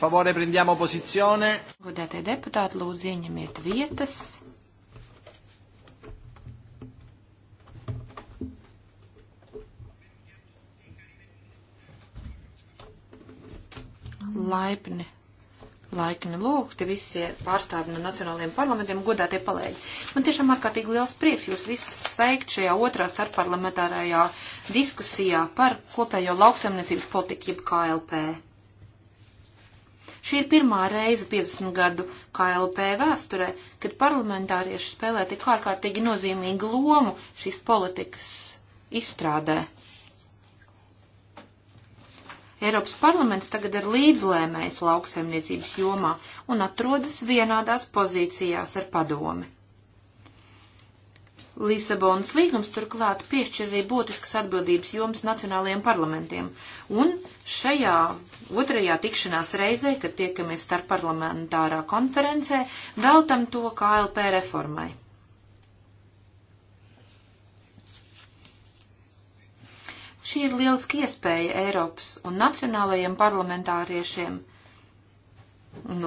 favore prendiamo posizione. Godātie deputāti, lūdzu ieņemiet vietas. Laipni, laipni lūgti visi pārstāvi no nacionālajiem parlamentiem, godātie palēģi. Man tiešām ārkārtīgi liels prieks jūs visus sveikt šajā otrā starpparlamentārajā diskusijā par kopējo lauksaimniecības politiku, jeb KLP. Šī ir pirmā reize 50 gadu KLP vēsturē, kad parlamentārieši spēlē tik ārkārtīgi nozīmīgu lomu šīs politikas izstrādē. Eiropas parlaments tagad ir līdzlēmējs lauksaimniecības jomā un atrodas vienādās pozīcijās ar padomi. Lisabonas līgums turklāt piešķir arī būtiskas atbildības jomas nacionālajiem parlamentiem. Un šajā otrajā tikšanās reizē, kad tiekamies starp parlamentārā konferencē, veltam to KLP reformai. Šī ir lieliski iespēja Eiropas un nacionālajiem parlamentāriešiem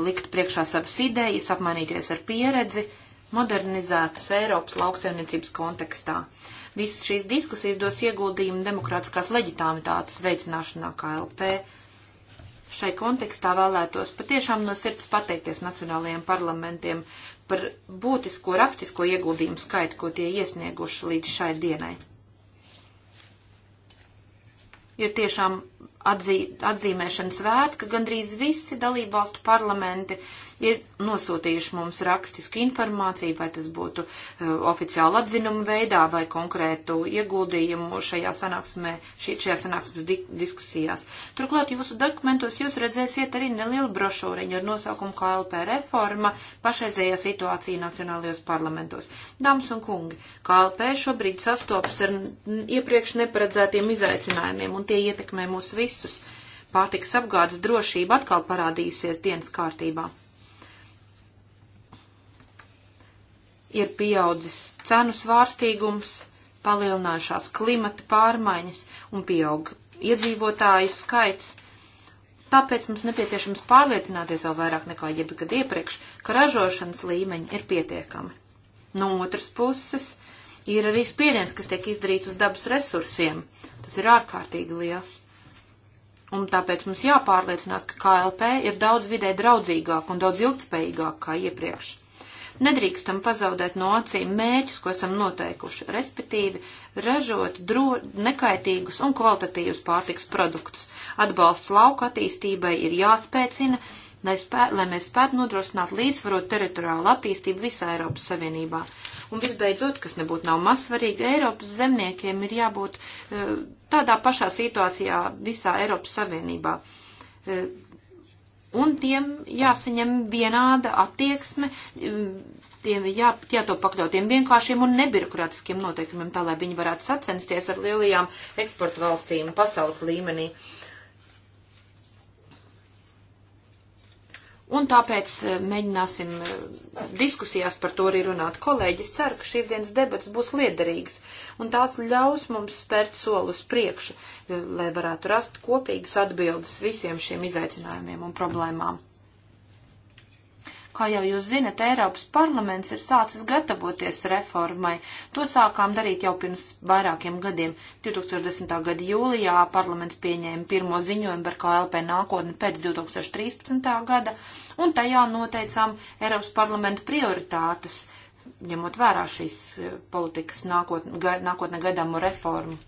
likt priekšā savas idejas, apmainīties ar pieredzi modernizētas Eiropas lauksaimniecības kontekstā. Visas šīs diskusijas dos ieguldījumu demokrātiskās leģitāmitātes veicināšanā KLP. Šai kontekstā vēlētos patiešām no sirds pateikties nacionālajiem parlamentiem par būtisko rakstisko ieguldījumu skaitu, ko tie iesnieguši līdz šai dienai. Ir tiešām atzī, atzīmēšanas vērts, ka gandrīz visi dalībvalstu parlamenti uh, ir nosūtījuši mums rakstisku informāciju, vai tas būtu uh, e, oficiāli atzinuma veidā vai konkrētu ieguldījumu šajā sanāksmē, šī, šajā sanāksmes di diskusijās. Turklāt jūsu dokumentos jūs redzēsiet arī nelielu brošūriņu ar nosaukumu KLP reforma pašreizējā situācija nacionālajos parlamentos. Dāmas un kungi, KLP šobrīd sastopas ar iepriekš neparedzētiem izaicinājumiem, un tie ietekmē mūs visus. Pārtikas apgādes drošība atkal parādījusies dienas kārtībā. ir pieaudzis cenu svārstīgums, palielinājušās klimata pārmaiņas un pieaug iedzīvotāju skaits. Tāpēc mums nepieciešams pārliecināties vēl vairāk nekā jebkad iepriekš, ka ražošanas līmeņi ir pietiekami. No otras puses, ir arī spiediens, kas tiek izdarīts uz dabas resursiem. Tas ir ārkārtīgi liels. Un tāpēc mums jāpārliecinās, ka KLP ir daudz vidē draudzīgāk un daudz ilgtspējīgāk kā iepriekš. Nedrīkstam pazaudēt no acīm mērķus, ko esam noteikuši, respektīvi ražot dro, nekaitīgus un kvalitatīvus pārtiks produktus. Atbalsts lauka attīstībai ir jāspēcina, lai, spē, lai mēs spētu nodrošināt līdzsvarot teritoriālu attīstību visā Eiropas Savienībā. Un visbeidzot, kas nebūtu nav mazsvarīgi, Eiropas zemniekiem ir jābūt eh, tādā pašā situācijā visā Eiropas Savienībā eh, un tiem jāsaņem vienāda attieksme, tiem jā, jāto pakļautiem vienkāršiem un nebirokrātiskiem noteikumiem, tā lai viņi varētu sacensties ar lielajām eksporta valstīm pasaules līmenī. Uh, Un tāpēc e, mēģināsim e, diskusijās par to arī runāt. Kolēģis ceru, ka šīs dienas debats būs liederīgs un tās ļaus mums spērt solus priekšu, e, lai varētu rast kopīgas atbildes visiem šiem izaicinājumiem un problēmām. Kā jau jūs zinat, Eiropas parlaments ir sācis gatavoties reformai. To sākām darīt jau pirms vairākiem gadiem. 2010. gada jūlijā parlaments pieņēma pirmo ziņojumu par KLP nākotni pēc 2013. gada, un tajā noteicām Eiropas parlamenta prioritātes, ņemot vērā šīs eh, politikas nākotne, nākotne gaidāmo reformu.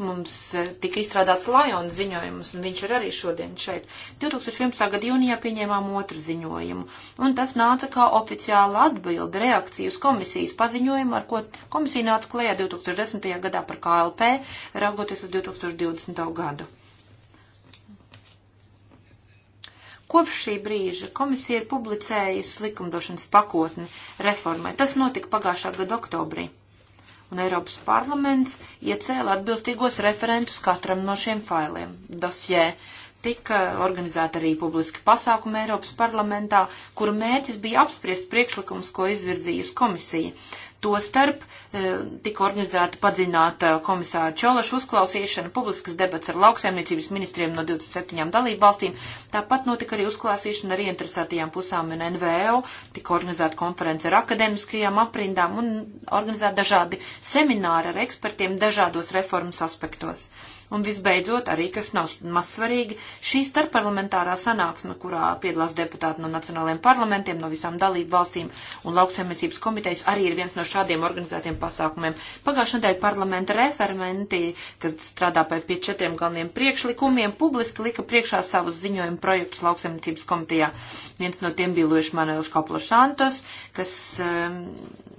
Mums eh, tika izstrādāts Lajona ziņojums, un viņš ir arī šodien šeit. 2011. gada jūnijā pieņēmām otru ziņojumu, un tas nāca kā oficiāla atbilda reakcija uz komisijas paziņojumu, ar ko komisija nāca klējā 2010. gadā par KLP, raugoties uz 2020. gadu. Kopš šī brīža komisija ir publicējusi likumdošanas pakotni reformai. Tas notika pagājušā gada oktobrī un Eiropas parlaments iecēla atbilstīgos referentus katram no šiem failiem dosjē. Tika organizēta arī publiski pasākumi Eiropas parlamentā, kuru mērķis bija apspriest priekšlikumus, ko izvirzījusi komisija. Tostarp eh, tika organizēta padziļināta eh, komisāra Čološa uzklausīšana, publiskas debats ar lauksaimniecības ministriem no 27 dalību valstīm. Tāpat notika arī uzklausīšana ar ieinteresētajām pusām un NVO, tika organizēta konference ar akademiskajām aprindām un organizēta dažādi semināri ar ekspertiem dažādos reformas aspektos. Un visbeidzot, arī, kas nav mazsvarīgi, šī starpparlamentārā sanāksme, kurā piedalās deputāti no nacionālajiem parlamentiem, no visām dalību valstīm un lauksaimniecības komitejas, arī ir viens no šādiem organizētiem pasākumiem. Pagājušā nedēļa parlamenta referenti, kas strādā pie četriem galveniem priekšlikumiem, publiski lika priekšā savus ziņojumu projektus lauksaimniecības komitejā. Viens no tiem bija Lujuši Manuels Kaplošantos, kas um,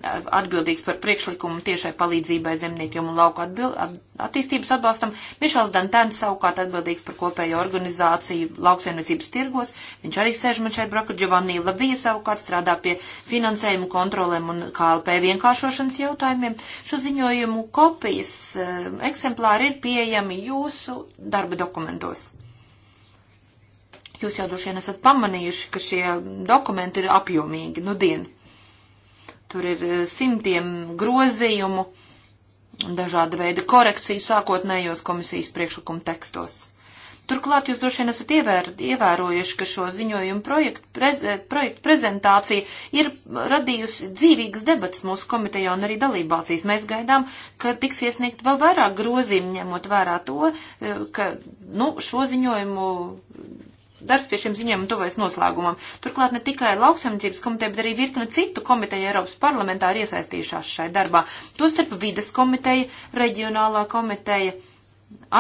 atbildīgs par priekšlikumu tiešai palīdzībai zemniekiem un lauku atbil, at, attīstības atbalstam Mišels Dantēns savukārt atbildīgs par kopējo organizāciju lauksaimniecības tirgos. Viņš arī sēž man šeit broka Giovanni Lavija savukārt strādā pie finansējumu kontrolēm un KLP vienkāršošanas jautājumiem. Šo ziņojumu kopijas eh, eksemplāri ir pieejami jūsu darba dokumentos. Jūs jau droši vien esat pamanījuši, ka šie dokumenti ir apjomīgi, nu dien. Tur ir eh, simtiem grozījumu, uh, dažāda veida korekciju sākotnējos komisijas priekšlikuma tekstos. Turklāt jūs droši vien esat ievēr, ievērojuši, ka šo ziņojumu projektu, prez, eh, projektu prezentācija ir radījusi dzīvīgas debatas mūsu komitejā un arī dalībvalstīs. Mēs gaidām, ka tiks iesniegt vēl vairāk grozījumu, ņemot vērā to, eh, ka nu, šo ziņojumu darbs pie šiem ziņām tuvojas noslēgumam. Turklāt ne tikai lauksaimniecības komiteja, bet arī virkne citu komiteju Eiropas parlamentā ir iesaistījušās šai darbā. Tostarp vides komiteja, reģionālā komiteja,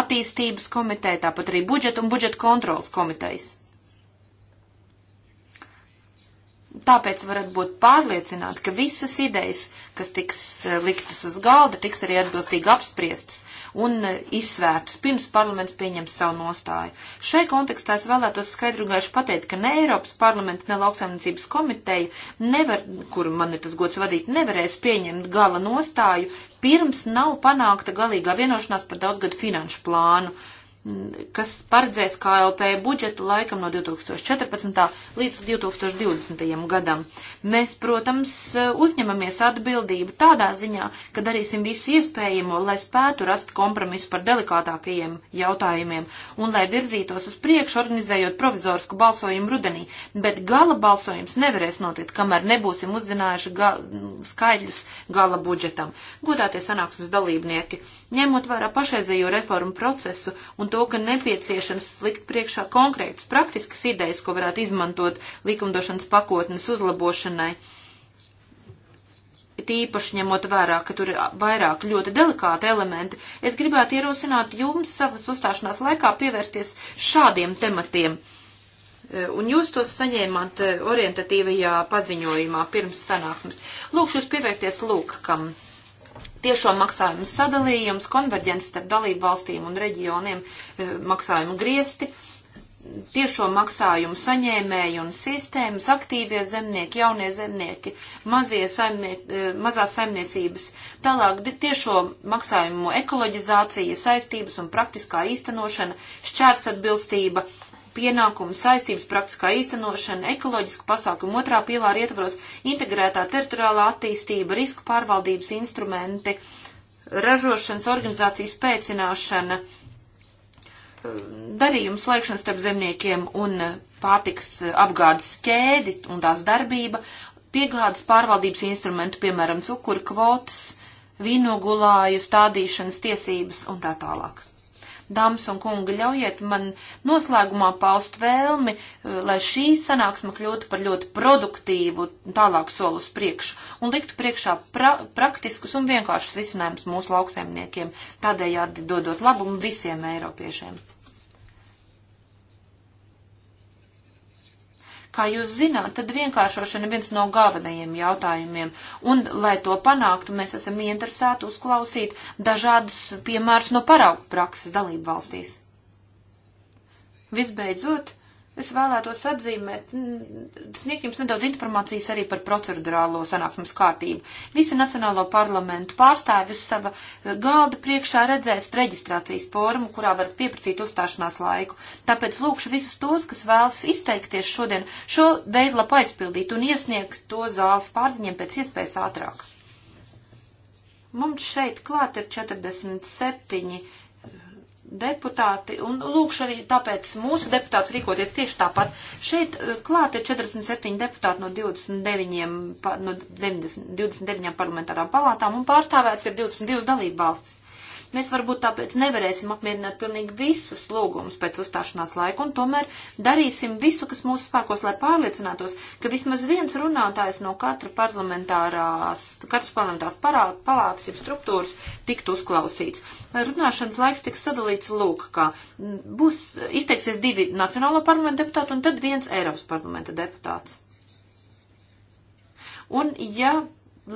attīstības komiteja, tāpat arī budžeta un budžeta kontrolas komitejas. Tāpēc varat būt pārliecināti, ka visas idejas, kas tiks eh, liktas uz galda, tiks arī atbilstīgi apspriestas un eh, izsvērtas pirms parlaments pieņems savu nostāju. Šai kontekstā es vēlētos skaidru gaišu pateikt, ka ne Eiropas parlaments, ne lauksaimniecības komiteja nevar, kur man ir tas gods vadīt, nevarēs pieņemt gala nostāju, pirms nav panākta galīgā vienošanās par daudzgadu finanšu plānu. Uh, kas paredzēs KLP budžetu laikam no 2014. līdz 2020. gadam. Mēs, protams, uzņemamies atbildību tādā ziņā, ka darīsim visu iespējamo, lai spētu rast kompromisu par delikātākajiem jautājumiem un lai virzītos uz priekšu, organizējot provizorisku balsojumu rudenī, bet gala balsojums nevarēs notikt, kamēr nebūsim uzzinājuši ga skaidrus gala budžetam. Godātie sanāksmes dalībnieki! Ņemot vērā pašreizējo reformu procesu un to, ka nepieciešams slikt priekšā konkrētas praktiskas idejas, ko varētu izmantot likumdošanas pakotnes uzlabošanai, tīpaši ņemot vērā, ka tur ir vairāk ļoti delikāti elementi, es gribētu ierosināt jums savas uzstāšanās laikā pievērsties šādiem tematiem. E, un jūs tos saņēmāt e, orientatīvajā paziņojumā pirms sanāksmes. Lūkšu jūs pievērsties lūk, kam tiešo maksājumu sadalījums, konverģence starp dalību valstīm un reģioniem, eh, maksājumu griesti, tiešo maksājumu saņēmēji un sistēmas, aktīvie zemnieki, jaunie zemnieki, mazie saimnieki, eh, mazās saimniecības, tālāk tiešo maksājumu ekoloģizācija, saistības un praktiskā īstenošana, šķērs atbilstība, pienākumu saistības praktiskā īstenošana, ekoloģisku pasākumu otrā pīlāra ietvaros, integrētā teritoriālā attīstība, risku pārvaldības instrumenti, ražošanas organizācijas pēcināšana, darījumu slēgšana starp zemniekiem un pārtikas apgādes ķēdi un tās darbība, piegādes pārvaldības instrumentu, piemēram, cukuru kvotas, vīnogulāju stādīšanas tiesības un tā tālāk. Dāmas un kungi, ļaujiet man noslēgumā paust vēlmi, eh, lai šī sanāksme kļūtu par ļoti produktīvu tālāk solus priekšu un liktu priekšā pra praktiskus un vienkāršus risinājumus mūsu lauksaimniekiem, tādējādi dodot labumu visiem eiropiešiem. Kā jūs zināt, tad vienkāršošana ir viens no galvenajiem jautājumiem. Un, lai to panāktu, mēs esam interesēti uzklausīt dažādus piemērus no paraugu prakses dalību valstīs. Visbeidzot, Es vēlētos atzīmēt, sniegt jums nedaudz informācijas arī par procedurālo sanāksmes kārtību. Visi Nacionālo parlamentu pārstāvji uz sava eh, galda priekšā redzēs reģistrācijas formu, kurā varat pieprasīt uzstāšanās laiku. Tāpēc lūkšu visus tos, kas vēlas izteikties šodien, šo veidlapu aizpildīt un iesniegt to zāles pārziņiem pēc iespējas ātrāk. Mums šeit klāt ir 47 deputāti, un lūkšu arī tāpēc mūsu deputāts rīkoties tieši tāpat. Šeit eh, klāt ir 47 deputāti no 29, no 90, 29 parlamentārām palātām, un pārstāvēts ir 22 dalību valstis. Mēs varbūt tāpēc nevarēsim apmierināt pilnīgi visus lūgumus pēc uzstāšanās laika, un tomēr darīsim visu, kas mūsu spēkos, lai pārliecinātos, ka vismaz viens runātājs no katra parlamentārās, katras parlamentārās parād, palātas jeb struktūras tiktu uzklausīts. Runāšanas laiks tiks sadalīts lūk, kā būs izteiksies divi Nacionālo parlamentu deputāti un tad viens Eiropas parlamenta deputāts. Un, ja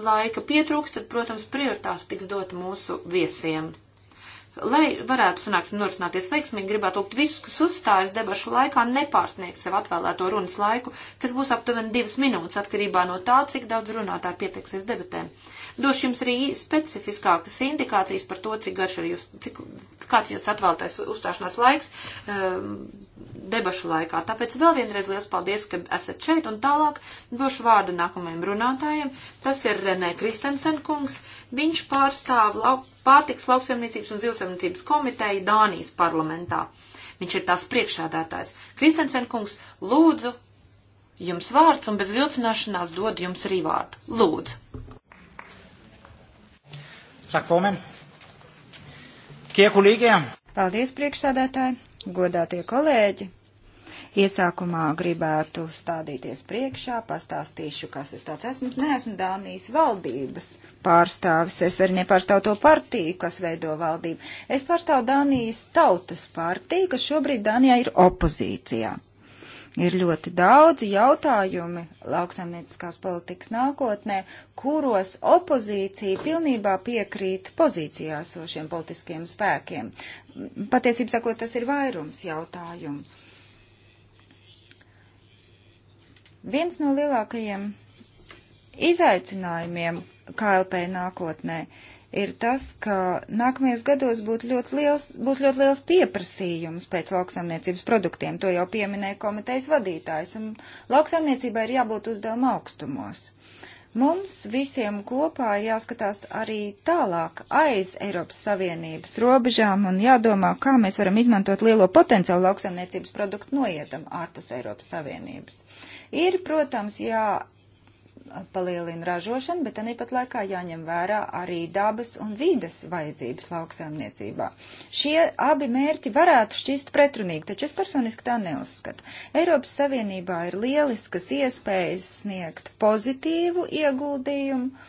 laika pietrūks, tad, protams, prioritāte tiks dota mūsu viesiem. Lai varētu sanāksim norisināties veiksmīgi, gribētu lūgt visus, kas uzstājas debašu laikā, nepārsniegt sev atvēlēto runas laiku, kas būs aptuveni divas minūtes atkarībā no tā, cik daudz runātāju pieteiksies debatēm. Došu jums arī specifiskākas indikācijas par to, cik garš ir jūs, cik, kāds jūs atvēltais uzstāšanās laiks ehm, debašu laikā. Tāpēc vēl vienreiz liels paldies, ka esat šeit un tālāk došu vārdu nākamajam runātājiem. Tas ir Renē Kristensen kungs. Viņš pārstāv lauk, pārtiks lauksaimniecības un zivsaimniecības komiteju Dānijas parlamentā. Viņš ir tās priekšādātājs. Kristensen kungs, lūdzu, jums vārds un bez vilcināšanās dod jums arī vārdu. Lūdzu. Saka formēm. Tie kolēģiem. Paldies, priekšsādātāji, godātie kolēģi. Iesākumā gribētu stādīties priekšā, pastāstīšu, kas es tāds esmu. Es neesmu Dānijas valdības pārstāvis, es arī nepārstāvu to partiju, kas veido valdību. Es pārstāvu Dānijas tautas partiju, kas šobrīd Dānijā ir opozīcijā. Ir ļoti daudz jautājumi lauksaimnieciskās politikas nākotnē, kuros opozīcija pilnībā piekrīt pozīcijā sošiem politiskiem spēkiem. Patiesībā sakot, tas ir vairums jautājumu. Viens no lielākajiem izaicinājumiem KLP nākotnē ir ir tas, ka nākamajos gados būtu ļoti liels, būs ļoti liels pieprasījums pēc lauksaimniecības produktiem. To jau pieminēja komitejas vadītājs, un lauksaimniecībai ir jābūt uzdevuma augstumos. Mums visiem kopā ir jāskatās arī tālāk aiz Eiropas Savienības robežām un jādomā, kā mēs varam izmantot lielo potenciālu lauksaimniecības produktu noietam ārpus Eiropas Savienības. Ir, protams, jā palielina ražošanu, bet arī pat laikā jāņem vērā arī dabas un vides vajadzības lauksaimniecībā. Šie abi mērķi varētu šķist pretrunīgi, taču es personiski tā neuzskatu. Eiropas Savienībā ir lieliskas iespējas sniegt pozitīvu ieguldījumu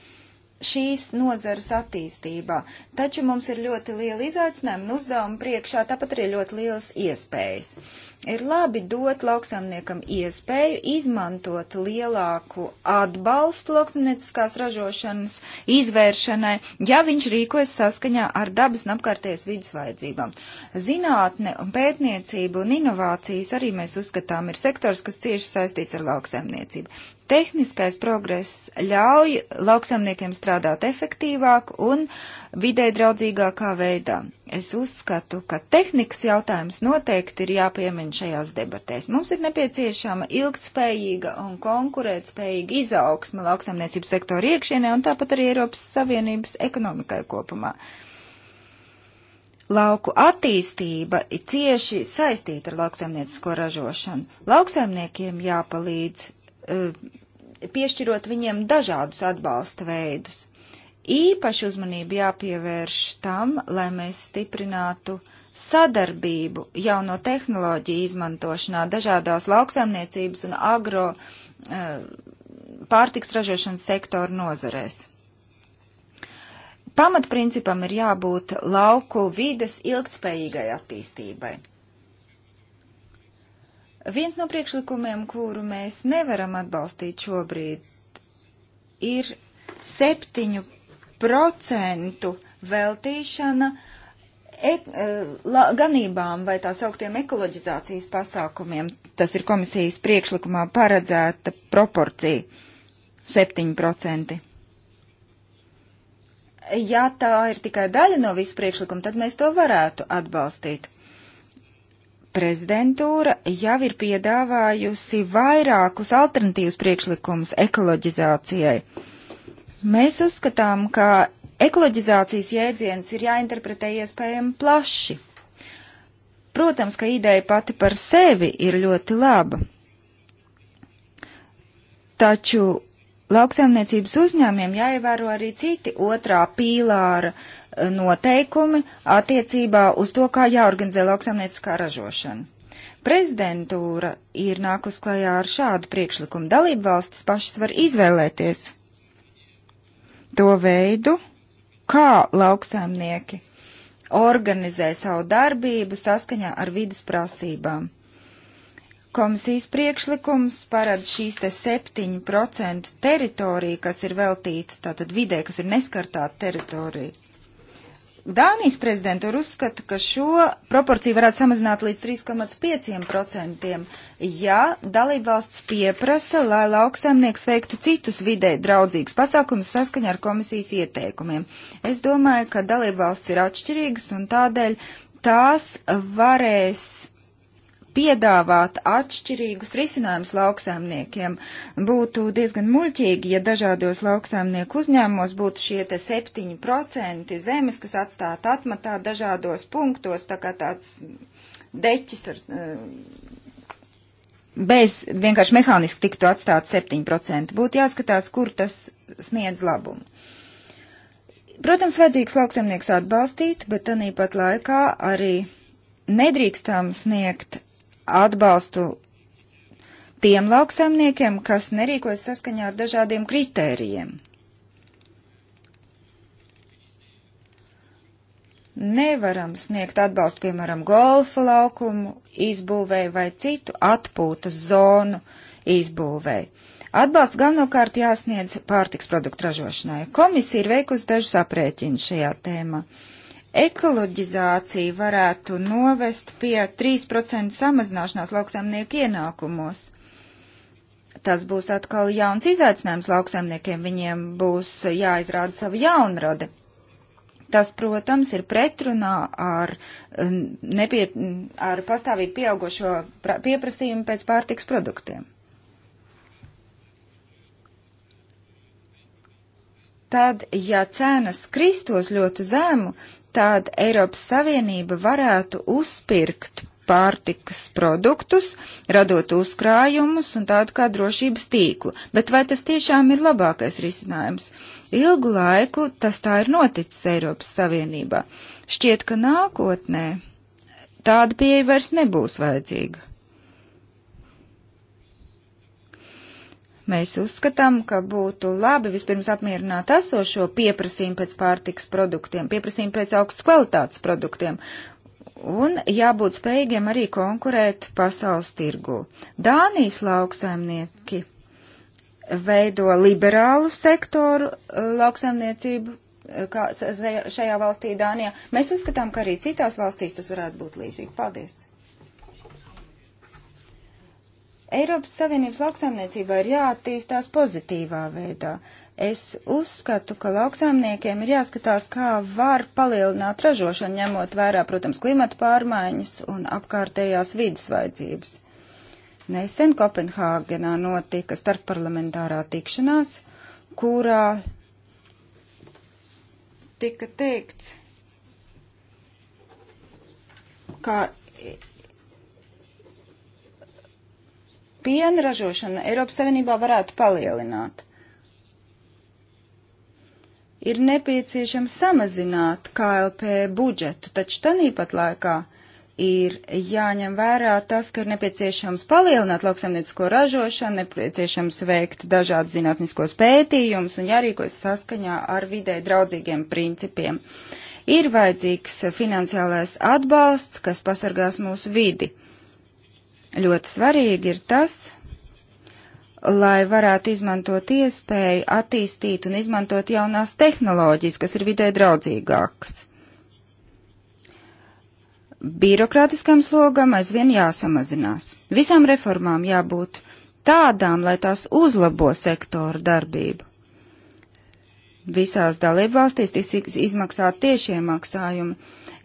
šīs nozares attīstībā. Taču mums ir ļoti liela izaicinājuma un uzdevuma priekšā, tāpat arī ļoti lielas iespējas. Ir labi dot lauksamniekam iespēju izmantot lielāku atbalstu lauksamnieciskās ražošanas izvēršanai, ja viņš rīkojas saskaņā ar dabas un apkārtējas vidas vajadzībām. Zinātne un pētniecība un inovācijas arī mēs uzskatām ir sektors, kas cieši saistīts ar lauksamniecību. Tehniskais progress ļauj lauksamniekiem strādāt efektīvāk un vidē draudzīgākā veidā. Es uzskatu, ka tehnikas jautājums noteikti ir jāpiemina šajās debatēs. Mums ir nepieciešama ilgtspējīga un konkurētspējīga izaugsma lauksamniecības sektora iekšienē un tāpat arī Eiropas Savienības ekonomikai kopumā. Lauku attīstība ir cieši saistīta ar lauksaimniecisko ražošanu. Lauksaimniekiem jāpalīdz Eh, piešķirot viņiem dažādus atbalsta veidus. Īpaši uzmanību jāpievērš tam, lai mēs stiprinātu sadarbību jauno tehnoloģiju izmantošanā dažādās lauksaimniecības un agro eh, pārtiks ražošanas sektoru nozarēs. Pamatprincipam ir jābūt lauku vides ilgtspējīgai attīstībai. Viens no priekšlikumiem, kuru mēs nevaram atbalstīt šobrīd, ir septiņu procentu veltīšana e, la, ganībām vai tā sauktiem ekoloģizācijas pasākumiem. Tas ir komisijas priekšlikumā paredzēta proporcija - 7%. Ja tā ir tikai daļa no visu priekšlikumu, tad mēs to varētu atbalstīt prezidentūra jau ir piedāvājusi vairākus alternatīvus priekšlikumus ekoloģizācijai. Mēs uzskatām, ka ekoloģizācijas jēdziens ir jāinterpretē iespējami plaši. Protams, ka ideja pati par sevi ir ļoti laba. Taču lauksaimniecības uzņēmiem jāievēro arī citi otrā pīlāra uh, noteikumi attiecībā uz to, kā jāorganizē lauksaimnieciskā ražošana. Prezidentūra ir nākus klajā ar šādu priekšlikumu. Dalību valstis pašas var izvēlēties to veidu, kā lauksaimnieki organizē savu darbību saskaņā ar vidas prasībām. Komisijas priekšlikums parāda šīs te 7% teritoriju, kas ir veltīta tātad vidē, kas ir neskartāta teritorija. Dānijas prezidentūra uzskata, ka šo proporciju varētu samazināt līdz 3,5%, ja dalībvalsts pieprasa, lai lauksaimnieks veiktu citus vidē draudzīgus pasākumus saskaņā ar komisijas ieteikumiem. Es domāju, ka dalībvalsts ir atšķirīgas un tādēļ tās varēs piedāvāt atšķirīgus risinājumus lauksaimniekiem. Būtu diezgan muļķīgi, ja dažādos lauksaimnieku uzņēmumos būtu šie te 7% zemes, kas atstāta atmatā dažādos punktos, tā kā tāds deķis ar. Eh, bez vienkārši mehāniski tiktu atstāt 7%. Būtu jāskatās, kur tas sniedz labumu. Protams, vajadzīgs lauksaimnieks atbalstīt, bet tāpat laikā arī nedrīkstam sniegt atbalstu tiem lauksaimniekiem, kas nerīkojas saskaņā ar dažādiem kritērijiem. Nevaram sniegt atbalstu, piemēram, golfa laukumu izbūvēju vai citu atpūtas zonu izbūvēju. Atbalsts galvenokārt jāsniedz pārtiks produktu ražošanai. Komisija ir veikusi dažus aprēķinus šajā tēmā. Uh, ekoloģizācija varētu novest pie 3% samazināšanās lauksaimnieku ienākumos. Tas būs atkal jauns izaicinājums lauksaimniekiem, viņiem būs jāizrāda savu jaunradi. Tas, protams, ir pretrunā ar, nepie, ar pastāvīgi pieaugušo pieprasījumu pēc pārtiks produktiem. Tad, ja cenas kristos ļoti zemu, tad Eiropas Savienība varētu uzpirkt pārtikas produktus, radot uzkrājumus un tādu kā drošības tīklu. Bet vai tas tiešām ir labākais risinājums? Ilgu laiku tas tā ir noticis Eiropas Savienībā. Šķiet, ka nākotnē tāda pieeja vairs nebūs vajadzīga. Mēs uzskatām, ka būtu labi vispirms apmierināt esošo pieprasījumu pēc pārtiks produktiem, pieprasījumu pēc augstas kvalitātes produktiem. Un jābūt spējīgiem arī konkurēt pasaules tirgu. Dānijas lauksaimnieki veido liberālu sektoru eh, lauksaimniecību eh, kā šajā valstī Dānijā. Mēs uzskatām, ka arī citās valstīs tas varētu būt līdzīgi. Paldies! Eiropas Savienības lauksaimniecībā ir jāattīstās pozitīvā veidā. Es uzskatu, ka lauksaimniekiem ir jāskatās, kā var palielināt ražošanu, ņemot vērā, protams, klimata pārmaiņas un apkārtējās vidas vajadzības. Nesen Kopenhāgenā notika starpparlamentārā tikšanās, kurā tika teikts, ka piena ražošana Eiropas Savienībā varētu palielināt. Ir nepieciešams samazināt KLP budžetu, taču tanīpat laikā ir jāņem vērā tas, ka ir nepieciešams palielināt lauksaimniecisko ražošanu, nepieciešams veikt dažādu zinātniskos pētījumus un jārīkojas saskaņā ar vidē draudzīgiem principiem. Ir vajadzīgs finansiālais atbalsts, kas pasargās mūsu vidi. Ļoti svarīgi ir tas, lai varētu izmantot iespēju attīstīt un izmantot jaunās tehnoloģijas, kas ir vidē draudzīgākas. Birokrātiskam slogam aizvien jāsamazinās. Visām reformām jābūt tādām, lai tās uzlabo sektoru darbību visās dalībvalstīs tiks izmaksāt tiešie maksājumi.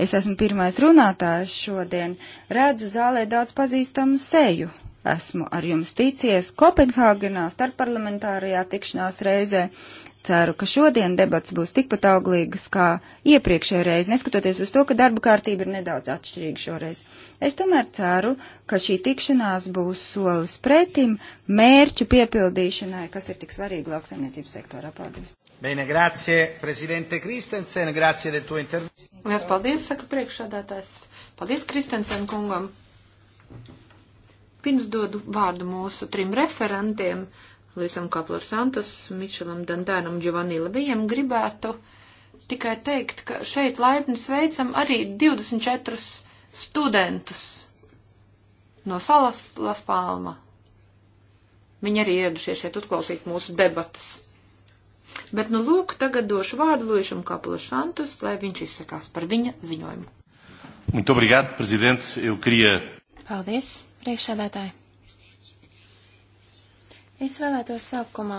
Es esmu pirmais runātājs šodien, redzu zālē daudz pazīstamu seju. Esmu ar jums ticies Kopenhāgenā starpparlamentārajā tikšanās reizē. Ceru, ka šodien debats būs tikpat auglīgas kā iepriekšējā reize, neskatoties uz to, ka darba kārtība ir nedaudz atšķirīga šoreiz. Es tomēr ceru, ka šī tikšanās būs solis pretim mērķu piepildīšanai, kas ir tik svarīgi lauksaimniecības sektorā. Paldies! Bene, grazie, prezidente Kristensen, grazie del tuo interviju. Lielas paldies, saka priekšādātājs. Paldies Kristensen kungam. Pirms dodu vārdu mūsu trim referentiem. Lisam Kaplor Santos, Mičelam Dandēnam, Giovanni Labijam gribētu tikai teikt, ka šeit laipni sveicam arī 24 studentus no salas Laspalma. Viņi arī ieradušies šeit uzklausīt mūsu debatas. Bet nu lūk, tagad došu vārdu Lujušam Kapulu Šantus, lai viņš izsakās par viņa ziņojumu. Muito obrigado, prezidents, eu queria. Paldies, priekšsēdētāji. Es vēlētos sākumā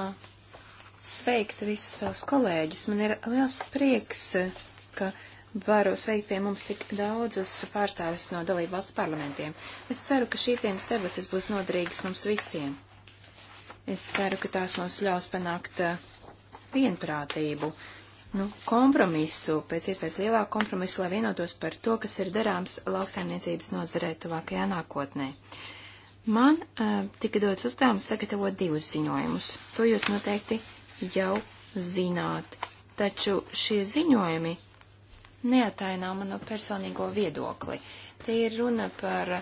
sveikt visus savus kolēģus. Man ir liels prieks, ka varu sveikt pie mums tik daudzus pārstāvis no dalību valsts parlamentiem. Es ceru, ka šīs dienas debatas būs noderīgas mums visiem. Es ceru, ka tās mums ļaus panākt eh, vienprātību, nu, kompromisu, pēc iespējas lielāku kompromisu, lai vienotos par to, kas ir darāms lauksaimniecības nozarē tuvākajā nākotnē. Uh, Man uh, tika dots uzdevums sagatavot divus ziņojumus. To jūs noteikti jau zināt. Taču šie ziņojumi neatainā manu personīgo viedokli. Te ir runa par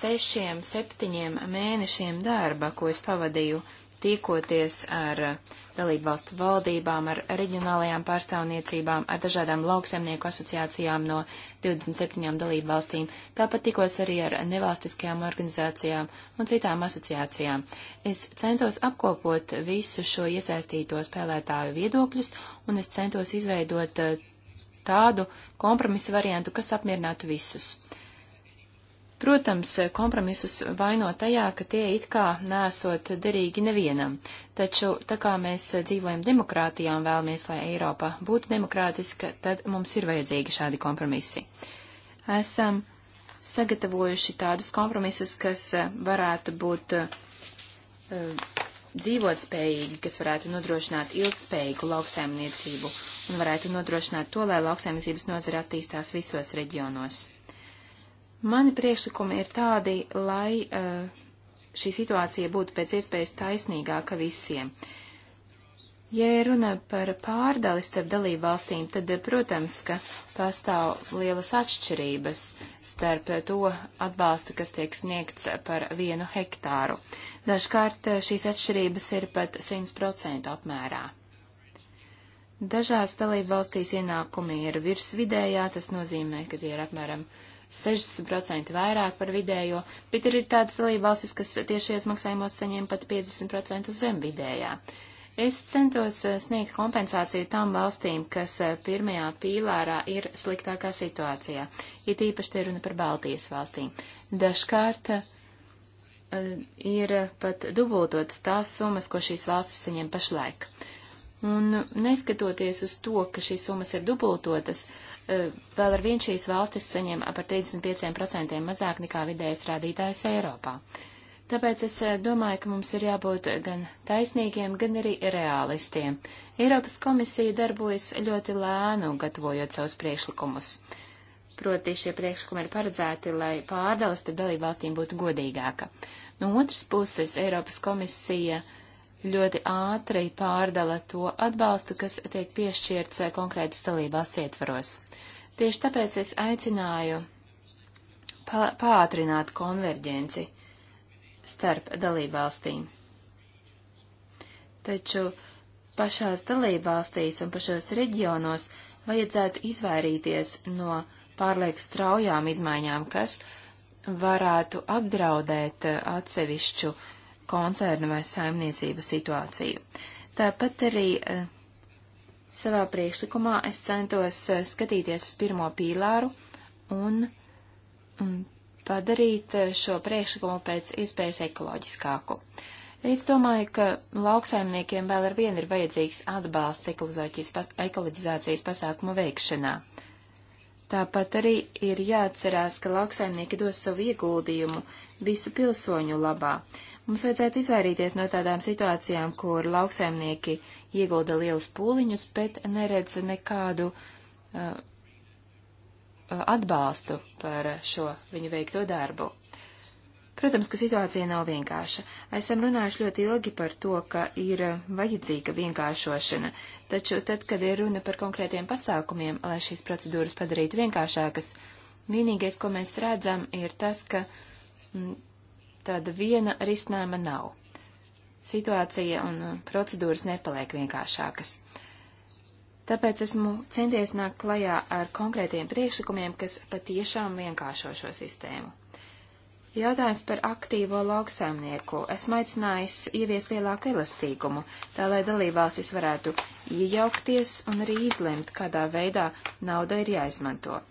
sešiem, septiņiem mēnešiem darba, ko es pavadīju tīkoties ar eh, dalību valstu valdībām, ar reģionālajām pārstāvniecībām, ar dažādām lauksaimnieku asociācijām no 27 dalību valstīm. Tāpat tikos arī ar nevalstiskajām organizācijām un citām asociācijām. Es centos apkopot visu šo iesaistīto spēlētāju viedokļus un es centos izveidot eh, tādu kompromisu variantu, kas apmierinātu visus. Protams, kompromisus vaino tajā, ka tie it kā nesot derīgi nevienam, taču tā kā mēs dzīvojam demokrātijā un vēlamies, lai Eiropa būtu demokrātiska, tad mums ir vajadzīgi šādi kompromisi. Esam sagatavojuši tādus kompromisus, kas varētu būt uh, dzīvotspējīgi, kas varētu nodrošināt ilgspējīgu lauksaimniecību un varētu nodrošināt to, lai lauksaimniecības nozara attīstās visos reģionos. Mani priekšlikumi ir tādi, lai eh, šī situācija būtu pēc iespējas taisnīgāka visiem. Ja runa par pārdali starp dalību valstīm, tad, eh, protams, ka pastāv lielas atšķirības starp eh, to atbalstu, kas tiek sniegts par vienu hektāru. Dažkārt šīs atšķirības ir pat 100% apmērā. Dažās dalībvalstīs ienākumi ir virs vidējā, tas nozīmē, ka tie ir apmēram 60% vairāk par vidējo, bet ir tādas dalībvalstis, kas tiešies maksājumos saņem pat 50% zem vidējā. Es centos eh, sniegt kompensāciju tām valstīm, kas eh, pirmajā pīlārā ir sliktākā situācijā, it īpaši te runa par Baltijas valstīm. Dažkārt eh, ir pat dubultotas tās summas, ko šīs valstis saņem pašlaik. Uh, Un neskatoties uz to, ka šīs summas ir dubultotas, e, vēl ar vien šīs valstis saņem par 35% mazāk nekā vidējais rādītājs Eiropā. Tāpēc es e, domāju, ka mums ir jābūt gan taisnīgiem, gan arī realistiem. Eiropas komisija darbojas ļoti lēnu, gatavojot savus priekšlikumus. Proti šie priekšlikumi ir paredzēti, lai pārdalas starp dalībvalstīm būtu godīgāka. No otras puses, Eiropas komisija uh, ļoti ātri pārdala to atbalstu, kas tiek piešķirts eh, konkrētas dalībās ietvaros. Tieši tāpēc es aicināju pātrināt konverģenci starp dalībvalstīm. Taču pašās dalībvalstīs un pašos reģionos vajadzētu izvairīties no pārlieku straujām izmaiņām, kas varētu apdraudēt eh, atsevišķu uh, koncernu vai saimniecību situāciju. Tāpat arī eh, savā priekšlikumā es centos eh, skatīties uz pirmo pīlāru un, un padarīt eh, šo priekšlikumu pēc iespējas ekoloģiskāku. Es domāju, ka lauksaimniekiem vēl ar vienu ir vajadzīgs atbalsts ekoloģizācijas pasākumu veikšanā. Tāpat arī ir jāatcerās, ka lauksaimnieki dos savu ieguldījumu visu pilsoņu labā. Mums vajadzētu izvairīties no tādām situācijām, kur lauksaimnieki iegulda lielus pūliņus, bet neredz nekādu uh, uh, atbalstu par šo viņu veikto darbu. Protams, ka situācija nav vienkārša. Esam runājuši ļoti ilgi par to, ka ir vajadzīga vienkāršošana, taču tad, kad ir runa par konkrētiem pasākumiem, lai šīs procedūras padarītu vienkāršākas, vienīgais, ko mēs redzam, ir tas, ka uh, Mm, tāda viena risinājuma nav. Situācija un procedūras nepaliek vienkāršākas. Tāpēc esmu centies nākt klajā ar konkrētiem priekšlikumiem, kas patiešām vienkāršo šo sistēmu. Jautājums par aktīvo lauksaimnieku. Esmu aicinājis ievies lielāku elastīgumu, tā lai dalībvalstis varētu iejaukties un arī izlemt, kādā veidā nauda ir jāizmanto.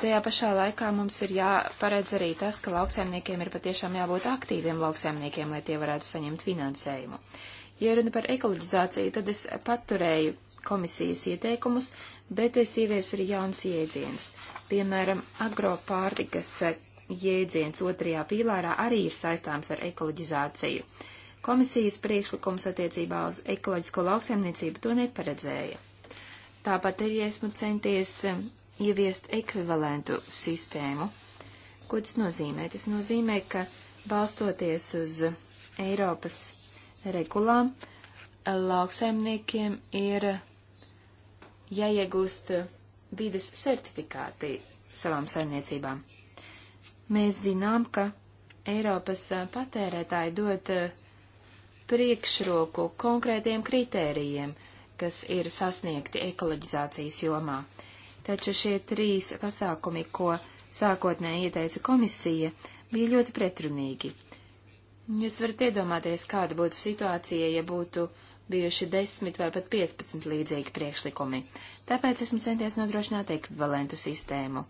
Tajā pašā laikā mums ir jāparedz arī tas, ka lauksaimniekiem ir patiešām jābūt aktīviem lauksaimniekiem, lai tie varētu saņemt finansējumu. Ja runa par ekoloģizāciju, tad es paturēju komisijas ieteikumus, bet es ieviesu arī jauns jēdzienus. Piemēram, agropārtikas jēdziens otrajā pīlārā arī ir saistāms ar ekoloģizāciju. Komisijas priekšlikums attiecībā uz ekoloģisko lauksaimniecību to neparedzēja. Tāpat arī esmu centies ieviest ekvivalentu sistēmu. Ko tas nozīmē? Tas nozīmē, ka balstoties uz Eiropas regulām, lauksaimniekiem ir jāiegūst vides certifikāti savām saimniecībām. Mēs zinām, ka Eiropas patērētāji dod priekšroku konkrētiem kritērijiem, kas ir sasniegti ekoloģizācijas jomā taču šie trīs pasākumi, ko sākotnēji ieteica komisija, bija ļoti pretrunīgi. Jūs varat iedomāties, kāda būtu situācija, ja būtu bijuši 10 vai pat 15 līdzīgi priekšlikumi. Tāpēc esmu centies nodrošināt ekvivalentu sistēmu,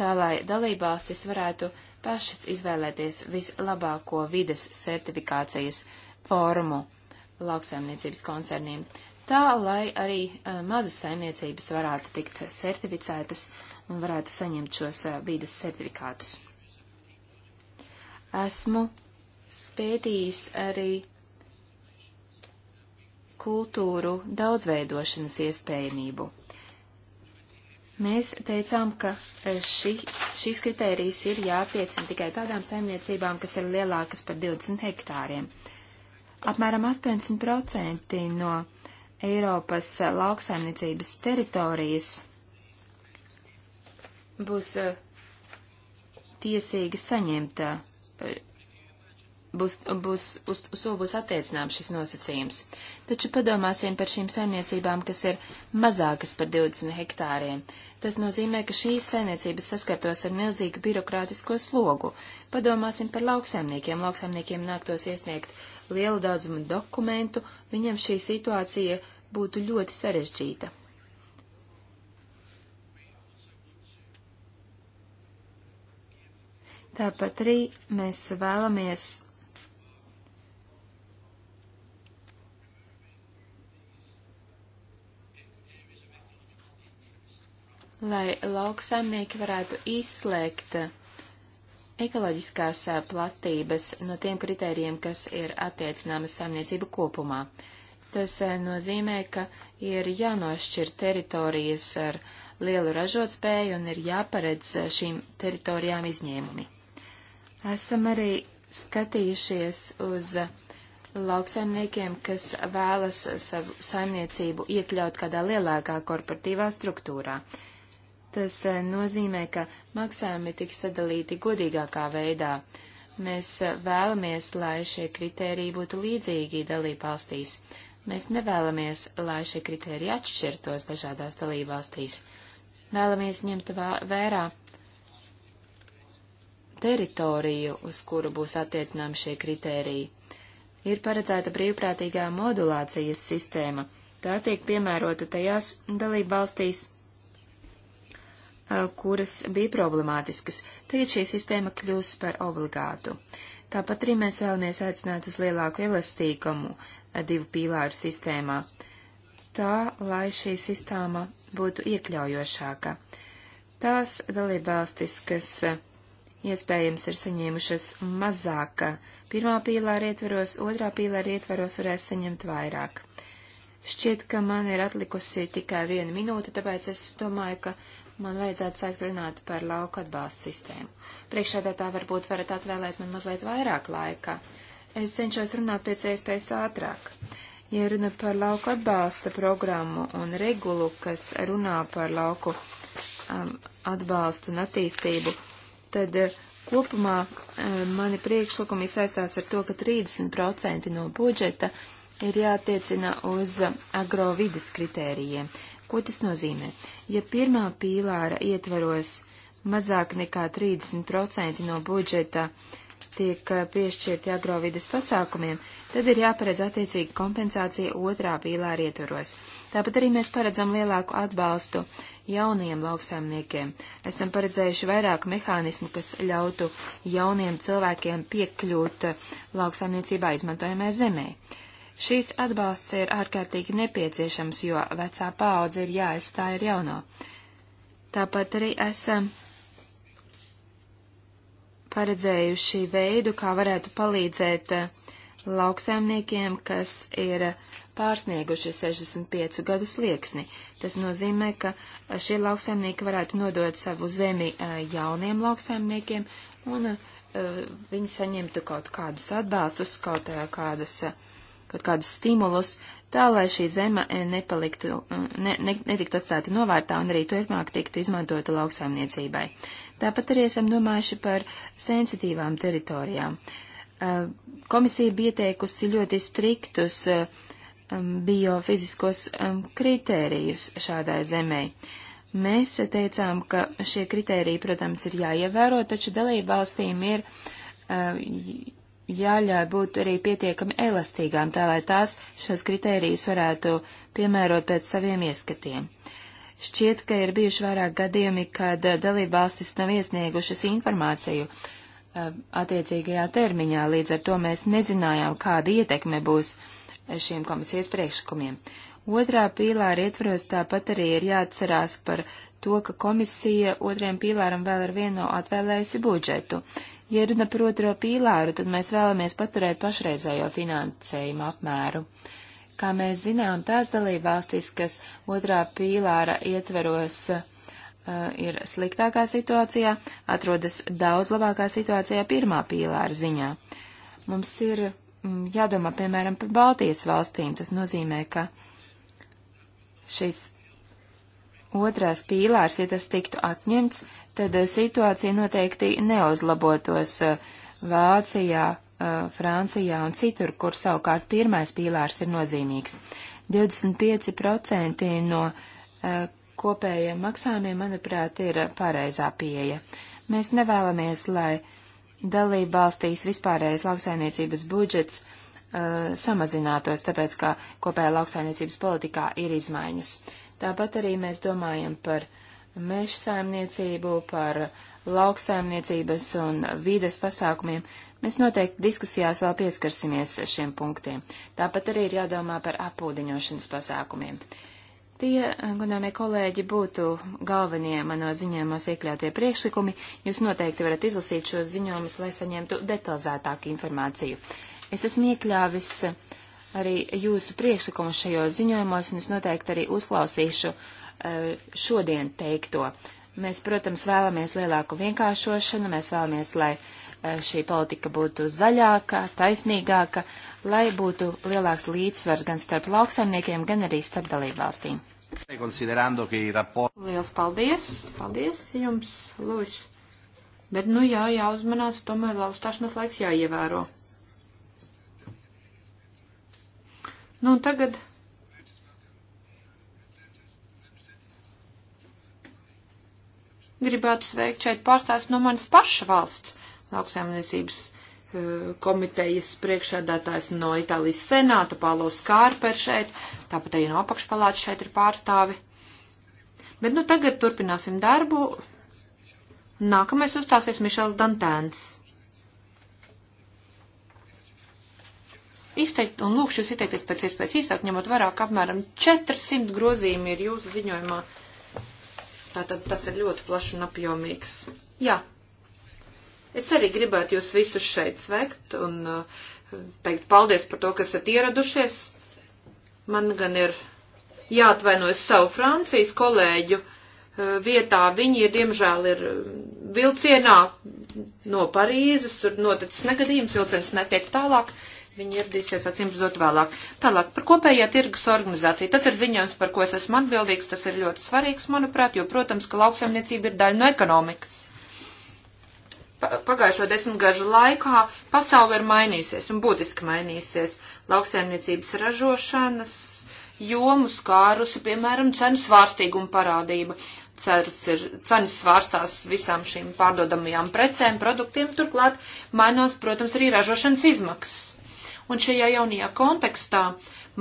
tā lai dalībvalstis varētu pašas izvēlēties vislabāko vides certifikācijas formu lauksaimniecības koncerniem tā lai arī uh, mazas saimniecības varētu tikt certificētas un varētu saņemt šos uh, vīdes certifikātus. Esmu spētījis arī kultūru daudzveidošanas iespējamību. Mēs teicām, ka ši, šīs kritērijas ir jātiecina tikai tādām saimniecībām, kas ir lielākas par 20 hektāriem. Apmēram 80% no Eiropas lauksaimniecības teritorijas būs eh, tiesīgi saņemt, eh, būs, būs, uz, uz to būs attiecināms šis nosacījums. Taču padomāsim par šīm saimniecībām, kas ir mazākas par 20 hektāriem. Tas nozīmē, ka šīs saimniecības saskartos ar milzīgu birokrātisko slogu. Padomāsim par lauksaimniekiem. Lauksaimniekiem nāktos iesniegt lielu daudzumu dokumentu, viņam šī situācija būtu ļoti sarežģīta. Tāpat arī mēs vēlamies lai lauksaimnieki varētu izslēgt ekoloģiskās platības no tiem kritērijiem, kas ir attiecināmas saimniecību kopumā. Tas nozīmē, ka ir jānošķir teritorijas ar lielu ražotspēju un ir jāparedz šīm teritorijām izņēmumi. Esam arī skatījušies uz lauksaimniekiem, kas vēlas savu saimniecību iekļaut kādā lielākā korporatīvā struktūrā. Uh, Tas eh, nozīmē, ka maksājumi tiks sadalīti godīgākā veidā. Mēs eh, vēlamies, lai šie kritēriji būtu līdzīgi dalībvalstīs. Mēs nevēlamies, lai šie kritēriji atšķirtos dažādās dalībvalstīs. Vēlamies ņemt vērā teritoriju, uz kuru būs attiecināmi šie kritēriji. Ir paredzēta brīvprātīgā modulācijas sistēma. Tā tiek piemērota tajās dalībvalstīs, kuras bija problemātiskas. Tagad šī sistēma kļūs par obligātu. Tāpat arī mēs vēlamies aicināt uz lielāku elastīgumu divu pīlāru sistēmā, tā, lai šī sistēma būtu iekļaujošāka. Tās dalībvalstis, kas iespējams ir saņēmušas mazāka. Pirmā pīlāra ietvaros, otrā pīlāra ietvaros varēs saņemt vairāk. Šķiet, ka man ir atlikusi tikai viena minūte, tāpēc es domāju, ka man vajadzētu sākt runāt par lauka atbalsta sistēmu. Priekšādētā varbūt varat atvēlēt man mazliet vairāk laika. Es cenšos runāt pēc iespējas ātrāk. Ja runa par lauku atbalsta programmu un regulu, kas runā par lauku um, atbalstu un attīstību, tad uh, kopumā um, mani priekšlikumi saistās ar to, ka 30% no budžeta ir jātiecina uz uh, agrovides kritērijiem. Ko tas nozīmē? Ja pirmā pīlāra ietvaros mazāk nekā 30% no budžeta tiek eh, piešķirti agrovides pasākumiem, tad ir jāparedz attiecīga kompensācija otrā pīlāra ietvaros. Tāpat arī mēs paredzam lielāku atbalstu jauniem lauksaimniekiem. Esam paredzējuši vairāk mehānismu, kas ļautu jauniem cilvēkiem piekļūt eh, lauksaimniecībā izmantojamai zemē. Šīs atbalsts ir ārkārtīgi nepieciešams, jo vecā paudze ir jāaizstāj ar jauno. Tāpat arī esam paredzējuši veidu, kā varētu palīdzēt eh, lauksaimniekiem, kas ir pārsnieguši 65 gadu slieksni. Tas nozīmē, ka šie lauksaimnieki varētu nodot savu zemi eh, jauniem lauksaimniekiem un eh, viņi saņemtu kaut kādus atbalstus, kaut kādas uh, kaut kādus stimulus, tā lai šī zeme eh, nepaliktu, mm, ne, ne, netiktu atstāta novārtā un arī turpmāk tiktu izmantota lauksaimniecībai. Tāpat arī esam domājuši par sensitīvām teritorijām. Eh, komisija bija teikusi ļoti striktus eh, mm, biofiziskos mm, kritērijus šādai zemē. Mēs teicām, ka šie kritēriji, protams, ir jāievēro, taču dalībvalstīm ir jāļauj būt arī pietiekami elastīgām, tā lai tās šos kritērijus varētu piemērot pēc saviem ieskatiem. Šķiet, ka ir bijuši vairāk gadījumi, kad eh, dalībvalstis nav iesniegušas informāciju eh, attiecīgajā termiņā, līdz ar to mēs nezinājām, kāda ietekme būs šiem komisijas priekšlikumiem. Otrā pīlāra ietvaros tāpat arī ir jāatcerās par to, ka komisija otrajam pīlāram vēl ar vienu nav atvēlējusi budžetu. Ja runa par otro pīlāru, tad mēs vēlamies paturēt pašreizējo finansējumu apmēru. Kā mēs zinām, tās dalībvalstis, kas otrā pīlāra ietveros uh, ir sliktākā situācijā, atrodas daudz labākā situācijā pirmā pīlāra ziņā. Mums ir mm, jādomā, piemēram, par Baltijas valstīm. Tas nozīmē, ka šis otrais pīlārs, ja tas tiktu atņemts, tad eh, situācija noteikti neuzlabotos eh, Vācijā, eh, Francijā un citur, kur savukārt pirmais pīlārs ir nozīmīgs. 25% no kopējiem maksājumiem, manuprāt, ir pareizā pieeja. Mēs nevēlamies, lai dalība valstīs vispārējais lauksainiecības budžets uh, samazinātos, tāpēc, ka kopējā lauksainiecības politikā ir izmaiņas. Uh, Tāpat arī mēs domājam par meža saimniecību, par lauksaimniecības un vīdes pasākumiem. Mēs noteikti diskusijās vēl pieskarsimies šiem punktiem. Tāpat arī ir jādomā par apūdiņošanas pasākumiem. Tie, godāmie kolēģi, būtu galvenie manos ziņojumos iekļautie priekšlikumi. Jūs noteikti varat izlasīt šos ziņojumus, lai saņemtu detalizētāku informāciju. Es esmu iekļāvis arī jūsu priekšlikumu šajos ziņojumos, un es noteikti arī uzklausīšu eh, šodien teikto. Mēs, protams, vēlamies lielāku vienkāršošanu, mēs vēlamies, lai eh, šī politika būtu zaļāka, taisnīgāka, lai būtu lielāks līdzsvars gan starp lauksaimniekiem, gan arī starp dalībvalstīm. Liels paldies! Paldies jums, Lūš! Bet, nu jā, jāuzmanās, tomēr laustāšanas laiks jāievēro. Nu, un tagad. Gribētu sveikt šeit pārstāvis no manas paša valsts lauksaimniecības eh, komitejas priekšsēdētājs no Itālijas senāta, Paulo Skārper šeit, tāpat arī no apakšpalāča šeit ir pārstāvi. Bet nu tagad turpināsim darbu. Nākamais uzstāsies Mišels Dantēns. izteikt un lūkšu jūs izteikties pēc iespējas īsāk, ņemot vairāk apmēram 400 grozījumi ir jūsu ziņojumā. Tātad tas ir ļoti plašs un apjomīgs. Jā. Es arī gribētu jūs visus šeit sveikt un uh, teikt paldies par to, ka esat ieradušies. Man gan ir jāatvainojas savu Francijas kolēģu uh, vietā. Viņi, ir, diemžēl, ir uh, vilcienā no Parīzes, tur noticis negadījums, vilciens netiek tālāk. Uh, Viņi ieradīsies acīm redzot vēlāk. Tālāk par kopējā tirgus organizāciju. Tas ir ziņojums, par ko es esmu atbildīgs. Tas ir ļoti svarīgs, manuprāt, jo, protams, ka lauksaimniecība ir daļa no ekonomikas. Pa, pagājušo desmitgažu laikā pasaule ir mainījusies un būtiski mainījusies. Lauksaimniecības ražošanas jomu skārusi, piemēram, cenu svārstīguma parādība. Ceras ir, cenas svārstās visām šīm pārdodamajām precēm, produktiem, turklāt mainās, protams, arī ražošanas izmaksas. Un šajā jaunajā kontekstā,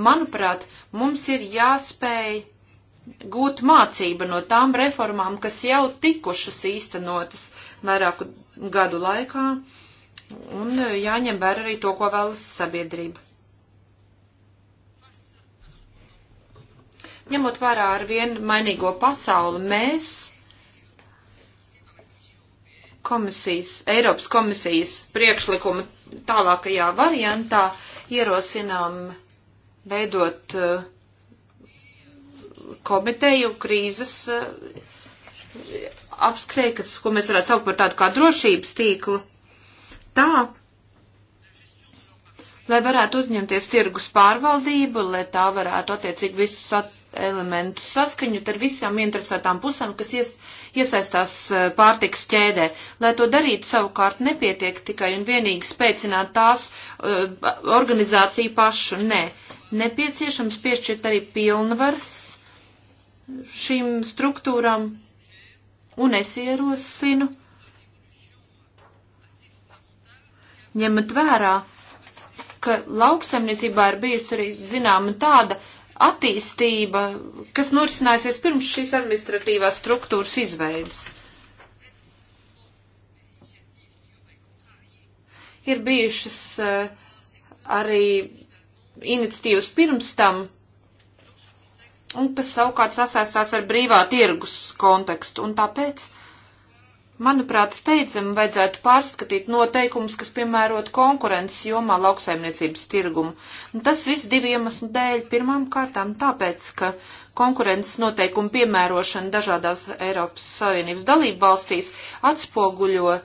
manuprāt, mums ir jāspēj gūt mācība no tām reformām, kas jau tikušas īstenotas vairāku gadu laikā, un jāņem vērā arī to, ko vēlas sabiedrība. Ņemot vērā ar vienu mainīgo pasauli, mēs komisijas, Eiropas komisijas priekšlikuma tālākajā variantā ierosinām veidot eh, komiteju krīzes eh, apskrēkas, ko mēs varētu saukt par tādu kā drošības tīklu. Tā, lai varētu uzņemties tirgus pārvaldību, lai tā varētu attiecīgi visus at elementu saskaņot ar visām interesētām pusēm, kas ies, iesaistās eh, pārtiks ķēdē. Lai to darītu savukārt nepietiek tikai un vienīgi spēcināt tās uh, organizāciju pašu. Nē, nepieciešams piešķirt arī pilnvars šīm struktūrām un es ierosinu. Ņemot vērā, ka lauksaimniecībā ir bijusi arī zināma tāda attīstība, kas norisinājusies pirms šīs administratīvās struktūras izveidas. Ir bijušas eh, arī iniciatīvas pirms tam, un tas savukārt sasaistās ar brīvā tirgus kontekstu, un tāpēc uh, Manuprāt, steidzam vajadzētu pārskatīt noteikumus, kas piemērot konkurences jomā lauksaimniecības tirgumu. Un tas viss divu iemeslu dēļ. Pirmām kārtām tāpēc, ka konkurences noteikumu piemērošana dažādās Eiropas Savienības dalību valstīs atspoguļo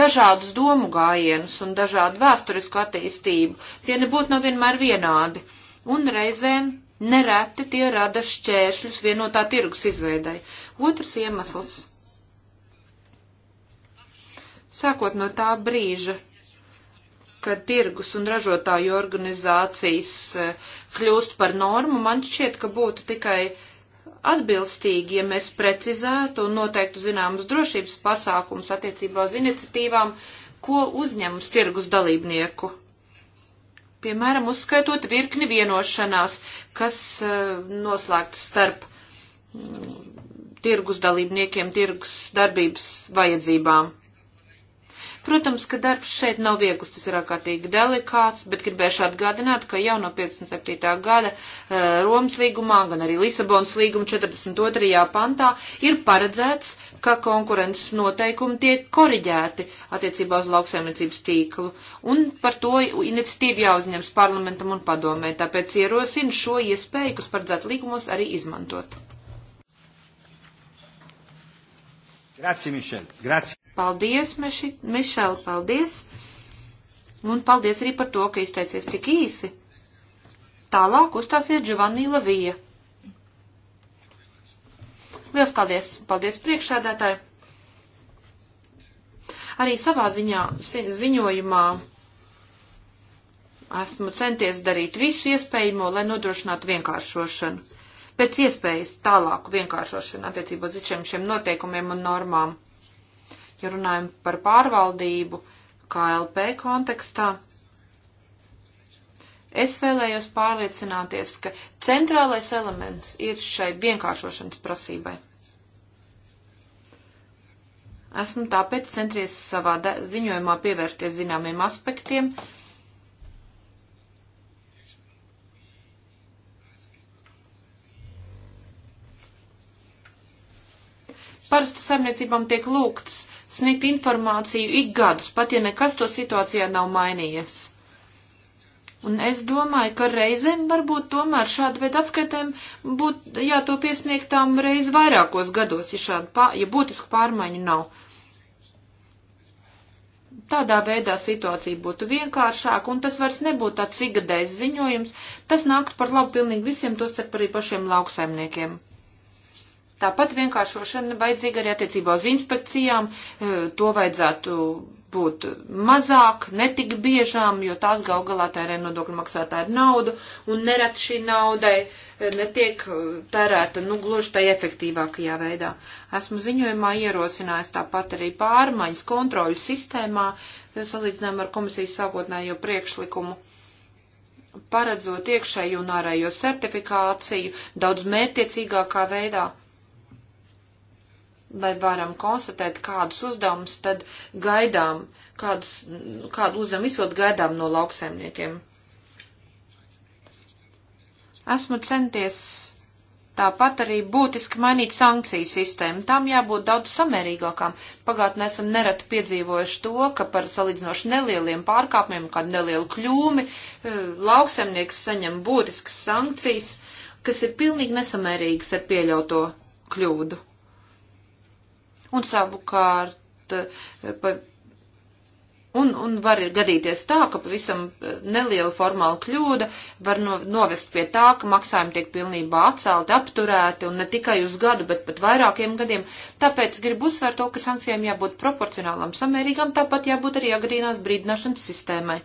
dažādus domu gājienus un dažādu vēsturisku attīstību. Tie nebūtu nav vienmēr vienādi. Un reizēm nereti tie rada šķēršļus vienotā tirgus izveidai. Otrs iemesls Sākot no tā brīža, kad tirgus un ražotāju organizācijas e, kļūst par normu, man šķiet, ka būtu tikai atbilstīgi, ja mēs precizētu un noteiktu zināmas drošības pasākums attiecībā uz iniciatīvām, ko uzņem uz tirgus dalībnieku. Piemēram, uzskaitot virkni vienošanās, kas e, noslēgtas starp mm, tirgus dalībniekiem, tirgus darbības vajadzībām. Protams, ka darbs šeit nav viegls, tas ir ārkārtīgi delikāts, bet gribēšu atgādināt, ka jau no 57. gada eh, Romas līgumā, gan arī Lisabonas līguma 42. pantā ir paredzēts, ka konkurences noteikumi tiek koriģēti attiecībā uz lauksaimniecības tīklu, un par to iniciatīvu jāuzņems parlamentam un padomē, tāpēc ierosinu šo iespēju, kas paredzēta līgumos, arī izmantot. Grazie, Mišel. Grazie. Paldies, Meši, Mišel, paldies! Un paldies arī par to, ka izteicies tik īsi. Tālāk uzstāsies Giovanni Lavija. Lielas paldies! Paldies priekšsēdētāji! Arī savā ziņā, ziņojumā esmu centies darīt visu iespējamo, lai nodrošinātu vienkāršošanu. Pēc iespējas tālāku vienkāršošanu attiecībā uz šiem, šiem noteikumiem un normām ja runājam par pārvaldību KLP kontekstā. Es vēlējos pārliecināties, ka centrālais elements ir šai vienkāršošanas prasībai. Esmu tāpēc centies savā ziņojumā pievērsties zināmiem aspektiem, uh, Parasti saimniecībām tiek lūgts sniegt informāciju ik gadus, pat ja nekas to situācijā nav mainījies. Un es domāju, ka reizēm varbūt tomēr šāda veida atskaitēm būtu jāto piesniegtām reiz vairākos gados, ja šāda, pā, ja būtisku pārmaiņu nav. Tādā veidā situācija būtu vienkāršāka, un tas vairs nebūtu tāds igadējs ziņojums, tas nāktu par labu pilnīgi visiem, tostarp arī pašiem lauksaimniekiem. Tāpat vienkāršošana vajadzīga arī attiecībā uz inspekcijām, eh, to vajadzētu būt mazāk, netik biežām, jo tās gal galā tērē nodokļu maksātāju naudu, un nerad šī naudai eh, netiek eh, tērēta, nu, gluži tai efektīvākajā veidā. Esmu ziņojumā ierosinājis tāpat arī pārmaiņas kontroļu sistēmā, salīdzinājumā ar komisijas sākotnējo priekšlikumu paredzot iekšēju un ārējo certifikāciju daudz mērtiecīgākā veidā, lai varam konstatēt, kādus uzdevumus tad gaidām, kādus, kādu uzdevumu izpildu gaidām no lauksaimniekiem. Esmu centies tāpat arī būtiski mainīt sankciju sistēmu. Tām jābūt daudz samērīgākām. Pagātnē esam nereti piedzīvojuši to, ka par salīdzinoši nelieliem pārkāpumiem, kādu nelielu kļūmi, eh, lauksaimnieks saņem būtiskas sankcijas, kas ir pilnīgi nesamērīgas ar pieļauto kļūdu. Un savukārt, eh, pa, un, un var gadīties tā, ka pavisam eh, neliela formāla kļūda var no, novest pie tā, ka maksājumi tiek pilnībā atcelti, apturēti, un ne tikai uz gadu, bet pat vairākiem gadiem. Tāpēc gribu uzsvērt to, ka sankcijām jābūt proporcionālam, samērīgam, tāpat jābūt arī agrīnās brīdināšanas sistēmai.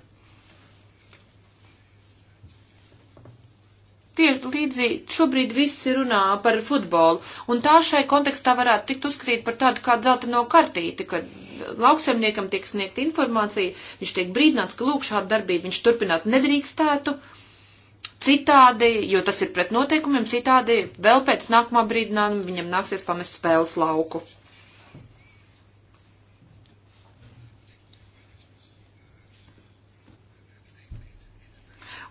Tiek līdzīgi šobrīd visi runā par futbolu, un tā šai kontekstā varētu tikt uzskatīt par tādu kā dzelta no kartīti, kad lauksaimniekam tiek sniegta informācija, viņš tiek brīdināts, ka lūk šāda darbība viņš turpināt nedrīkstētu, citādi, jo tas ir pret noteikumiem, citādi vēl pēc nākamā brīdinājuma viņam nāksies pamest spēles lauku.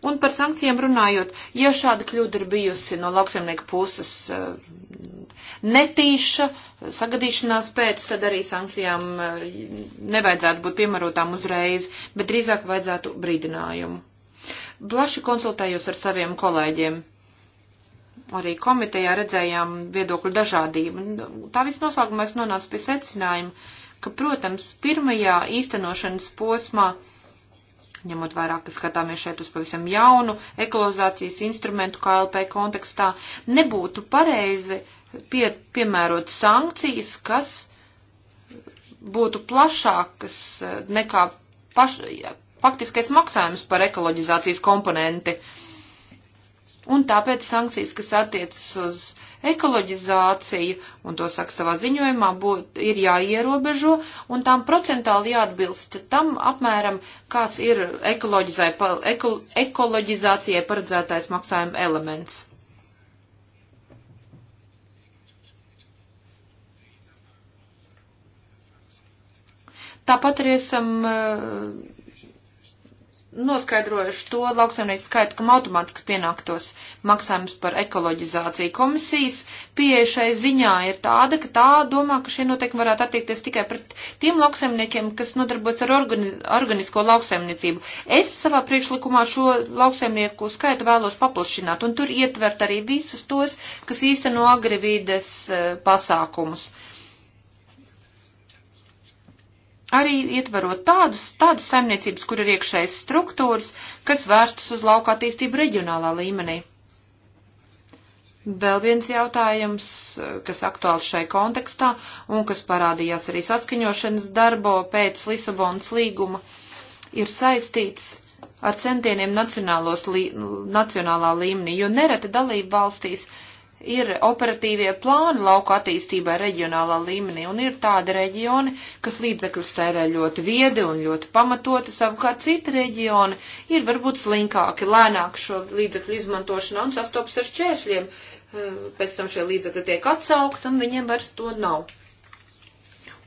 Un par sankcijām runājot, ja šāda kļūda ir bijusi no lauksaimnieka puses eh, netīša, sagadīšanās pēc, tad arī sankcijām eh, nevajadzētu būt piemērotām uzreiz, bet drīzāk vajadzētu brīdinājumu. Blaši konsultējos ar saviem kolēģiem arī komitejā redzējām viedokļu dažādību. Tā visnoslēgumā es nonācu pie secinājuma, ka, protams, pirmajā īstenošanas posmā uh, ņemot vērā, ka skatāmies šeit uz pavisam jaunu ekolozācijas instrumentu KLP kontekstā, nebūtu pareizi pie, piemērot sankcijas, kas būtu plašākas eh, nekā paš, faktiskais maksājums par ekoloģizācijas komponenti. Un tāpēc sankcijas, kas attiecas uz uh, ekoloģizāciju, un to saka savā ziņojumā, būt, ir jāierobežo, un tām procentāli jāatbilst tam apmēram, kāds ir eko, ekoloģizācijai paredzētais maksājuma elements. Tāpat arī esam uh, noskaidrojuši to lauksaimnieku skaitu, kam automātiski pienāktos maksājums par ekoloģizāciju. Komisijas pieeja šai ziņā ir tāda, ka tā domā, ka šie noteikumi varētu attiekties tikai pret tiem lauksaimniekiem, kas nodarbojas ar organi organisko lauksaimniecību. Es savā priekšlikumā šo lauksaimnieku skaitu vēlos paplašināt, un tur ietvert arī visus tos, kas īsteno agrivīdes eh, pasākumus. Uh, arī ietvarot tādus, tādas saimniecības, kur ir iekšējas struktūras, kas vērstas uz lauka attīstību reģionālā līmenī. Vēl viens jautājums, kas aktuāls šai kontekstā un kas parādījās arī saskaņošanas darbo pēc Lisabonas līguma, ir saistīts ar centieniem nacionālī, nacionālā līmenī, jo nereti dalību valstīs uh, ir operatīvie plāni lauka attīstībai reģionālā līmenī, un ir tādi reģioni, kas līdzekļus tērē ļoti viedi un ļoti pamatoti, savukārt citi reģioni ir varbūt slinkāki, lēnāk šo līdzekļu izmantošanā un sastopas ar šķēršļiem, eh, pēc tam šie līdzekļi tiek atsaukt, un viņiem vairs to nav.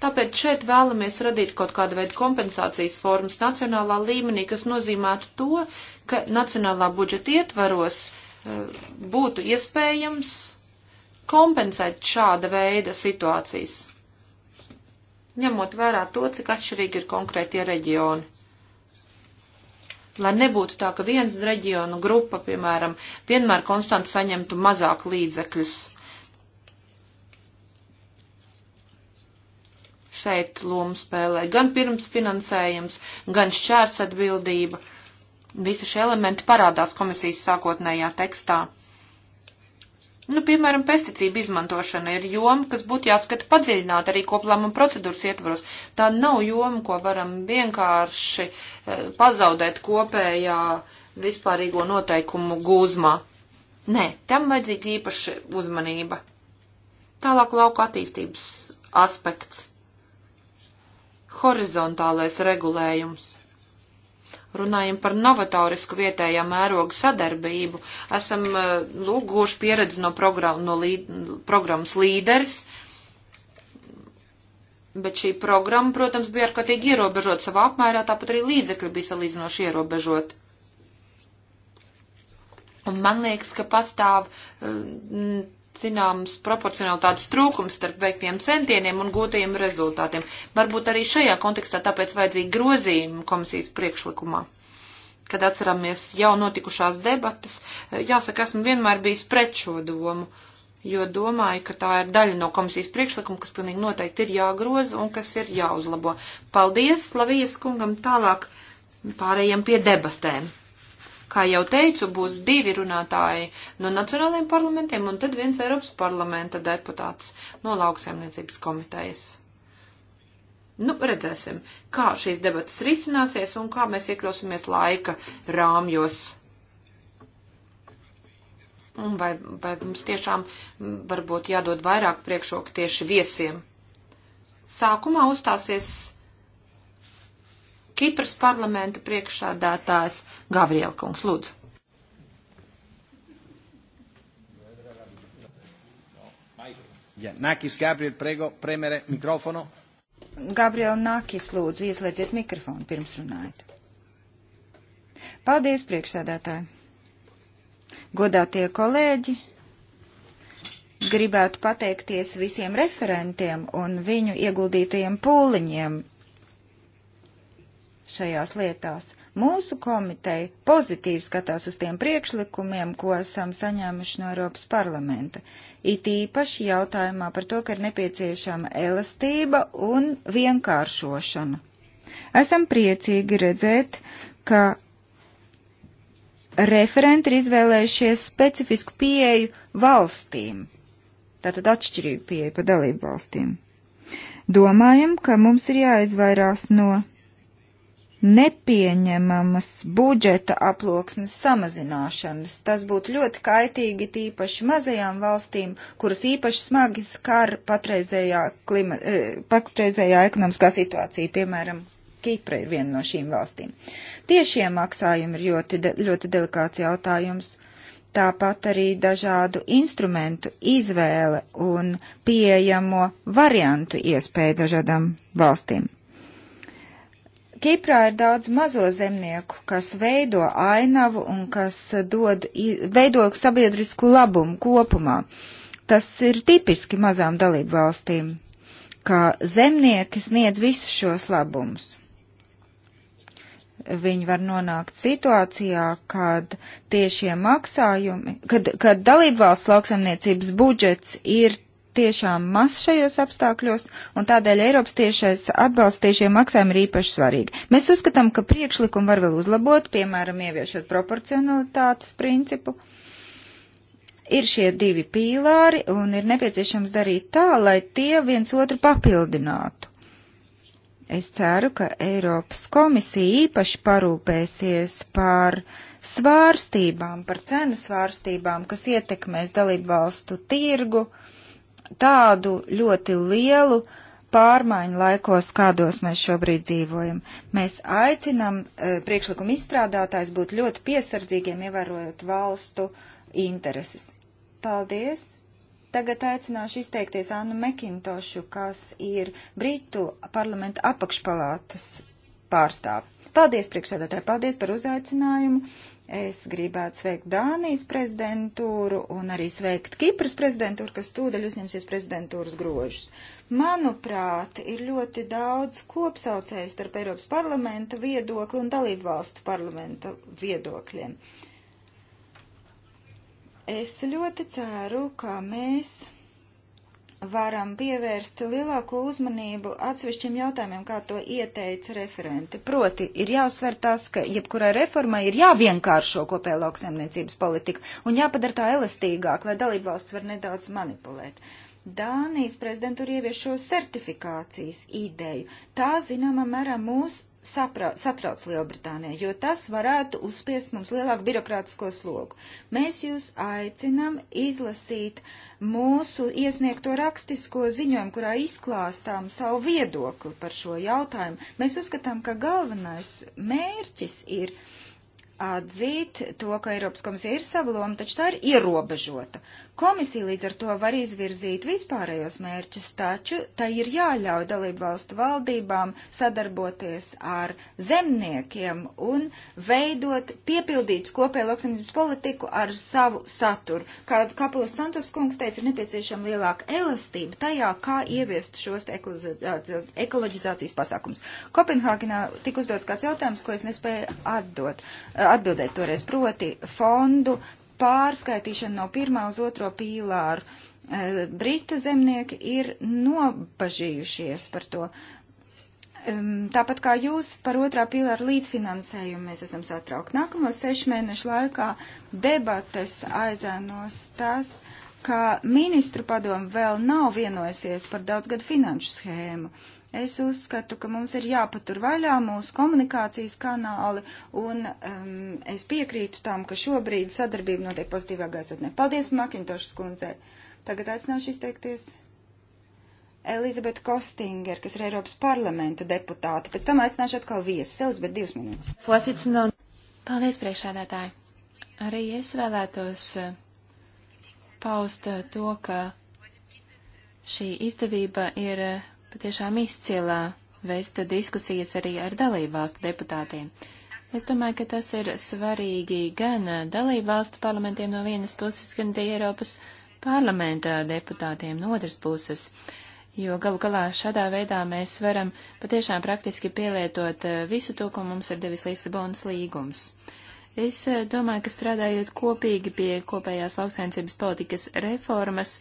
Tāpēc šeit vēlamies radīt kaut kādu veidu kompensācijas formas nacionālā līmenī, kas nozīmētu to, ka nacionālā budžeta ietvaros uh, Eh, būtu iespējams kompensēt šāda veida situācijas, ņemot vērā to, cik atšķirīgi ir konkrētie reģioni. Lai nebūtu tā, ka viens reģionu grupa, piemēram, vienmēr konstanti saņemtu mazāk līdzekļus. Šeit lomu spēlē gan pirmsfinansējums, gan šķērs atbildība Visi šie elementi parādās komisijas sākotnējā tekstā. Nu, piemēram, pesticīdu izmantošana ir joma, kas būtu jāskata padziļināt arī koplāmuma procedūras ietvaros. Tā nav joma, ko varam vienkārši eh, pazaudēt kopējā vispārīgo noteikumu gūzmā. Nē, tam vajadzīga īpaša uzmanība. Tālāk lauka attīstības aspekts. Horizontālais regulējums runājam par novatorisku vietējā mēroga sadarbību, esam eh, lūk guvuši pieredzi no, programma, no līd, programmas līderis, bet šī programma, protams, bija ārkārtīgi ierobežota savā apmērā, tāpat arī līdzekļi bija salīdzinoši ierobežoti. Un man liekas, ka pastāv eh, zināms proporcionalitātes trūkums starp veiktiem centieniem un gūtajiem rezultātiem. Varbūt arī šajā kontekstā tāpēc vajadzīgi grozījumi komisijas priekšlikumā. Kad atceramies jau notikušās debatas, jāsaka, esmu vienmēr bijis pret šo domu, jo domāju, ka tā ir daļa no komisijas priekšlikuma, kas pilnīgi noteikti ir jāgroza un kas ir jāuzlabo. Paldies Lavijas kungam tālāk pārējiem pie debastēm. Kā jau teicu, būs divi runātāji no nacionālajiem parlamentiem un tad viens Eiropas parlamenta deputāts no lauksaimniecības komitejas. Nu, redzēsim, kā šīs debatas risināsies un kā mēs iekļausimies laika rāmjos. Un vai, vai mums tiešām varbūt jādod vairāk priekšroka tieši viesiem? Sākumā uzstāsies Kipras parlamenta priekšādātājs Gavriela Kungs. Lūdzu. Ja, Nakis Gabriel, prego, premere mikrofonu. Gabriela Nakis, lūdzu, ieslēdziet mikrofonu pirms runājat. Paldies, priekšsēdētāji. Godātie kolēģi, gribētu pateikties visiem referentiem un viņu ieguldītajiem pūliņiem šajās lietās. Mūsu komiteja pozitīvi skatās uz tiem priekšlikumiem, ko esam saņēmuši no Eiropas parlamenta. It īpaši jautājumā par to, ka ir nepieciešama elastība un vienkāršošana. Esam priecīgi redzēt, ka referenti ir izvēlējušies specifisku pieeju valstīm. Tātad atšķirīgu pieeju pa dalību valstīm. Domājam, ka mums ir jāizvairās no nepieņemamas budžeta aploksnes samazināšanas. Tas būtu ļoti kaitīgi tīpaši mazajām valstīm, kuras īpaši smagi skar patreizējā, klima, e, patreizējā ekonomiskā situācija, piemēram, Kipra ir viena no šīm valstīm. Tiešie maksājumi ir ļoti, de, ļoti delikāts jautājums. Tāpat arī dažādu instrumentu izvēle un pieejamo variantu iespēja dažādām valstīm. Kiprā ir daudz mazo zemnieku, kas veido ainavu un kas dod, veido sabiedrisku labumu kopumā. Tas ir tipiski mazām dalību valstīm, ka zemnieki sniedz visus šos labumus. Viņi var nonākt situācijā, kad tiešie maksājumi, kad, kad dalību valsts lauksaimniecības budžets ir tiešām maz šajos apstākļos, un tādēļ Eiropas tiešais atbalsts tiešiem maksājumiem ir īpaši svarīgi. Mēs uzskatām, ka priekšlikumu var vēl uzlabot, piemēram, ieviešot proporcionalitātes principu. Ir šie divi pīlāri, un ir nepieciešams darīt tā, lai tie viens otru papildinātu. Es ceru, ka Eiropas komisija īpaši parūpēsies par svārstībām, par cenu svārstībām, kas ietekmēs dalību valstu tirgu, uh, tādu ļoti lielu pārmaiņu laikos, kādos mēs šobrīd dzīvojam. Mēs aicinam e, priekšlikumu izstrādātājs būt ļoti piesardzīgiem, ievērojot valstu intereses. Paldies! Tagad aicināšu izteikties Annu Mekintošu, kas ir Britu parlamenta apakšpalātas pārstāve. Paldies, priekšsēdētāji, paldies par uzaicinājumu. Es gribētu sveikt Dānijas prezidentūru un arī sveikt Kipras prezidentūru, kas tūdaļ uzņemsies prezidentūras grožus. Manuprāt, ir ļoti daudz kopsaucēju starp Eiropas parlamenta viedokli un dalību valstu parlamenta viedokļiem. Es ļoti ceru, ka mēs varam pievērst lielāko uzmanību atsevišķiem jautājumiem, kā to ieteica referenti. Proti, ir jāuzsver tas, ka jebkurai reformai ir jāvienkāršo kopējā lauksaimniecības politika un jāpadara tā elastīgāk, lai dalībvalsts var nedaudz manipulēt. Dānijas prezidentūra ievieš šo certifikācijas ideju. Tā, zināmā mērā, mūs sapra, satrauc Lielbritānijā, jo tas varētu uzspiest mums lielāku birokrātisko slogu. Mēs jūs aicinam izlasīt mūsu iesniegto rakstisko ziņojumu, kurā izklāstām savu viedokli par šo jautājumu. Mēs uzskatām, ka galvenais mērķis ir atzīt to, ka Eiropas komisija ir sava loma, taču tā ir ierobežota. Komisija līdz ar to var izvirzīt vispārējos mērķus, taču tai ir jāļauj dalību valstu valdībām sadarboties ar zemniekiem un veidot piepildītu kopēju lauksaimniecības politiku ar savu saturu. Kā Kapulis Santos kungs teica, ir nepieciešama lielāka elastība tajā, kā ieviest šos ekoloģizācijas pasākums. Kopenhāgenā tika uzdots kāds jautājums, ko es nespēju atdot, atbildēt toreiz, proti fondu pārskaitīšana no pirmā uz otro pīlāru. E, Britu zemnieki ir nobažījušies par to. Tāpat kā jūs par otrā pīlāra līdzfinansējumu mēs esam satraukti. Nākamo sešu mēnešu laikā debates aizēnos tas, ka ministru padomu vēl nav vienojusies par daudzgadu finanšu schēmu. Es uzskatu, ka mums ir jāpatur vaļā mūsu komunikācijas kanāli, un um, es piekrītu tam, ka šobrīd sadarbība notiek pozitīvā gaisotnē. Paldies Makintošas kundzei. Tagad aicināšu izteikties Elizabete Kostinger, kas ir Eiropas parlamenta deputāte. Pēc tam aicināšu atkal viesus. Elizabete, divas minūtes. Paldies, priekšādātāji. Arī es vēlētos uh, paust uh, to, ka šī izdevība ir uh, patiešām izcilā vest diskusijas arī ar dalībvalstu deputātiem. Es domāju, ka tas ir svarīgi gan dalībvalstu parlamentiem no vienas puses, gan arī Eiropas parlamenta deputātiem no otras puses, jo galu galā šādā veidā mēs varam patiešām praktiski pielietot visu to, ko mums ir devis Lisabonas līgums. Es eh, domāju, ka strādājot kopīgi pie kopējās lauksaimniecības politikas reformas,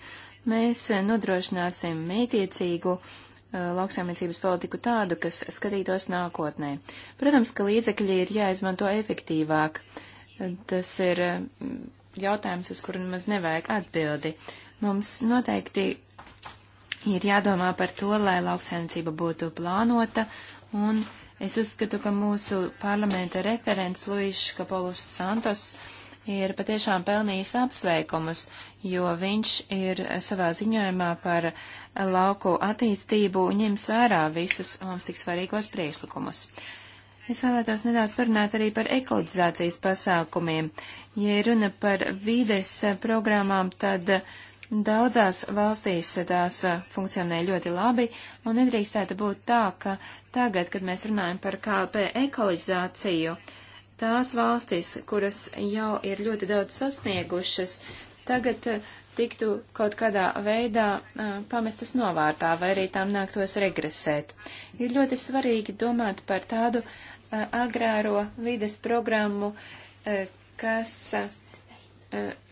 mēs eh, nodrošināsim mētiecīgu Uh, lauksaimniecības politiku tādu, kas skatītos nākotnē. Protams, ka līdzekļi ir jāizmanto efektīvāk. Tas ir mm, jautājums, uz kuru maz nevajag atbildi. Mums noteikti ir jādomā par to, lai lauksaimniecība būtu plānota, un es uzskatu, ka mūsu parlamenta referents Luīšs Kapolus Santos ir patiešām pelnījis apsveikumus, jo viņš ir savā ziņojumā par lauku attīstību ņems vērā visus mums tik svarīgos priekšlikumus. Es vēlētos nedaudz parunāt arī par ekoloģizācijas pasākumiem. Ja runa par vides programmām, tad daudzās valstīs tās funkcionē ļoti labi, un nedrīkstētu būt tā, ka tagad, kad mēs runājam par KLP ekoloģizāciju, tās valstis, kuras jau ir ļoti daudz sasniegušas, tagad eh, tiktu kaut kādā veidā uh, pamestas novārtā, vai arī tām nāktos regresēt. Ir ļoti svarīgi domāt par tādu uh, agrāro vides programmu, uh, kas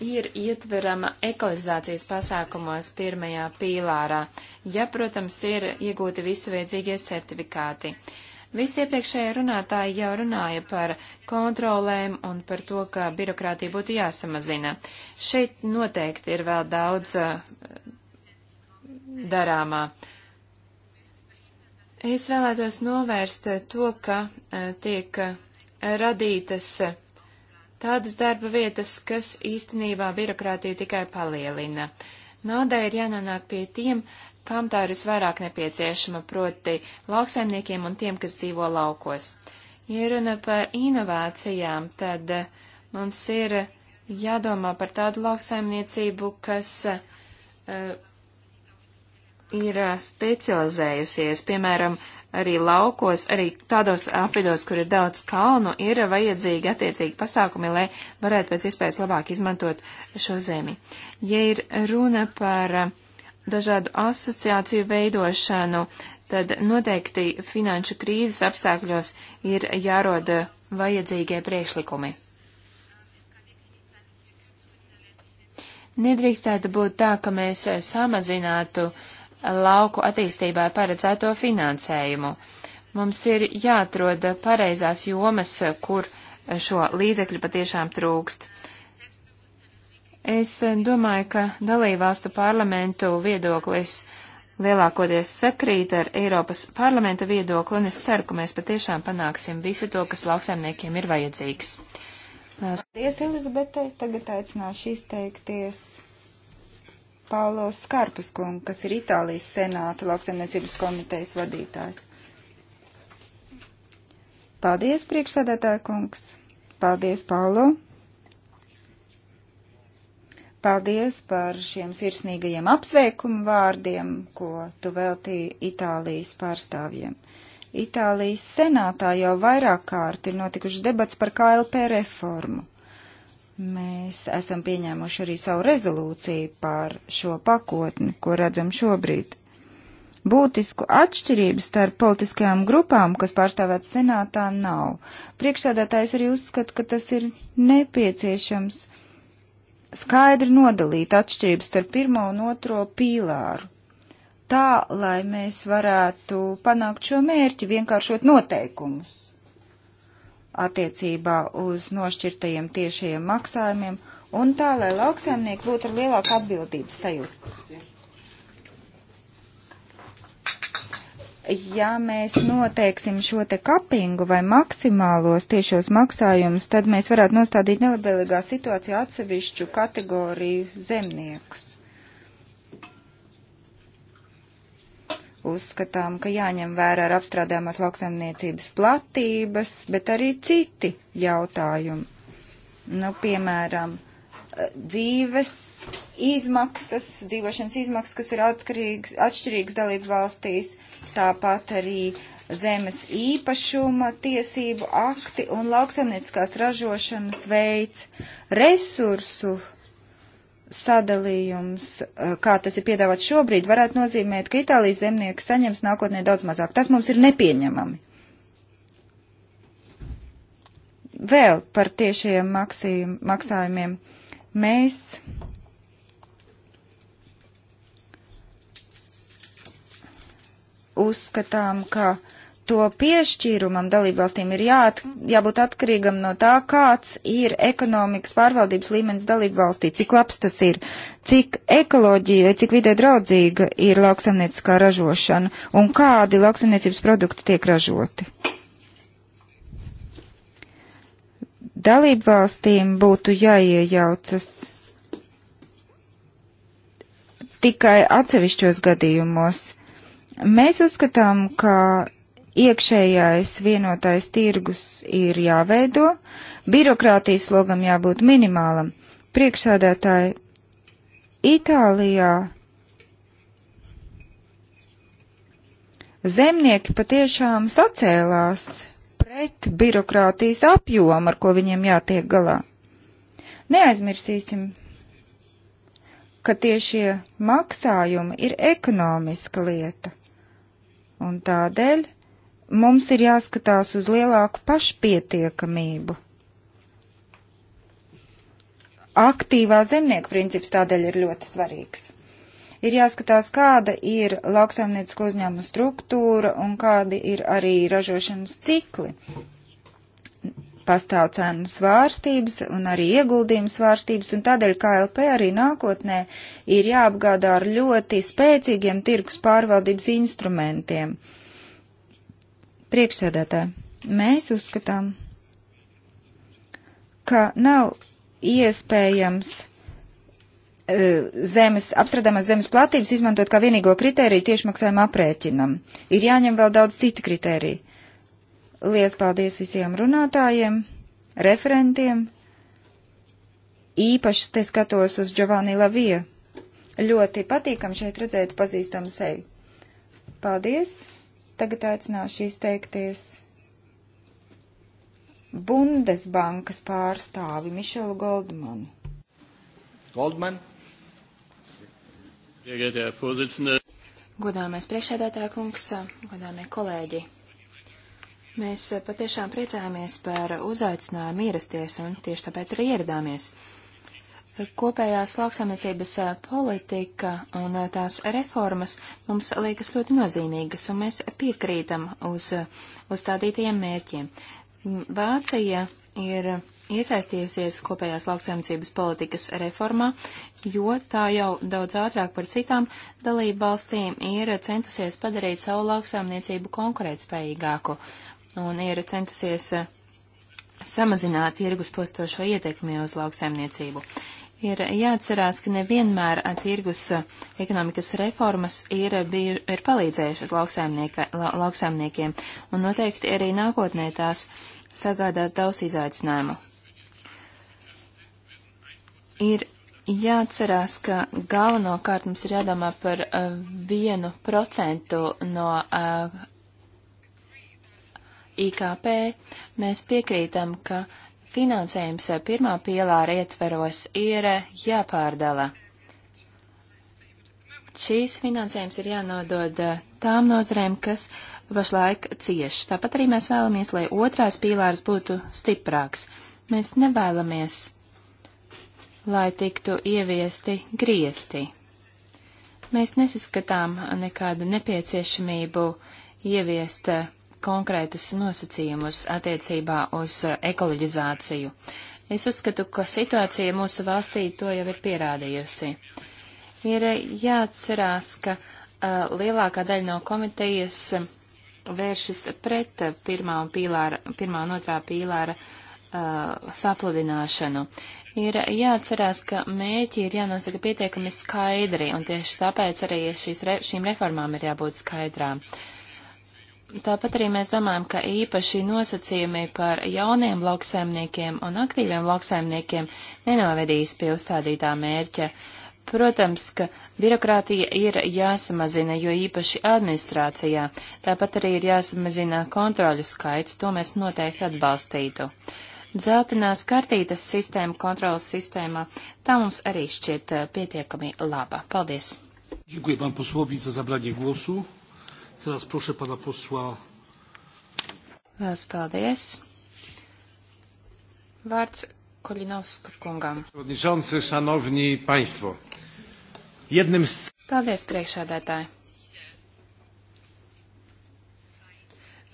ir ietverama ekoloģizācijas pasākumos pirmajā pīlārā, ja, protams, ir iegūti visi vajadzīgie certifikāti. Uh, Visi iepriekšējie runātāji jau runāja par kontrolēm un par to, ka birokrātija būtu jāsamazina. Šeit noteikti ir vēl daudz eh, darāmā. Es vēlētos novērst to, ka eh, tiek eh, radītas tādas darba vietas, kas īstenībā birokrātiju tikai palielina. Naudai ir jānonāk pie tiem kam tā ir visvairāk nepieciešama, proti lauksaimniekiem un tiem, kas dzīvo laukos. Ja runa par inovācijām, tad eh, mums ir jādomā par tādu lauksaimniecību, kas uh, ir eh, specializējusies, piemēram, arī laukos, arī tādos apvidos, kur ir daudz kalnu, ir vajadzīgi attiecīgi pasākumi, lai varētu pēc iespējas labāk izmantot šo zemi. Ja ir runa par dažādu asociāciju veidošanu, tad noteikti finanšu krīzes apstākļos ir jāroda vajadzīgie priekšlikumi. Nedrīkstētu būt tā, ka mēs samazinātu lauku attīstībai paredzēto finansējumu. Mums ir jāatrod pareizās jomas, kur šo līdzekļu patiešām trūkst. Es eh, domāju, ka dalībvalstu parlamentu viedoklis lielākoties sakrīt ar Eiropas parlamenta viedokli, un es ceru, ka mēs patiešām panāksim visu to, kas lauksaimniekiem ir vajadzīgs. Paldies, Elizabetei. Tagad aicināšu izteikties Paulo Skarpuskungu, kas ir Itālijas senāta lauksaimniecības komitejas vadītājs. Paldies, priekšsēdētāja kungs. Paldies, Paulo. Paldies par šiem sirsnīgajiem apsveikumu vārdiem, ko tu veltīji Itālijas pārstāvjiem. Itālijas senātā jau vairāk kārt ir notikušas debats par KLP reformu. Mēs esam pieņēmuši arī savu rezolūciju par šo pakotni, ko redzam šobrīd. Būtisku atšķirību starp politiskajām grupām, kas pārstāvēt senātā, nav. Priekšsādātājs arī uzskata, ka tas ir nepieciešams skaidri nodalīt atšķirības starp pirmo un otro pīlāru. Tā, lai mēs varētu panākt šo mērķi, vienkāršot noteikumus attiecībā uz nošķirtajiem tiešajiem maksājumiem un tā, lai lauksaimnieki būtu ar lielāku atbildības sajūtu. ja mēs noteiksim šo te kapingu vai maksimālos tiešos maksājumus, tad mēs varētu nostādīt nelabvēlīgā situācijā atsevišķu kategoriju zemniekus. Uzskatām, ka jāņem vērā ar apstrādājumās lauksaimniecības platības, bet arī citi jautājumi. Nu, piemēram, dzīves izmaksas, dzīvošanas izmaksas, kas ir atkarīgas, atšķirīgas dalību valstīs, uh, tāpat arī zemes īpašuma tiesību akti un lauksaimnieciskās ražošanas veids, resursu sadalījums, eh, kā tas ir piedāvāts šobrīd, varētu nozīmēt, ka Itālijas zemnieki saņems nākotnē daudz mazāk. Tas mums ir nepieņemami. Vēl par tiešajiem maksājumiem. Mēs uzskatām, ka to piešķīrumam dalībvalstīm ir jā, jābūt atkarīgam no tā, kāds ir ekonomikas pārvaldības līmenis dalībvalstī, cik labs tas ir, cik ekoloģija vai cik vidē draudzīga ir lauksaimnieciskā ražošana un kādi lauksaimniecības produkti tiek ražoti. Dalībvalstīm būtu jāiejaucas tikai atsevišķos gadījumos Mēs uzskatām, ka iekšējais vienotais tirgus ir jāveido, birokrātijas logam jābūt minimālam. Priekšsādātāji Itālijā zemnieki patiešām sacēlās pret birokrātijas apjomu, ar ko viņiem jātiek galā. Neaizmirsīsim, ka tiešie maksājumi ir ekonomiska lieta. Un tādēļ mums ir jāskatās uz lielāku pašpietiekamību. Aktīvā zemnieka princips tādēļ ir ļoti svarīgs. Ir jāskatās, kāda ir lauksaimniecisko uzņēmumu struktūra un kādi ir arī ražošanas cikli pastāv cenu svārstības un arī ieguldījumu svārstības, un tādēļ KLP arī nākotnē ir jāapgādā ar ļoti spēcīgiem tirgus pārvaldības instrumentiem. Priekšsēdētāji, mēs uzskatām, ka nav iespējams e, zemes, apstrādāmās zemes platības izmantot kā vienīgo kritēriju tiešmaksājuma aprēķinam. Ir jāņem vēl daudz citi kritēriji Lielas paldies visiem runātājiem, referentiem. Īpaši te skatos uz Giovanni Lavija. Ļoti patīkam šeit redzēt pazīstamu seju. Paldies! Tagad aicināšu izteikties Bundesbankas pārstāvi Mišelu Goldmanu. Goldman. Godāmais priekšsēdētāja kungs, godāmie kolēģi. Mēs eh, patiešām priecājāmies par uzaicinājumu ierasties un tieši tāpēc arī ieradāmies. Kopējās lauksamniecības eh, politika un eh, tās reformas mums liekas ļoti nozīmīgas, un mēs piekrītam uz uzstādītajiem mērķiem. Vācija ir iesaistījusies kopējās lauksaimniecības politikas reformā, jo tā jau daudz ātrāk par citām dalību valstīm ir centusies padarīt savu lauksaimniecību konkurētspējīgāku un ir centusies eh, samazināt tirgus postošo ietekmi uz lauksaimniecību. Ir jāatcerās, ka nevienmēr eh, tirgus eh, ekonomikas reformas ir, biju, ir palīdzējušas la, lauksaimniekiem, un noteikti arī nākotnē tās sagādās daudz izaicinājumu. Ir jāatcerās, ka galvenokārt mums ir jādomā par vienu procentu no uh, IKP, mēs piekrītam, ka finansējums pirmā pielāra ietveros ir jāpārdala. Šīs finansējums ir jānodod tām nozarēm, kas pašlaik cieš. Tāpat arī mēs vēlamies, lai otrās pīlārs būtu stiprāks. Mēs nevēlamies, lai tiktu ieviesti griesti. Mēs nesaskatām nekādu nepieciešamību ieviest uh, konkrētus nosacījumus attiecībā uz eh, ekoloģizāciju. Es uzskatu, ka situācija mūsu valstī to jau ir pierādījusi. Ir eh, jāatcerās, ka uh, lielākā daļa no komitejas vēršas pret pirmā un, pīlāra, pirmā un otrā pīlāra uh, sapludināšanu. Ir jāatcerās, ka mēķi ir jānosaka pietiekami skaidri, un tieši tāpēc arī šīs re, šīm reformām ir jābūt skaidrām. Uh, Tāpat arī mēs domājam, ka īpaši nosacījumi par jauniem lauksaimniekiem un aktīviem lauksaimniekiem nenovedīs pie uzstādītā mērķa. Protams, ka birokrātija ir jāsamazina, jo īpaši administrācijā. Tāpat arī ir jāsamazina kontroļu skaits, to mēs noteikti atbalstītu. Dzeltenās kartītes sistēma kontrolas sistēmā, tā mums arī šķiet eh, pietiekami laba. Paldies! Dziękuję pan posłowi za zabranie głosu. Teraz proszę pana posła. Lielas paldies. Vārds Kolinovska kungam. Paldies, priekšādētāji.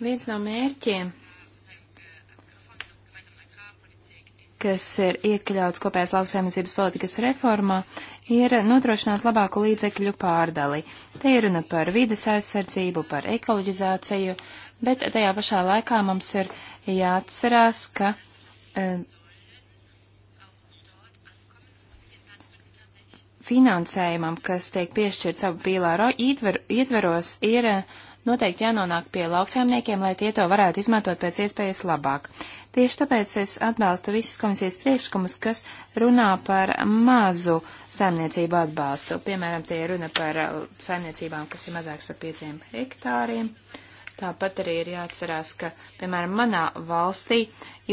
Viens no mērķiem kas ir iekļauts kopējās lauksaimniecības politikas reformā, ir nodrošināt labāku līdzekļu pārdali. Te ir runa par vides aizsardzību, par ekoloģizāciju, bet tajā pašā laikā mums ir jāatcerās, ka e, finansējumam, kas tiek piešķirts abu pīlāro ietver, ietveros, ir eh, noteikti jānonāk pie lauksaimniekiem, lai tie to varētu izmantot pēc iespējas labāk. Tieši tāpēc es atbalstu visus komisijas priekšlikumus, kas runā par mazu saimniecību atbalstu. Piemēram, tie runa par uh, saimniecībām, kas ir mazāks par pieciem hektāriem. Tāpat arī ir jāatcerās, ka, piemēram, manā valstī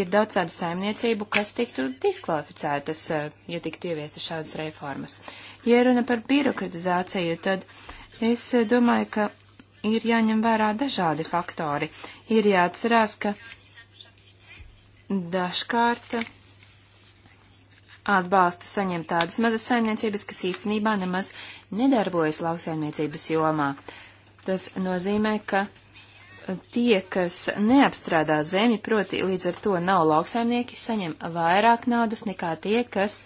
ir daudz tādu saimniecību, kas tiktu diskvalificētas, uh, ja tiktu ieviestas šādas reformas. Ja runa par birokratizāciju, tad es uh, domāju, ka ir jāņem vērā dažādi faktori. Ir jāatcerās, ka dažkārt atbalstu saņem tādas mazas saimniecības, kas īstenībā nemaz nedarbojas lauksaimniecības jomā. Tas nozīmē, ka tie, kas neapstrādā zemi, proti līdz ar to nav lauksaimnieki, saņem vairāk naudas nekā tie, kas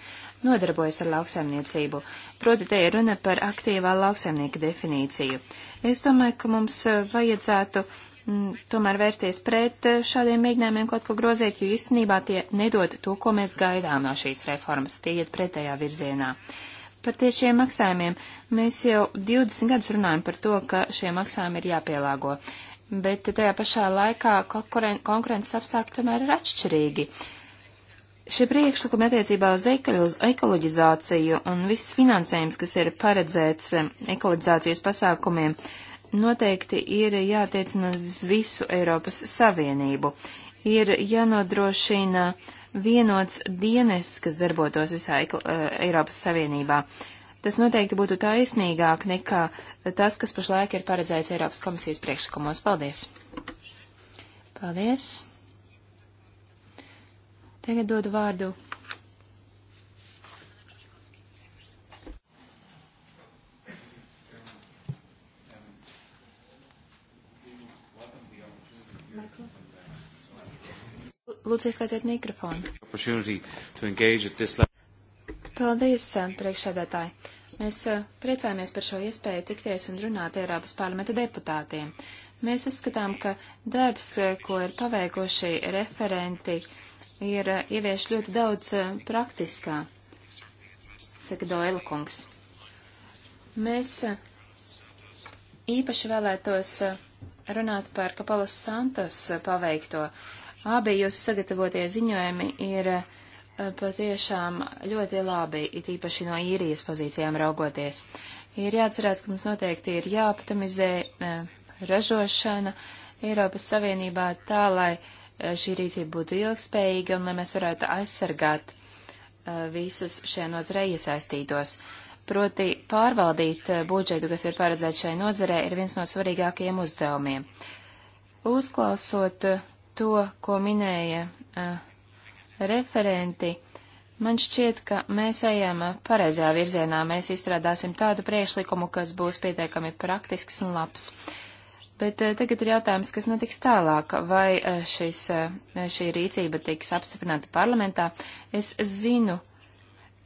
nodarbojas ar lauksaimniecību. Proti te ir runa par aktīvā lauksaimnieka definīciju. Uh, Es domāju, ka mums eh, vajadzētu m, mm, tomēr vērsties pret eh, šādiem mēģinājumiem kaut ko grozēt, jo īstenībā tie nedod to, ko mēs gaidām no šīs reformas. Tie iet pretējā virzienā. Par tiešiem maksājumiem mēs jau 20 gadus runājam par to, ka šie maksājumi ir jāpielāgo, bet tajā pašā laikā konkurences apstākļi tomēr ir atšķirīgi. Uh, Šie priekšlikumi attiecībā uz ekoloģizāciju un viss finansējums, kas ir paredzēts um, ekoloģizācijas pasākumiem, noteikti ir jātiecina nu uz visu Eiropas Savienību. Ir jānodrošina vienots dienas, kas darbotos visā uh, Eiropas Savienībā. Tas noteikti būtu taisnīgāk nekā tas, kas pašlaik ir paredzēts Eiropas komisijas priekšlikumos. Paldies! Paldies! Tagad dodu vārdu. Lūdzu, ieslēdziet mikrofonu. Paldies, eh, priekšsēdētāji. Mēs eh, priecājamies par šo iespēju tikties un runāt Eiropas parlamenta deputātiem. Mēs uzskatām, ka darbs, eh, ko ir paveikuši referenti, uh, ir eh, ievieš ļoti daudz eh, praktiskā, saka Doela kungs. Mēs eh, īpaši vēlētos runāt par Kapalas Santos paveikto. Abi jūsu sagatavotie ziņojumi ir patiešām ļoti labi, it īpaši no īrijas pozīcijām raugoties. Ir jāatcerās, ka mums noteikti ir jāoptimizē ražošana Eiropas Savienībā tā, lai uh, Eh, šī rīcība būtu ilgspējīga un lai mēs varētu aizsargāt uh, visus šajā nozarē iesaistītos. Proti pārvaldīt eh, budžetu, kas ir paredzēts šai nozarē, ir viens no svarīgākajiem uzdevumiem. Uzklausot to, ko minēja uh, referenti, man šķiet, ka mēs ejam pareizajā virzienā. Mēs izstrādāsim tādu priekšlikumu, kas būs pietiekami praktisks un labs. Uh, Bet eh, tagad ir jautājums, kas notiks tālāk, vai eh, šis, eh, šī rīcība tiks apstiprināta parlamentā. Es zinu,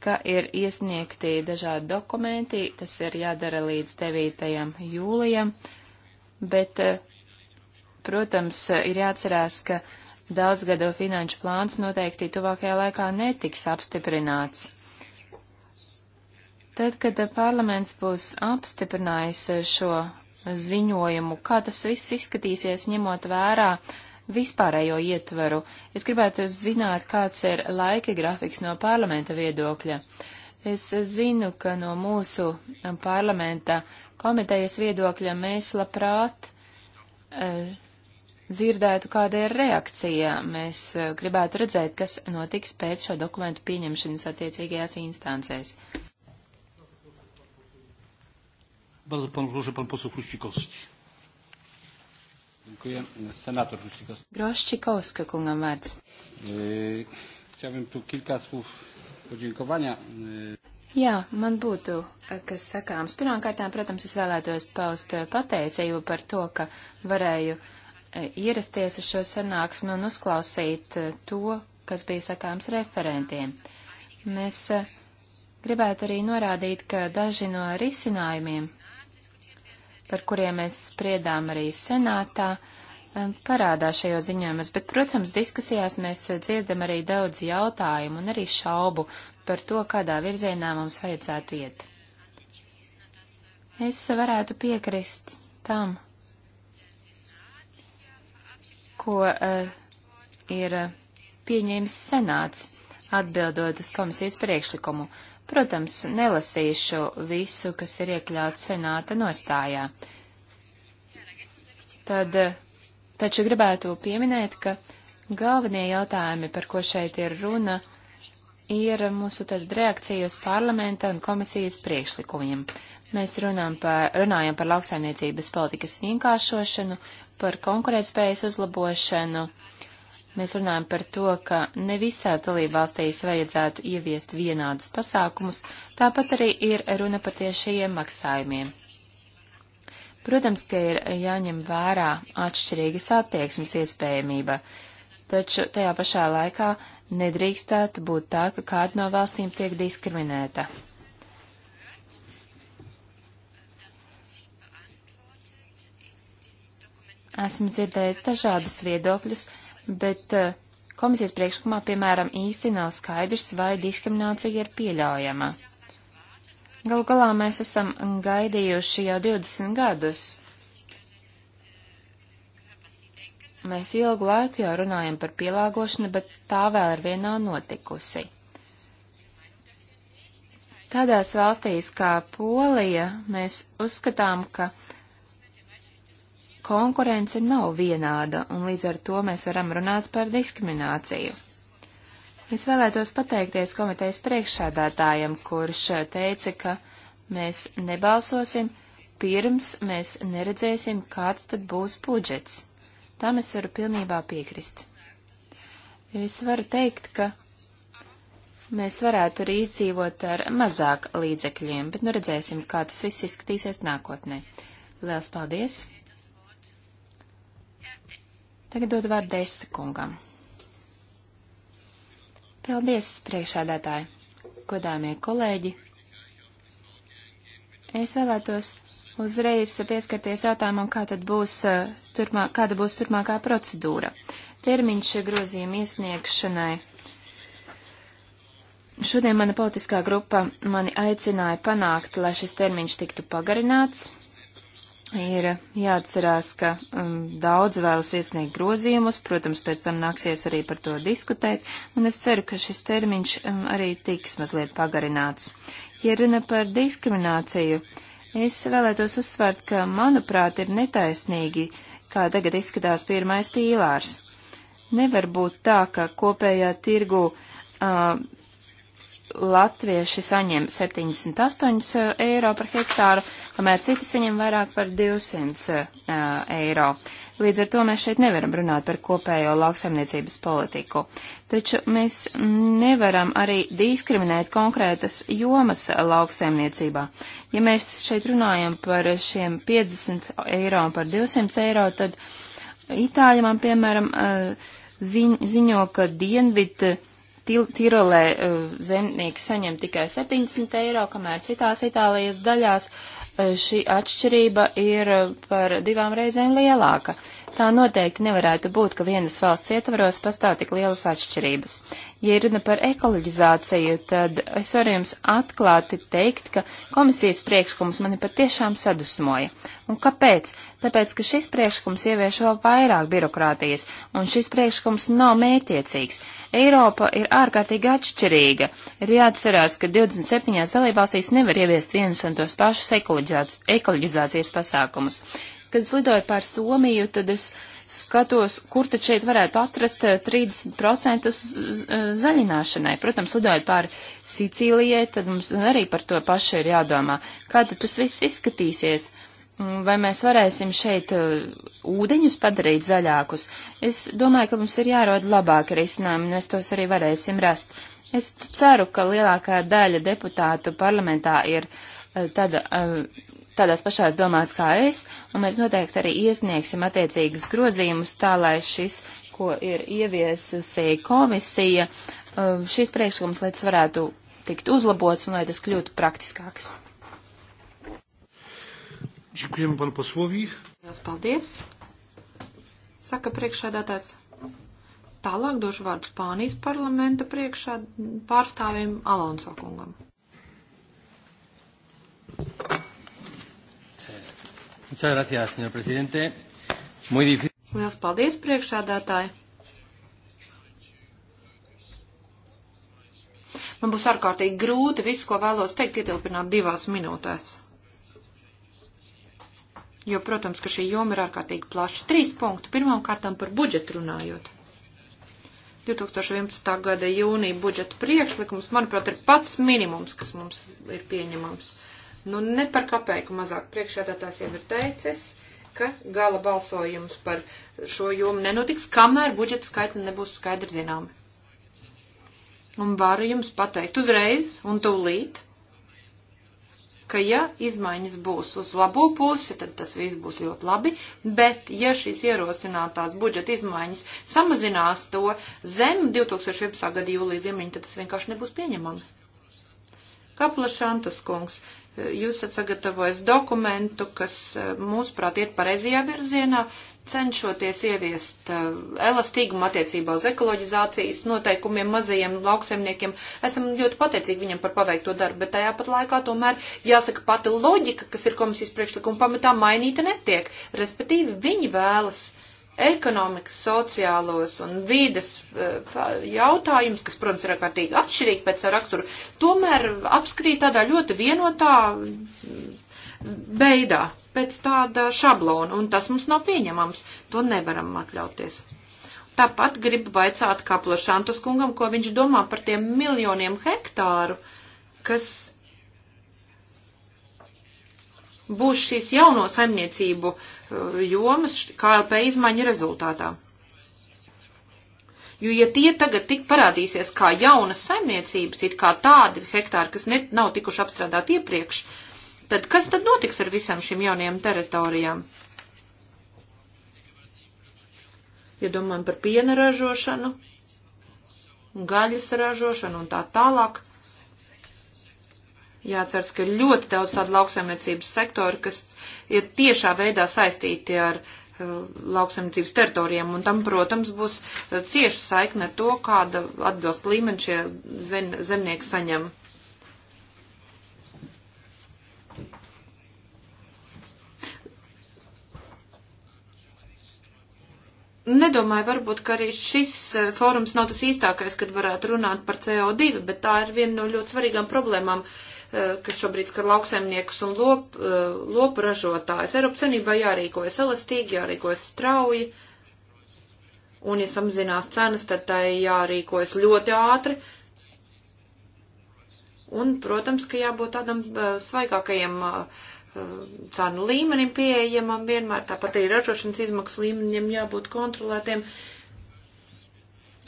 ka ir iesniegti dažādi dokumenti, tas ir jādara līdz 9. jūlijam, bet, protams, ir jāatcerās, ka daudzgado finanšu plāns noteikti tuvākajā laikā netiks apstiprināts. Tad, kad parlaments būs apstiprinājis šo ziņojumu, kā tas viss izskatīsies, ņemot vērā vispārējo ietveru. Es gribētu zināt, kāds ir laika grafiks no parlamenta viedokļa. Es zinu, ka no mūsu parlamenta komitejas viedokļa mēs labprāt eh, dzirdētu, kāda ir reakcija. Mēs eh, gribētu redzēt, kas notiks pēc šo dokumentu pieņemšanas attiecīgajās instancēs. Bardzo panu proszę, pan poseł Chruścikowski. Dziękuję. Senator Chruścikowski. Groszczykowska kungam vārds. E, chciałbym tu kilka słów podziękowania. E... Jā, man būtu, e, kas sakāms. Pirmkārt, protams, es vēlētos paust e, pateicību par to, ka varēju e, ierasties uz šo sanāksmi un uzklausīt to, kas bija sakāms referentiem. Mēs gribētu arī norādīt, ka daži no risinājumiem, par kuriem mēs spriedām arī senātā, um, parādās šajos ziņojumos, bet, protams, diskusijās mēs uh, dzirdam arī daudz jautājumu un arī šaubu par to, kādā virzienā mums vajadzētu iet. Es varētu piekrist tam, ko uh, ir uh, pieņēmis senāts atbildot uz komisijas priekšlikumu. Uh, Protams, nelasīšu visu, kas ir iekļauts senāta nostājā. Tad, taču gribētu pieminēt, ka galvenie jautājumi, par ko šeit ir runa, ir mūsu tad reakcija uz parlamenta un komisijas priekšlikumiem. Mēs runājam par, runājam par lauksaimniecības politikas vienkāršošanu, par konkurētspējas uzlabošanu, Mēs runājam par to, ka ne visās dalībvalstīs vajadzētu ieviest vienādus pasākumus, tāpat arī ir runa par tiešajiem maksājumiem. Protams, ka ir jāņem vērā atšķirīgas attieksmes iespējamība, taču tajā pašā laikā nedrīkstētu būt tā, ka kāda no valstīm tiek diskriminēta. Esmu dzirdējis dažādus viedokļus, bet eh, komisijas priekšlikumā, piemēram, īsti nav skaidrs, vai diskriminācija ir pieļaujama. Galu galā mēs esam gaidījuši jau 20 gadus. Mēs ilgu laiku jau runājam par pielāgošanu, bet tā vēl ar vien nav notikusi. Tādās valstīs kā Polija mēs uzskatām, ka konkurence nav vienāda, un līdz ar to mēs varam runāt par diskrimināciju. Es vēlētos pateikties komitejas priekšsādātājam, kurš teica, ka mēs nebalsosim, pirms mēs neredzēsim, kāds tad būs budžets. Tam es varu pilnībā piekrist. Es varu teikt, ka mēs varētu arī izdzīvot ar mazāk līdzekļiem, bet nu redzēsim, kā tas viss izskatīsies nākotnē. Lielas paldies! Tagad dod vārdu Desa kungam. Paldies, priekšādātāji, godāmie kolēģi. Es vēlētos uzreiz pieskarties jautājumam, kā tad būs, eh, turmā, kāda būs turpmākā procedūra. Termiņš grozījuma iesniegšanai. Šodien mana politiskā grupa mani aicināja panākt, lai šis termiņš tiktu pagarināts. Ir jāatcerās, ka um, daudz vēlas iesniegt grozījumus, protams, pēc tam nāksies arī par to diskutēt, un es ceru, ka šis termiņš um, arī tiks mazliet pagarināts. Ja runa par diskrimināciju, es vēlētos uzsvērt, ka, manuprāt, ir netaisnīgi, kā tagad izskatās pirmais pīlārs. Nevar būt tā, ka kopējā tirgu uh, latvieši saņem 78 eh, eiro par hektāru, kamēr citi saņem vairāk par 200 eh, eiro. Līdz ar to mēs šeit nevaram runāt par kopējo lauksaimniecības politiku. Taču mēs nevaram arī diskriminēt konkrētas jomas lauksaimniecībā. Ja mēs šeit runājam par šiem 50 eiro un par 200 eiro, tad Itāļi man, piemēram, eh, ziņo, ka dienvid Tirolē eh, zemnieki saņem tikai 70 eiro, kamēr citās Itālijas daļās eh, šī atšķirība ir eh, par divām reizēm lielāka. Tā noteikti nevarētu būt, ka vienas valsts ietvaros pastāv tik lielas atšķirības. Ja runa par ekoloģizāciju, tad es varu jums atklāti teikt, ka komisijas priekšlikums mani patiešām sadusmoja. Un kāpēc? Tāpēc, ka šis priekšlikums ievieš vēl vairāk birokrātijas, un šis priekšlikums nav mētiecīgs. Eiropa ir ārkārtīgi atšķirīga. Ir jāatcerās, ka 27 dalībvalstīs nevar ieviest vienus un tos pašus ekoloģizācijas pasākumus. Kad es lidoju pār Somiju, tad es skatos, kur tad šeit varētu atrast 30% eh, eh, zaļināšanai. Protams, lidojot pār Sicīlijai, tad mums arī par to pašu ir jādomā. Kā tad tas viss izskatīsies? Mm, vai mēs varēsim šeit eh, ūdeņus padarīt zaļākus? Es domāju, ka mums ir jārod labāki risinājumi, un mēs tos arī varēsim rast. Es ceru, ka lielākā daļa deputātu parlamentā ir tāda uh, tādās pašās domās kā es, un mēs noteikti arī iesniegsim attiecīgus grozījumus tā, lai šis, ko ir ieviesusi komisija, um, šis priekšlikums, lai tas varētu tikt uzlabots un lai tas kļūtu praktiskāks. Dziękujemy panu posłowi. Paldies. Saka priekšādātājs. Tālāk došu vārdu Spānijas parlamenta priekšā pārstāvim Alonso kungam. Muchas gracias, señor presidente. Muy difícil. Lielas paldies, priekšādātāji. Man būs ārkārtīgi grūti visu, ko vēlos teikt, ietilpināt divās minūtēs. Jo, protams, ka šī joma ir ārkārtīgi plaša. Trīs punkti. Pirmām kārtām par budžetu runājot. 2011. gada jūnija budžeta priekšlikums, manuprāt, ir pats minimums, kas mums ir pieņemams. Uh, Nu, ne par kapeiku mazāk priekšēdātājs jau ir teicis, ka gala balsojums par šo jomu nenotiks, kamēr budžeta skaitļi nebūs skaidri zināmi. Un varu jums pateikt uzreiz un tūlīt, ka ja izmaiņas būs uz labo pusi, tad tas viss būs ļoti labi, bet ja šīs ierosinātās budžeta izmaiņas samazinās to zem 2011. gada jūlija līmeņa, tad tas vienkārši nebūs pieņemami. Kaplašantas kungs, Jūs esat sagatavojis dokumentu, kas, e, mūsuprāt, iet pareizajā virzienā, cenšoties ieviest e, elastīgumu attiecībā uz ekoloģizācijas noteikumiem mazajiem lauksaimniekiem. Esam ļoti pateicīgi viņam par paveikto darbu, bet tajā pat laikā tomēr jāsaka pati loģika, kas ir komisijas priekšlikuma pamatā, mainīta netiek. Respektīvi, viņi vēlas uh, ekonomikas, sociālos un vīdes eh, jautājumus, kas, protams, ir ārkārtīgi atšķirīgi pēc raksturu, tomēr apskatīja tādā ļoti vienotā mm, veidā, pēc tāda šablona, un tas mums nav pieņemams. To nevaram atļauties. Tāpat gribu vaicāt Kaplašantus kungam, ko viņš domā par tiem miljoniem hektāru, kas būs šīs jauno saimniecību uh, jomas KLP izmaiņu rezultātā. Jo, ja tie tagad tik parādīsies kā jaunas saimniecības, it kā tādi hektāri, kas ne, nav tikuši apstrādāti iepriekš, tad kas tad notiks ar visām šīm jaunajām teritorijām? Ja domājam par piena ražošanu, gaļas ražošanu un tā tālāk, Jāceras, ka ir ļoti daudz tādu lauksaimniecības sektoru, kas ir tiešā veidā saistīti ar uh, lauksaimniecības teritorijām, un tam, protams, būs uh, cieša saikne ar to, kāda atbilst līmeni šie zven, zemnieki saņem. Nedomāju, varbūt, ka arī šis uh, fórums nav tas īstākais, kad varētu runāt par CO2, bet tā ir viena no ļoti svarīgām problēmām, uh, Eh, kas šobrīd skar lauksaimniekus un lop, eh, lopu ražotājus. Eiropas Savienībā jārīkojas elastīgi, jārīkojas strauji, un, ja samazinās cenas, tad tai jārīkojas ļoti ātri. Un, protams, ka jābūt tādam eh, svaigākajam cenu līmenim pieejamam vienmēr, tāpat arī ražošanas izmaksu līmenim jābūt kontrolētiem.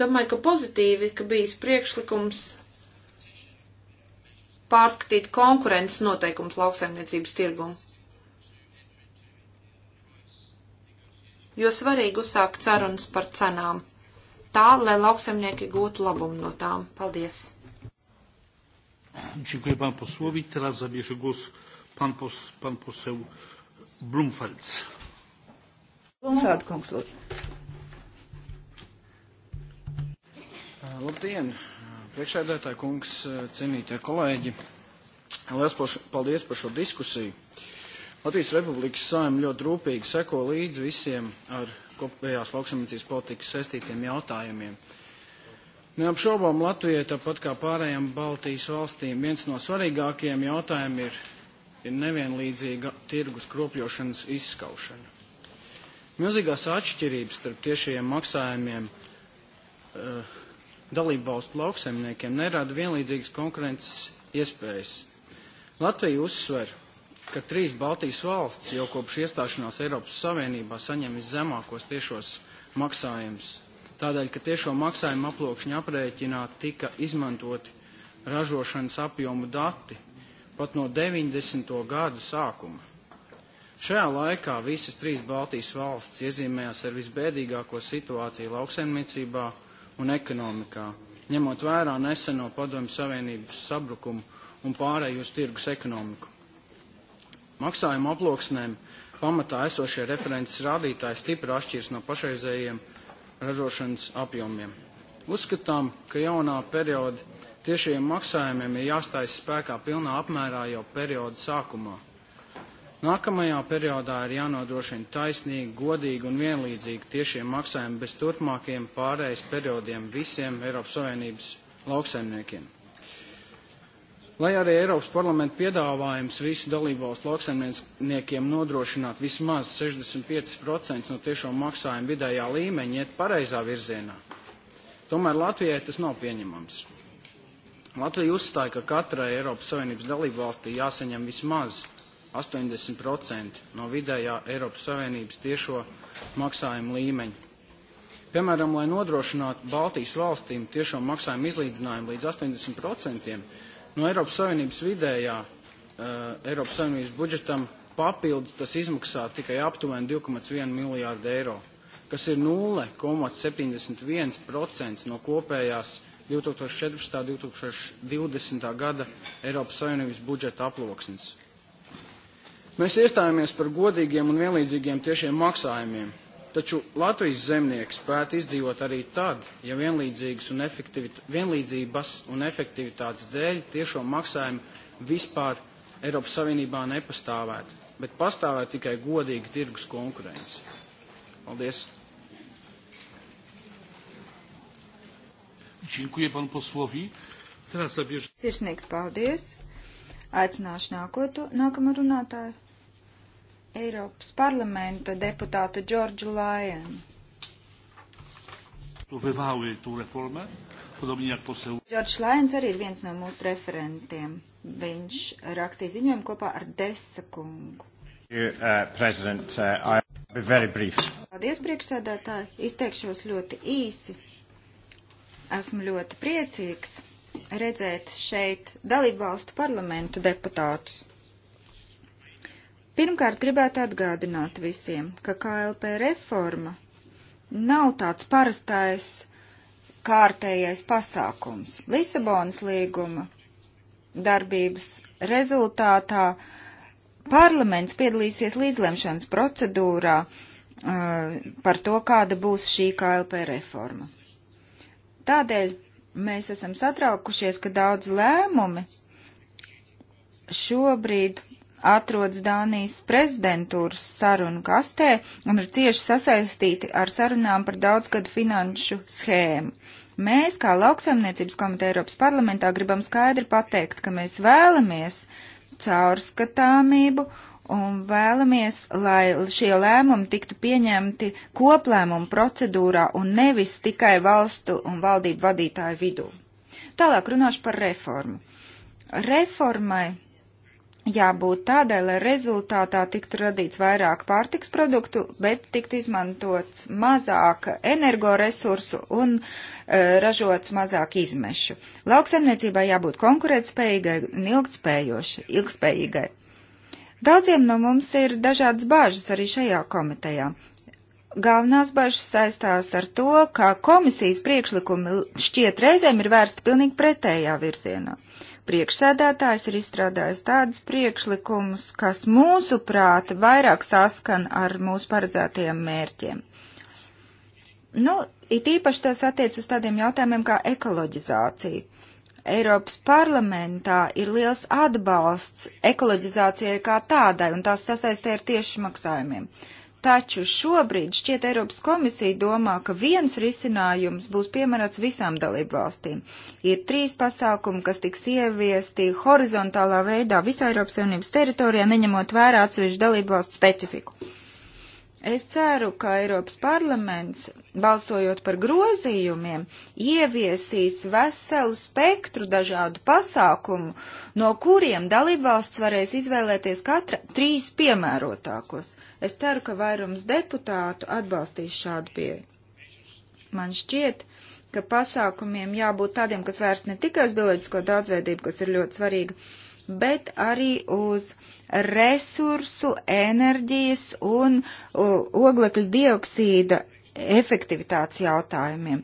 Domāju, ka pozitīvi, ka bijis priekšlikums pārskatīt konkurences noteikumus lauksaimniecības tirgumu. Jo svarīgi uzsākt sarunas par cenām, tā, lai lauksaimnieki gūtu labumu no tām. Paldies! Dziękuję panu posłowi. Teraz zabierze głos pan, pos, pan poseł Blumfeldz. Blumfeld, kungs, lūdzu. Labdien! Uh, priekšēdētāji kungs, cienītie kolēģi. Liels paldies par šo diskusiju. Latvijas Republikas saim ļoti rūpīgi seko līdz visiem ar kopējās lauksamniecības politikas saistītiem jautājumiem. Neapšaubām Latvijai, tāpat kā pārējām Baltijas valstīm, viens no svarīgākajiem jautājumiem ir, ir nevienlīdzīga tirgus kropļošanas izskaušana. Milzīgās atšķirības starp tiešajiem maksājumiem uh, dalībvalstu lauksaimniekiem nerada vienlīdzīgas konkurences iespējas. Latvija uzsver, ka trīs Baltijas valsts jau kopš iestāšanās Eiropas Savienībā saņem viszemākos tiešos maksājumus, tādēļ, ka tiešo maksājumu aploksņa aprēķinā tika izmantoti ražošanas apjomu dati pat no 90. gadu sākuma. Šajā laikā visas trīs Baltijas valsts iezīmējās ar visbēdīgāko situāciju lauksaimniecībā – un ekonomikā, ņemot vērā neseno padomju savienības sabrukumu un pārēju uz tirgus ekonomiku. Maksājuma aploksnēm pamatā esošie references rādītāji stipri atšķirs no pašreizējiem ražošanas apjomiem. Uzskatām, ka jaunā perioda tiešajiem maksājumiem ir jāstājas spēkā pilnā apmērā jau perioda sākumā – Nākamajā periodā ir jānodrošina taisnīgi, godīgi un vienlīdzīgi tiešie maksājumi bez turpmākiem pārējais periodiem visiem Eiropas Savienības lauksaimniekiem. Lai arī Eiropas parlamenta piedāvājums visu dalībvalstu lauksaimniekiem nodrošināt vismaz 65% no tiešo maksājumu vidējā līmeņa iet pareizā virzienā, tomēr Latvijai tas nav pieņemams. Latvija uzstāja, ka katrai Eiropas Savienības dalībvalstī jāsaņem vismaz 65% 80% no vidējā Eiropas Savienības tiešo maksājumu līmeņa. Piemēram, lai nodrošinātu Baltijas valstīm tiešo maksājumu izlīdzinājumu līdz 80% no Eiropas Savienības vidējā uh, Eiropas Savienības budžetam papildu tas izmaksā tikai aptuveni 2,1 miljārdu eiro, kas ir 0,71% no kopējās 2014. 2020. gada Eiropas Savienības budžeta aploksnes. Mēs iestājāmies par godīgiem un vienlīdzīgiem tiešiem maksājumiem, taču Latvijas zemnieks spētu izdzīvot arī tad, ja vienlīdzības un, vienlīdzības un efektivitātes dēļ tiešo maksājumu vispār Eiropas Savienībā nepastāvētu, bet pastāvētu tikai godīga tirgus konkurence. Paldies! Dziękuję panu posłowi. Teraz zabierze. Sirsnieks, paldies. Aicināšu nākotu, nākamu runātāju. Eiropas parlamenta deputātu Džordžu Lajenu. Džordžs Lajens arī ir viens no mūsu referentiem. Viņš rakstīja ziņojumu kopā ar Desa kungu. You, uh, uh, Paldies, priekšsēdētāji. Izteikšos ļoti īsi. Esmu ļoti priecīgs redzēt šeit dalību valstu parlamentu deputātus. Pirmkārt, gribētu atgādināt visiem, ka KLP reforma nav tāds parastais kārtējais pasākums. Lisabonas līguma darbības rezultātā parlaments piedalīsies līdzlemšanas procedūrā uh, par to, kāda būs šī KLP reforma. Tādēļ mēs esam satraukušies, ka daudz lēmumi šobrīd atrodas Dānijas prezidentūras sarunu kastē un ir cieši sasaistīti ar sarunām par daudzgadu finanšu schēmu. Mēs, kā lauksaimniecības komiteja Eiropas parlamentā, gribam skaidri pateikt, ka mēs vēlamies caurskatāmību un vēlamies, lai šie lēmumi tiktu pieņemti koplēmumu procedūrā un nevis tikai valstu un valdību vadītāju vidū. Tālāk runāšu par reformu. Reformai jābūt tādai, lai rezultātā tiktu radīts vairāk pārtiks produktu, bet tiktu izmantots mazāk energoresursu un e, ražots mazāk izmešu. Lauksaimniecībai jābūt konkurētspējīgai un ilgspējīgai. Daudziem no mums ir dažādas bāžas arī šajā komitejā. Galvenās bažas saistās ar to, ka komisijas priekšlikumi šķiet reizēm ir vērsti pilnīgi pretējā virzienā. Uh, Priekšsēdētājs ir izstrādājis tādus priekšlikumus, kas mūsuprāt vairāk saskan ar mūsu paredzētajiem mērķiem. Nu, it īpaši tas attiec uz tādiem jautājumiem kā ekoloģizācija. Eiropas parlamentā ir liels atbalsts ekoloģizācijai kā tādai, un tās sasaistē ar tieši maksājumiem. Taču šobrīd šķiet Eiropas komisija domā, ka viens risinājums būs piemērots visām dalību valstīm. Ir trīs pasākumi, kas tiks ieviesti horizontālā veidā visā Eiropas Savienības teritorijā, neņemot vērā atsevišķu dalību valstu specifiku. Es ceru, ka Eiropas parlaments, balsojot par grozījumiem, ieviesīs veselu spektru dažādu pasākumu, no kuriem dalībvalsts varēs izvēlēties katra trīs piemērotākos. Es ceru, ka vairums deputātu atbalstīs šādu pieeju. Man šķiet, ka pasākumiem jābūt tādiem, kas vērst ne tikai uz bioloģisko daudzveidību, kas ir ļoti svarīga, bet arī uz resursu, enerģijas un oglekļa dioksīda efektivitātes jautājumiem.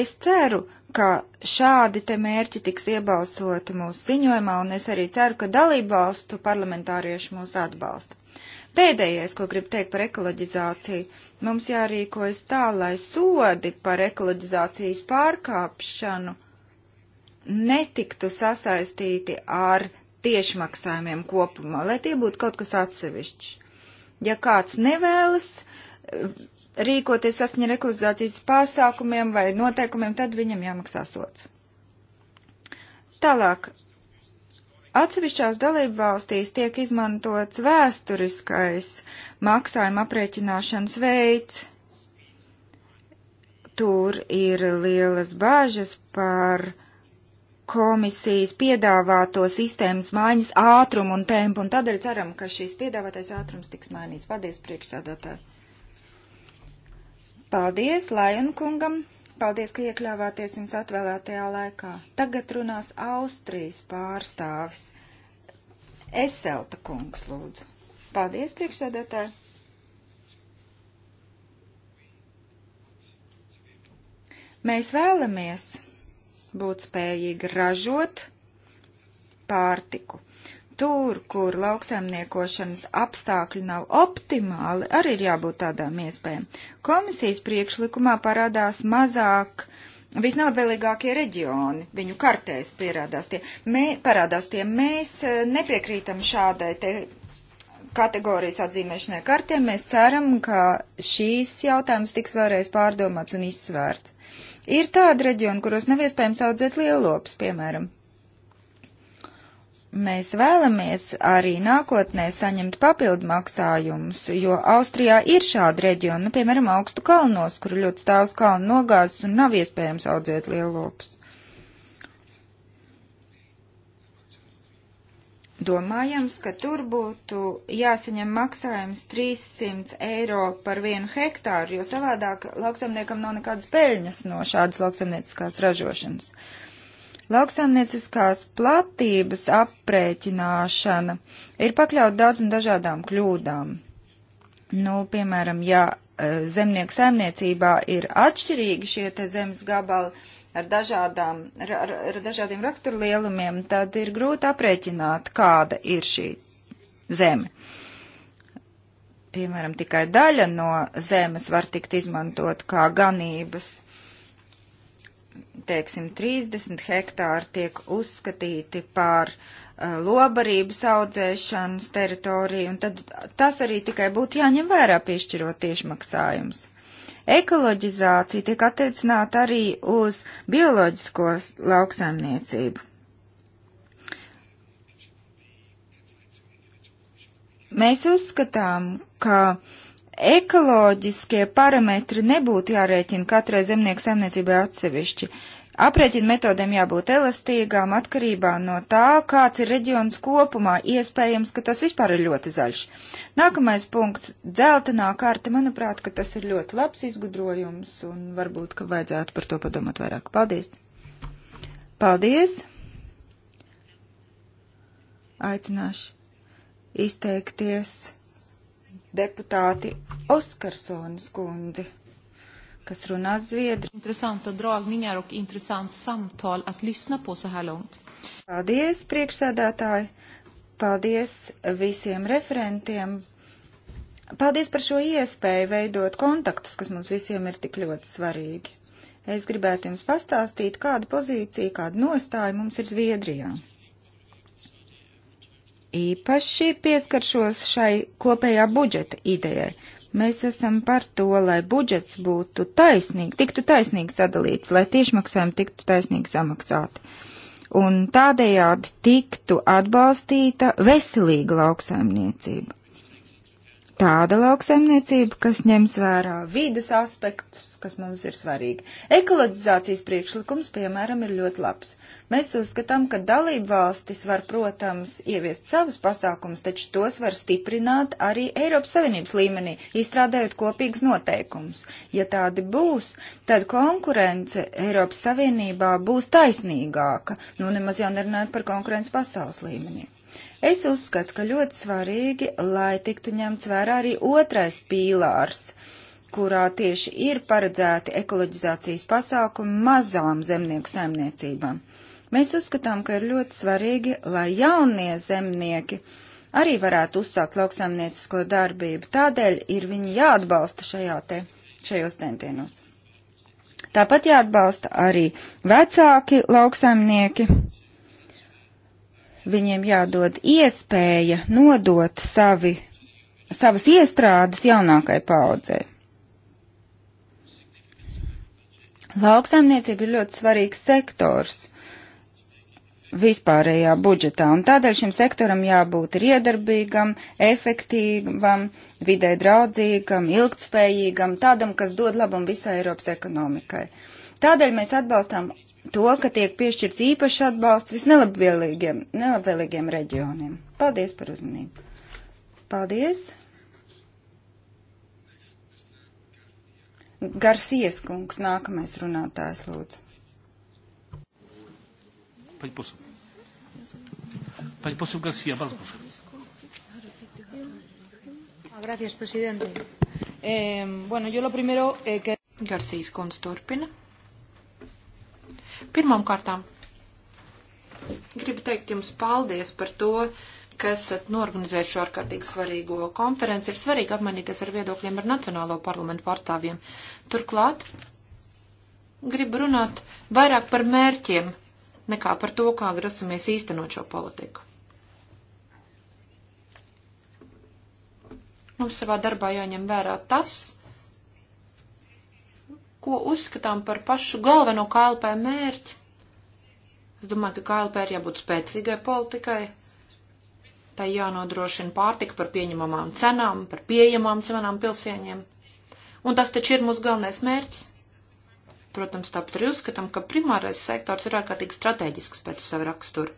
Es ceru, ka šādi te mērķi tiks iebalsoti mūsu ziņojumā, un es arī ceru, ka dalībvalstu parlamentārieši mūs atbalsta. Pēdējais, ko gribu teikt par ekoloģizāciju, mums jārīkojas tā, lai sodi par ekoloģizācijas pārkāpšanu netiktu sasaistīti ar tiešmaksājumiem kopumā, lai tie būtu kaut kas atsevišķs. Ja kāds nevēlas eh, rīkoties saskaņā ar ekoloģizācijas pasākumiem vai noteikumiem, tad viņam jāmaksā sots. Tālāk Atsevišķās dalību valstīs tiek izmantots vēsturiskais maksājuma aprēķināšanas veids. Tur ir lielas bāžas par komisijas piedāvāto sistēmas maiņas ātrumu un tempu, un tādēļ ceram, ka šīs piedāvātais ātrums tiks mainīts. Paldies, priekšsādātāji! Paldies Lajonkungam! Paldies, ka iekļāvāties jums atvēlētajā laikā. Tagad runās Austrijas pārstāvis. Eselta kungs, lūdzu. Paldies, priekšsēdētāji. Mēs vēlamies būt spējīgi ražot pārtiku tur, kur lauksaimniekošanas apstākļi nav optimāli, arī ir jābūt tādām iespējām. Komisijas priekšlikumā parādās mazāk visnabadzīgākie reģioni, viņu kartēs pierādās tie. Mē, parādās tie. Mēs e, nepiekrītam šādai te kategorijas atzīmēšanai kartē. Mēs ceram, ka šīs jautājums tiks vēlreiz pārdomāts un izsvērts. Ir tādi reģioni, kuros nav iespējams audzēt lielopus, piemēram, Mēs vēlamies arī nākotnē saņemt papildu maksājumus, jo Austrijā ir šādi reģioni, nu, piemēram, augstu kalnos, kur ļoti stāvs kalnu nogāzes un nav iespējams audzēt lielopus. Domājams, ka tur būtu jāsaņem maksājums 300 eiro par vienu hektāru, jo savādāk lauksamniekam nav nekādas peļņas no šādas lauksamnieciskās ražošanas. Uh, Lauksaimnieciskās platības aprēķināšana ir pakļaut daudz un dažādām kļūdām. Nu, piemēram, ja e, zemnieku saimniecībā ir atšķirīgi šie te zemes gabali ar, dažādām, ar, ar, ar dažādiem raksturlielumiem, tad ir grūti aprēķināt, kāda ir šī zeme. Piemēram, tikai daļa no zemes var tikt izmantot kā ganības teiksim, 30 hektāri tiek uzskatīti par uh, lobarības audzēšanas teritoriju, un tad tas arī tikai būtu jāņem vērā piešķirot tiešmaksājumus. Ekoloģizācija tiek attiecināta arī uz bioloģisko lauksaimniecību. Mēs uzskatām, ka uh, ekoloģiskie parametri nebūtu jārēķina katrai zemnieku saimniecībai atsevišķi. Aprēķina metodēm jābūt elastīgām atkarībā no tā, kāds ir reģions kopumā, iespējams, ka tas vispār ir ļoti zaļš. Nākamais punkts - dzeltenā kārta. Manuprāt, ka tas ir ļoti labs izgudrojums un varbūt, ka vajadzētu par to padomāt vairāk. Paldies! Paldies! Aicināšu izteikties deputāti Oskarsonas kundzi, kas runā zviedri. Interesanta drāgniņa un interesants samtāl at lysna po så här långt. Paldies, priekšsēdētāji! Paldies visiem referentiem! Paldies par šo iespēju veidot kontaktus, kas mums visiem ir tik ļoti svarīgi. Es gribētu jums pastāstīt, kāda pozīcija, kāda nostāja mums ir Zviedrijā īpaši pieskaršos šai kopējā budžeta idejai. Mēs esam par to, lai budžets būtu taisnīgi, tiktu taisnīgi sadalīts, lai tiešmaksājumi tiktu taisnīgi samaksāti. Un tādējādi tiktu atbalstīta veselīga lauksaimniecība tāda lauksaimniecība, kas ņems vērā vīdes aspektus, kas mums ir svarīgi. Ekoloģizācijas priekšlikums, piemēram, ir ļoti labs. Mēs uzskatām, ka dalību valstis var, protams, ieviest savus pasākumus, taču tos var stiprināt arī Eiropas Savienības līmenī, izstrādājot kopīgus noteikumus. Ja tādi būs, tad konkurence Eiropas Savienībā būs taisnīgāka, nu nemaz jau nerunājot par konkurenci pasaules līmenī. Es uzskatu, ka ļoti svarīgi, lai tiktu ņemts vērā arī otrais pīlārs kurā tieši ir paredzēti ekoloģizācijas pasākumi mazām zemnieku saimniecībām. Mēs uzskatām, ka ir ļoti svarīgi, lai jaunie zemnieki arī varētu uzsākt lauksaimniecisko darbību. Tādēļ ir viņi jāatbalsta šajā te, šajos centienos. Tāpat jāatbalsta arī vecāki lauksaimnieki Viņiem jādod iespēja nodot savi, savas iestrādes jaunākai paudzei. Lauksaimniecība ir ļoti svarīgs sektors vispārējā budžetā, un tādēļ šim sektoram jābūt riedarbīgam, efektīvam, vidē draudzīgam, ilgtspējīgam, tādam, kas dod labumu visai Eiropas ekonomikai. Tādēļ mēs atbalstām to, ka tiek piešķirts īpaši atbalsts visnelabvēlīgiem nelabvēlīgiem reģioniem. Paldies par uzmanību. Paldies. Garsies kungs, nākamais runātājs lūdzu. Pani poseł. Pani poseł Garcia, bardzo proszę. Gracias, presidente. Eh, bueno, yo lo primero eh, que... García Skons turpina. Pirmām kārtām gribu teikt jums paldies par to, ka esat norganizējuši šo ārkārtīgi svarīgo konferenci. Ir svarīgi apmainīties ar viedokļiem ar Nacionālo parlamentu pārstāvjiem. Turklāt gribu runāt vairāk par mērķiem nekā par to, kā grasamies īstenot šo politiku. Mums savā darbā jāņem vērā tas, ko uzskatām par pašu galveno KLP mērķi. Es domāju, ka KLP ir jābūt spēcīgai politikai, tai jānodrošina pārtika par pieņemamām cenām, par pieejamām cenām pilsieņiem. Un tas taču ir mūsu galvenais mērķis. Protams, tāpat arī uzskatām, ka primārais sektors ir ārkārtīgi strateģisks pēc sava rakstura.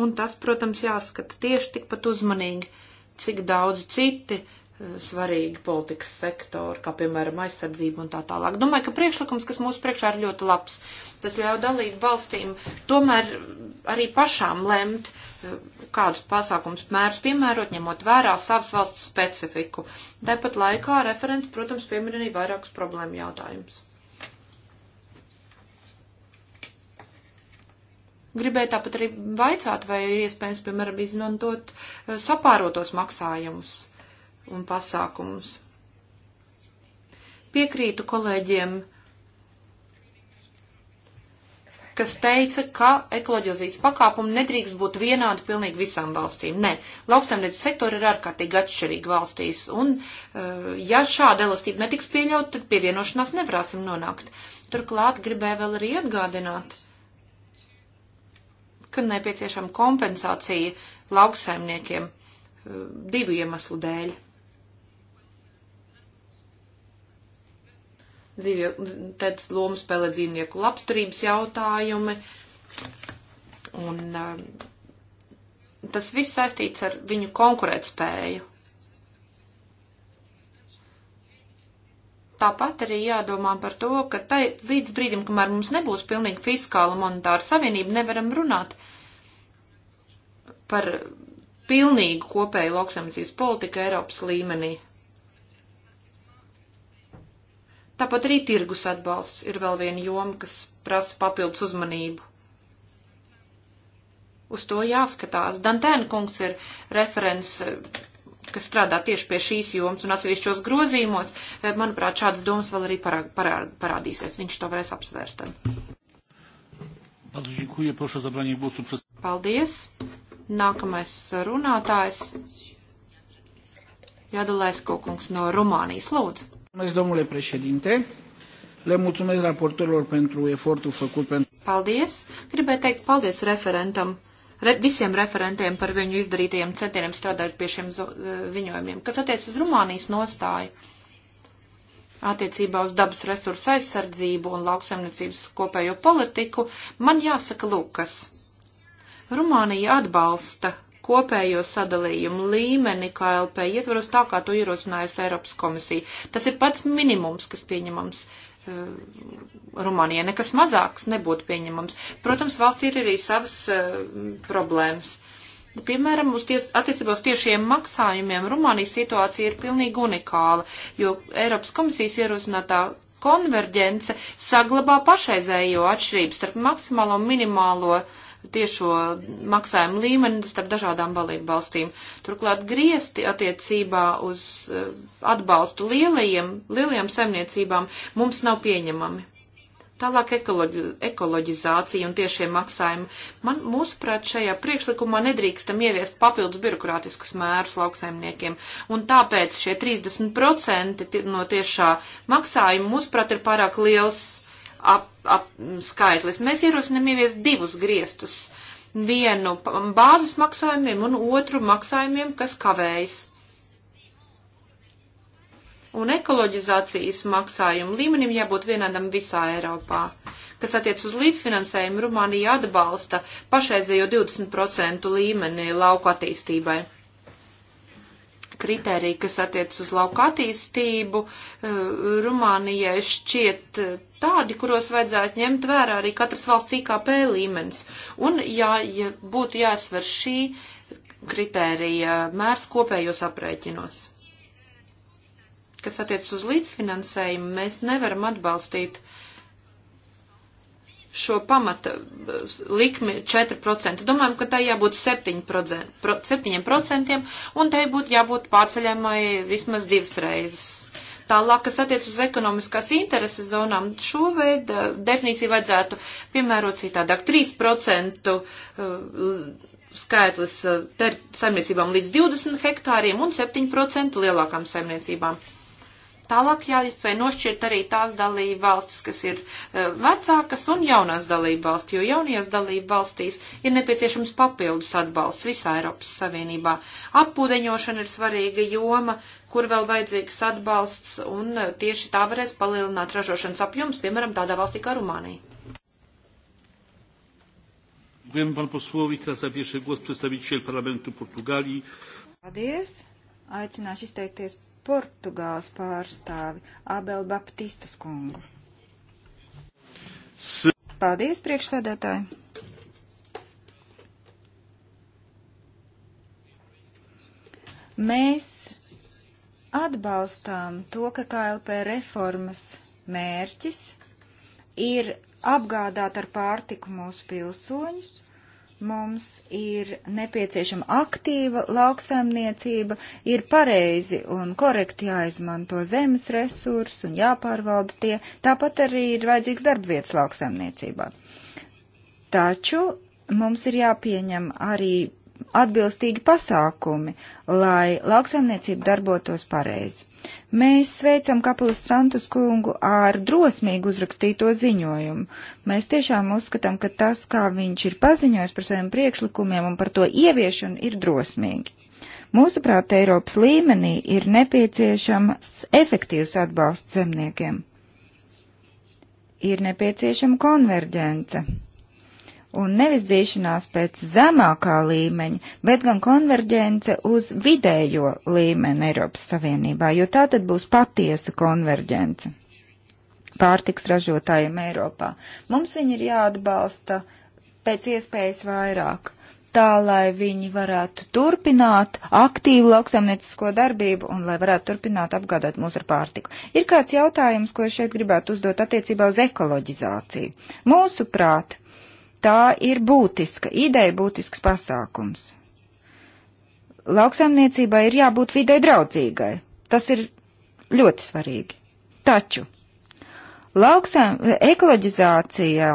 Un tas, protams, jāskata tieši tikpat uzmanīgi, cik daudz citi svarīgi politikas sektori, kā piemēram aizsardzība un tā tālāk. Domāju, ka priekšlikums, kas mūsu priekšā ir ļoti labs, tas ļauj dalību valstīm tomēr arī pašām lemt, eh, kādus pasākums mērus piemērot, ņemot vērā savas valsts specifiku. Tāpat laikā referents, protams, piemin arī vairākus problēmu jautājumus. Gribēju tāpat arī vaicāt, vai ir iespējams, piemēram, izmantot eh, sapārotos maksājumus un pasākumus. Piekrītu kolēģiem, kas teica, ka ekoloģijas pakāpumi nedrīkst būt vienādi pilnīgi visām valstīm. Nē, lauksaimniecības sektori ir ārkārtīgi atšķirīgi valstīs, un eh, ja šāda elastība netiks pieļaut, tad pie vienošanās nevarāsim nonākt. Turklāt gribēju vēl arī atgādināt, ka nepieciešama kompensācija lauksaimniekiem eh, divu iemeslu dēļ. dzīvie, tad lomu spēlē dzīvnieku labturības jautājumi. Un um, tas viss saistīts ar viņu konkurētspēju. Tāpat arī jādomā par to, ka tai, līdz brīdim, kamēr mums nebūs pilnīgi fiskāla monetāra savienība, nevaram runāt par pilnīgu kopēju lauksaimniecības politiku Eiropas līmenī. Tāpat arī tirgus atbalsts ir vēl viena joma, kas prasa papildus uzmanību. Uz to jāskatās. Dantēna kungs ir referents, kas strādā tieši pie šīs jomas un atsevišķos grozījumos. Eh, manuprāt, šādas domas vēl arī parā, parā, parādīsies. Viņš to varēs apsvērt. Paldies. Nākamais runātājs. Jādulēs Kokungs no Rumānijas. Lūdzu. Mulțumesc, domnule președinte. Le mulțumesc raportorilor pentru efortul făcut pentru... Paldies! Gribēju teikt paldies referentam, re, visiem referentiem par viņu izdarītajiem centieniem strādāt pie šiem e, ziņojumiem, kas attiec uz Rumānijas nostāju attiecībā uz dabas resursu aizsardzību un lauksaimniecības kopējo politiku, man jāsaka lūkas. Rumānija atbalsta kopējo sadalījumu līmeni KLP ietvaros tā, kā to ierosinājusi Eiropas komisija. Tas ir pats minimums, kas pieņemams. Eh, Rumānijai nekas mazāks nebūtu pieņemams. Protams, valstī ir arī savas uh, problēmas. Piemēram, uz ties, attiecībā uz tiešiem maksājumiem Rumānijas situācija ir pilnīgi unikāla, jo Eiropas komisijas ierosinātā konverģence saglabā pašreizējo atšķirību starp maksimālo un minimālo uh, tiešo maksājumu līmeni starp dažādām valību valstīm. Turklāt griezti attiecībā uz eh, atbalstu lielajiem, lielajām saimniecībām mums nav pieņemami. Tālāk ekoloģi, ekoloģizācija un tiešie maksājumi. Man, mūsuprāt, šajā priekšlikumā nedrīkstam ieviest papildus birokrātiskus mērus lauksaimniekiem, un tāpēc šie 30% no tiešā maksājuma, mūsuprāt, ir pārāk liels ap, ap skaitlis. Mēs ierosinām ievies divus griestus. Vienu bāzes maksājumiem un otru maksājumiem, kas kavējas un ekoloģizācijas maksājumu līmenim jābūt vienādam visā Eiropā. Kas attiec uz līdzfinansējumu, Rumānija atbalsta pašreizējo 20% līmeni lauku attīstībai. Kriteriji, kas attiec uz lauku attīstību, eh, Rumānijai šķiet eh, tādi, kuros vajadzētu ņemt vērā arī katras valsts IKP līmenis. Un jā, ja būtu jāsver šī kritērija mērs kopējos aprēķinos. Kas attiec uz līdzfinansējumu, mēs nevaram atbalstīt šo pamata eh, likmi 4%. Domājam, ka tā jābūt 7%, 7% un tai būtu jābūt pārceļamai vismaz divas reizes. Tālāk, kas attiec uz ekonomiskās intereses zonām, šo veidu eh, definīciju vajadzētu piemērot citādāk. 3% eh, skaitlis saimniecībām līdz 20 hektāriem un 7% lielākām saimniecībām. Tālāk jāifē nošķirt arī tās dalība valstis, kas ir e, vecākas un jaunās dalība valsts, jo jaunajās dalība valstīs ir nepieciešams papildus atbalsts visā Eiropas Savienībā. Appūdeņošana ir svarīga joma, kur vēl vajadzīgs atbalsts, un e, tieši tā varēs palielināt ražošanas apjoms, piemēram, tādā valstī kā Rumānija. Paldies! Aicināšu izteikties Portugāles pārstāvi Abel Baptistas kungu. S Paldies, priekšsēdētāji! Mēs atbalstām to, ka KLP reformas mērķis ir apgādāt ar pārtiku mūsu pilsoņus Mums ir nepieciešama aktīva lauksaimniecība, ir pareizi un korekti jāizmanto zemes resursi un jāpārvalda tie. Tāpat arī ir vajadzīgs darbvietas lauksaimniecībā. Taču mums ir jāpieņem arī atbilstīgi pasākumi, lai lauksaimniecība darbotos pareizi. Mēs sveicam Kapelus Santus kungu ar drosmīgu uzrakstīto ziņojumu. Mēs tiešām uzskatām, ka tas, kā viņš ir paziņojis par saviem priekšlikumiem un par to ieviešanu, ir drosmīgi. Mūsuprāt, Eiropas līmenī ir nepieciešams efektīvs atbalsts zemniekiem. Ir nepieciešama konverģence un nevis dzīšanās pēc zemākā līmeņa, bet gan konverģence uz vidējo līmeni Eiropas Savienībā, jo tā tad būs patiesa konverģence pārtiks ražotājiem Eiropā. Mums viņi ir jāatbalsta pēc iespējas vairāk, tā lai viņi varētu turpināt aktīvu lauksaimniecisko darbību un lai varētu turpināt apgādāt mūs ar pārtiku. Ir kāds jautājums, ko šeit gribētu uzdot attiecībā uz ekoloģizāciju. Mūsuprāt, Tā ir būtiska, ideja būtisks pasākums. Lauksaimniecībai ir jābūt vidē draudzīgai. Tas ir ļoti svarīgi. Taču lauksaim, ekoloģizācijā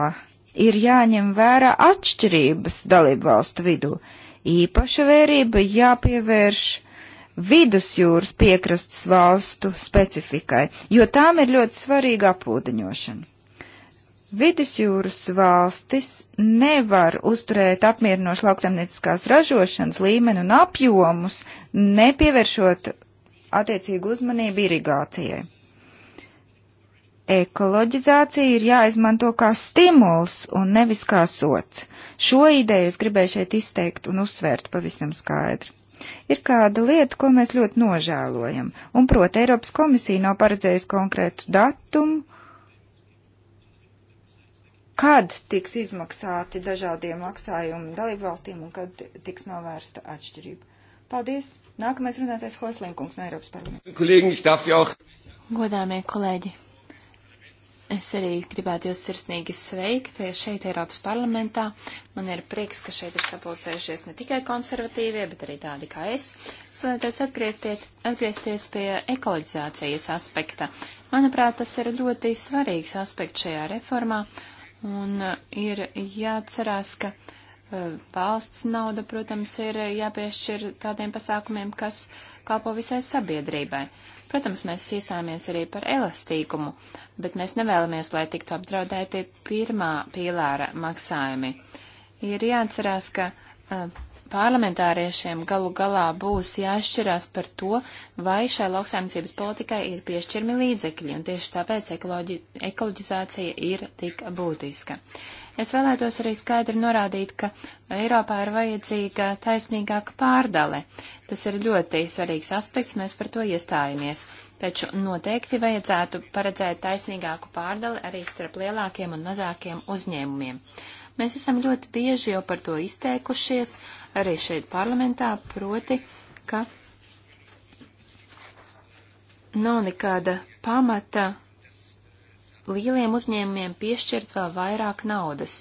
ir jāņem vērā atšķirības dalību valstu vidū. Īpaša vērība jāpievērš vidusjūras piekrastes valstu specifikai, jo tām ir ļoti svarīga apūdeņošana. Vidusjūras valstis nevar uzturēt apmierinošu lauksaimnieciskās ražošanas līmeni un apjomus, nepievēršot attiecīgu uzmanību irigācijai. Ekoloģizācija ir jāizmanto kā stimuls un nevis kā sots. Šo ideju es gribēju šeit izteikt un uzsvērt pavisam skaidri. Ir kāda lieta, ko mēs ļoti nožēlojam, un proti Eiropas komisija nav paredzējusi konkrētu datumu kad tiks izmaksāti dažādie maksājumi dalībvalstīm un kad tiks novērsta atšķirība. Paldies! Nākamais runātais Hoislinkums no Eiropas parlamenta. Godāmie kolēģi, es arī gribētu jūs sirsnīgi sveikt šeit Eiropas parlamentā. Man ir prieks, ka šeit ir sapulcējušies ne tikai konservatīvie, bet arī tādi kā es. Es vēlētos atgriezties pie ekoloģizācijas aspekta. Manuprāt, tas ir ļoti svarīgs aspekts šajā reformā. Uh, Un uh, ir jāatcerās, ka uh, valsts nauda, protams, ir jāpiešķir tādiem pasākumiem, kas kalpo visai sabiedrībai. Protams, mēs iestājāmies arī par elastīgumu, bet mēs nevēlamies, lai tiktu apdraudēti pirmā pīlāra maksājumi. Ir jāatcerās, ka uh, parlamentāriešiem galu galā būs jāšķirās par to, vai šai lauksaimniecības politikai ir piešķirmi līdzekļi, un tieši tāpēc ekoloģi, ekoloģizācija ir tik būtiska. Es vēlētos arī skaidri norādīt, ka Eiropā ir vajadzīga taisnīgāka pārdale. Tas ir ļoti svarīgs aspekts, mēs par to iestājamies, taču noteikti vajadzētu paredzēt taisnīgāku pārdali arī starp lielākiem un mazākiem uzņēmumiem. Mēs esam ļoti bieži jau par to izteikušies, arī šeit parlamentā, proti, ka nav nekāda pamata lieliem uzņēmumiem piešķirt vēl vairāk naudas.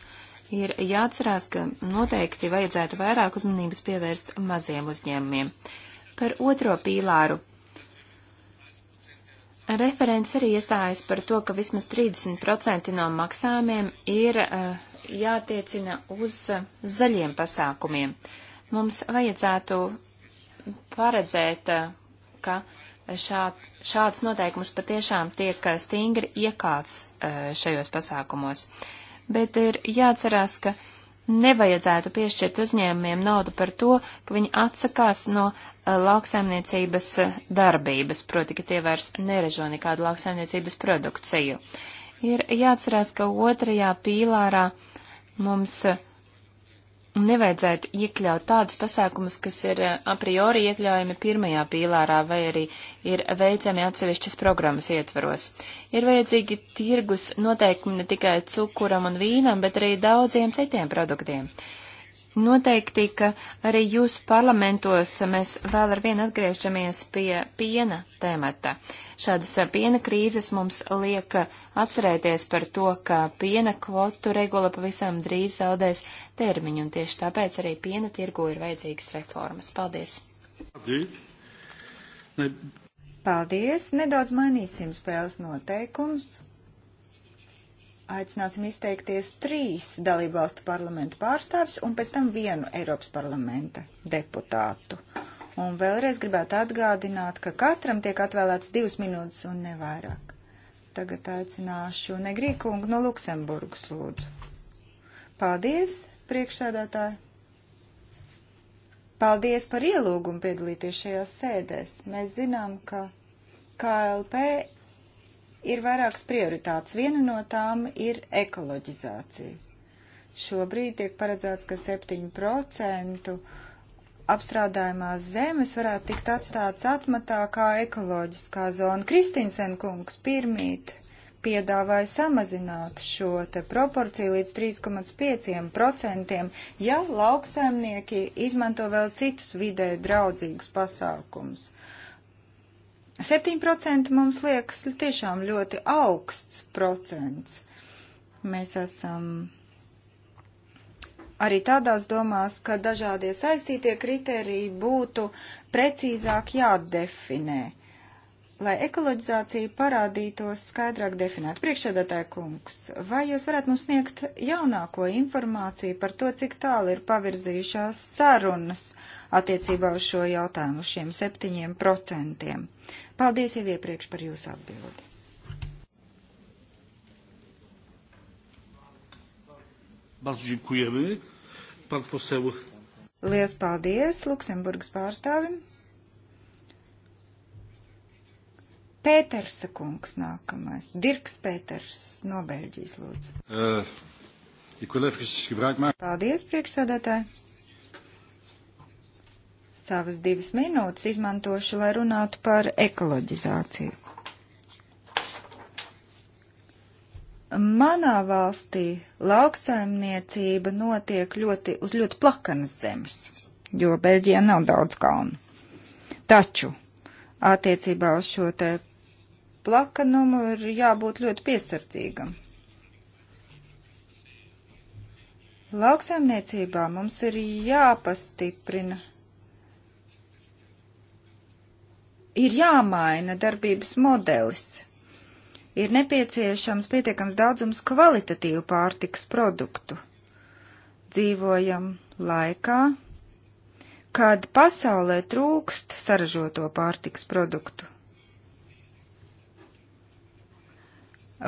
Ir jāatcerās, ka noteikti vajadzētu vairāk uzmanības pievērst maziem uzņēmumiem. Par otro pīlāru Referents arī iestājas par to, ka vismaz 30% no maksājumiem ir uh, jātiecina uz eh, zaļiem pasākumiem. Mums vajadzētu paredzēt, eh, ka šā, šāds noteikums patiešām tiek stingri iekalts šajos pasākumos. Bet ir jāatcerās, ka nevajadzētu piešķirt uzņēmumiem naudu par to, ka viņi atsakās no eh, lauksaimniecības eh, darbības, proti, ka tie vairs neražo nekādu lauksaimniecības produkciju. Ir jāatcerās, ka otrajā pīlārā mums uh, nevajadzētu iekļaut tādus pasākumus, kas ir eh, a priori iekļaujami pirmajā pīlārā vai arī ir veicami atsevišķas programmas ietvaros. Ir vajadzīgi tirgus noteikumi ne tikai cukuram un vīnam, bet arī daudziem citiem produktiem. Uh, Noteikti, ka arī jūs parlamentos mēs vēl ar vienu atgriežamies pie piena temata. Šādas piena krīzes mums liek atcerēties par to, ka piena kvotu regula pavisam drīz zaudēs termiņu, un tieši tāpēc arī piena tirgu ir vajadzīgas reformas. Paldies! Paldies! Nedaudz mainīsim spēles noteikums aicināsim izteikties trīs dalībvalstu parlamentu pārstāvis un pēc tam vienu Eiropas parlamenta deputātu. Un vēlreiz gribētu atgādināt, ka katram tiek atvēlēts divas minūtes un nevairāk. Tagad aicināšu Negrīkungu no Luksemburgas lūdzu. Paldies, priekšsēdētāji! Paldies par ielūgumu piedalīties šajās sēdēs. Mēs zinām, ka KLP ir vairākas prioritātes. Viena no tām ir ekoloģizācija. Šobrīd tiek paredzēts, ka 7% apstrādājumās zemes varētu tikt atstāts atmatā kā ekoloģiskā zona. Kristinsen kungs pirmīt piedāvāja samazināt šo te proporciju līdz 3,5%, ja lauksaimnieki izmanto vēl citus vidē draudzīgus pasākumus. 7% mums liekas tiešām ļoti augsts procents. Mēs esam arī tādās domās, ka dažādie saistītie kriteriji būtu precīzāk jādefinē, lai ekoloģizācija parādītos skaidrāk definēt. Priekšsēdētāja kungs, vai jūs varētu mums sniegt jaunāko informāciju par to, cik tālu ir pavirzījušās sarunas attiecībā uz šo jautājumu, uz šiem septiņiem procentiem? Paldies jau iepriekš par jūsu atbildi. Bardzo dziękujemy. Pan poseł. Lielas paldies Luksemburgas pārstāvim. Pētersa kungs nākamais. Dirks Pēters no Beļģijas lūdzu. Uh, Paldies, priekšsādātāji savas divas minūtes izmantošu, lai runātu par ekoloģizāciju. Manā valstī lauksaimniecība notiek ļoti uz ļoti plakanas zemes, jo Beļģijā nav daudz kalnu. Taču attiecībā uz šo te plakanumu ir jābūt ļoti piesardzīgam. Lauksaimniecībā mums ir jāpastiprina ir jāmaina darbības modelis. Ir nepieciešams pietiekams daudzums kvalitatīvu pārtikas produktu. Dzīvojam laikā, kad pasaulē trūkst saražoto pārtikas produktu.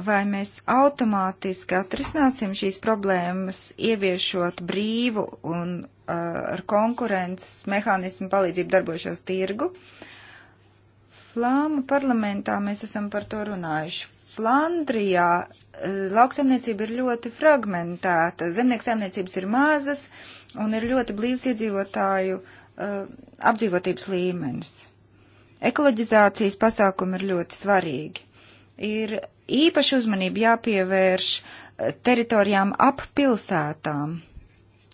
Vai mēs automātiski atrisināsim šīs problēmas, ieviešot brīvu un uh, ar konkurences mehānismu palīdzību darbošos tirgu? Uh, Flāmu parlamentā mēs esam par to runājuši. Flandrijā eh, lauksaimniecība ir ļoti fragmentēta, zemnieksaimniecības ir mazas un ir ļoti blīvs iedzīvotāju uh, apdzīvotības līmenis. Ekoloģizācijas pasākumi ir ļoti svarīgi. Ir īpaši uzmanība jāpievērš eh, teritorijām ap pilsētām.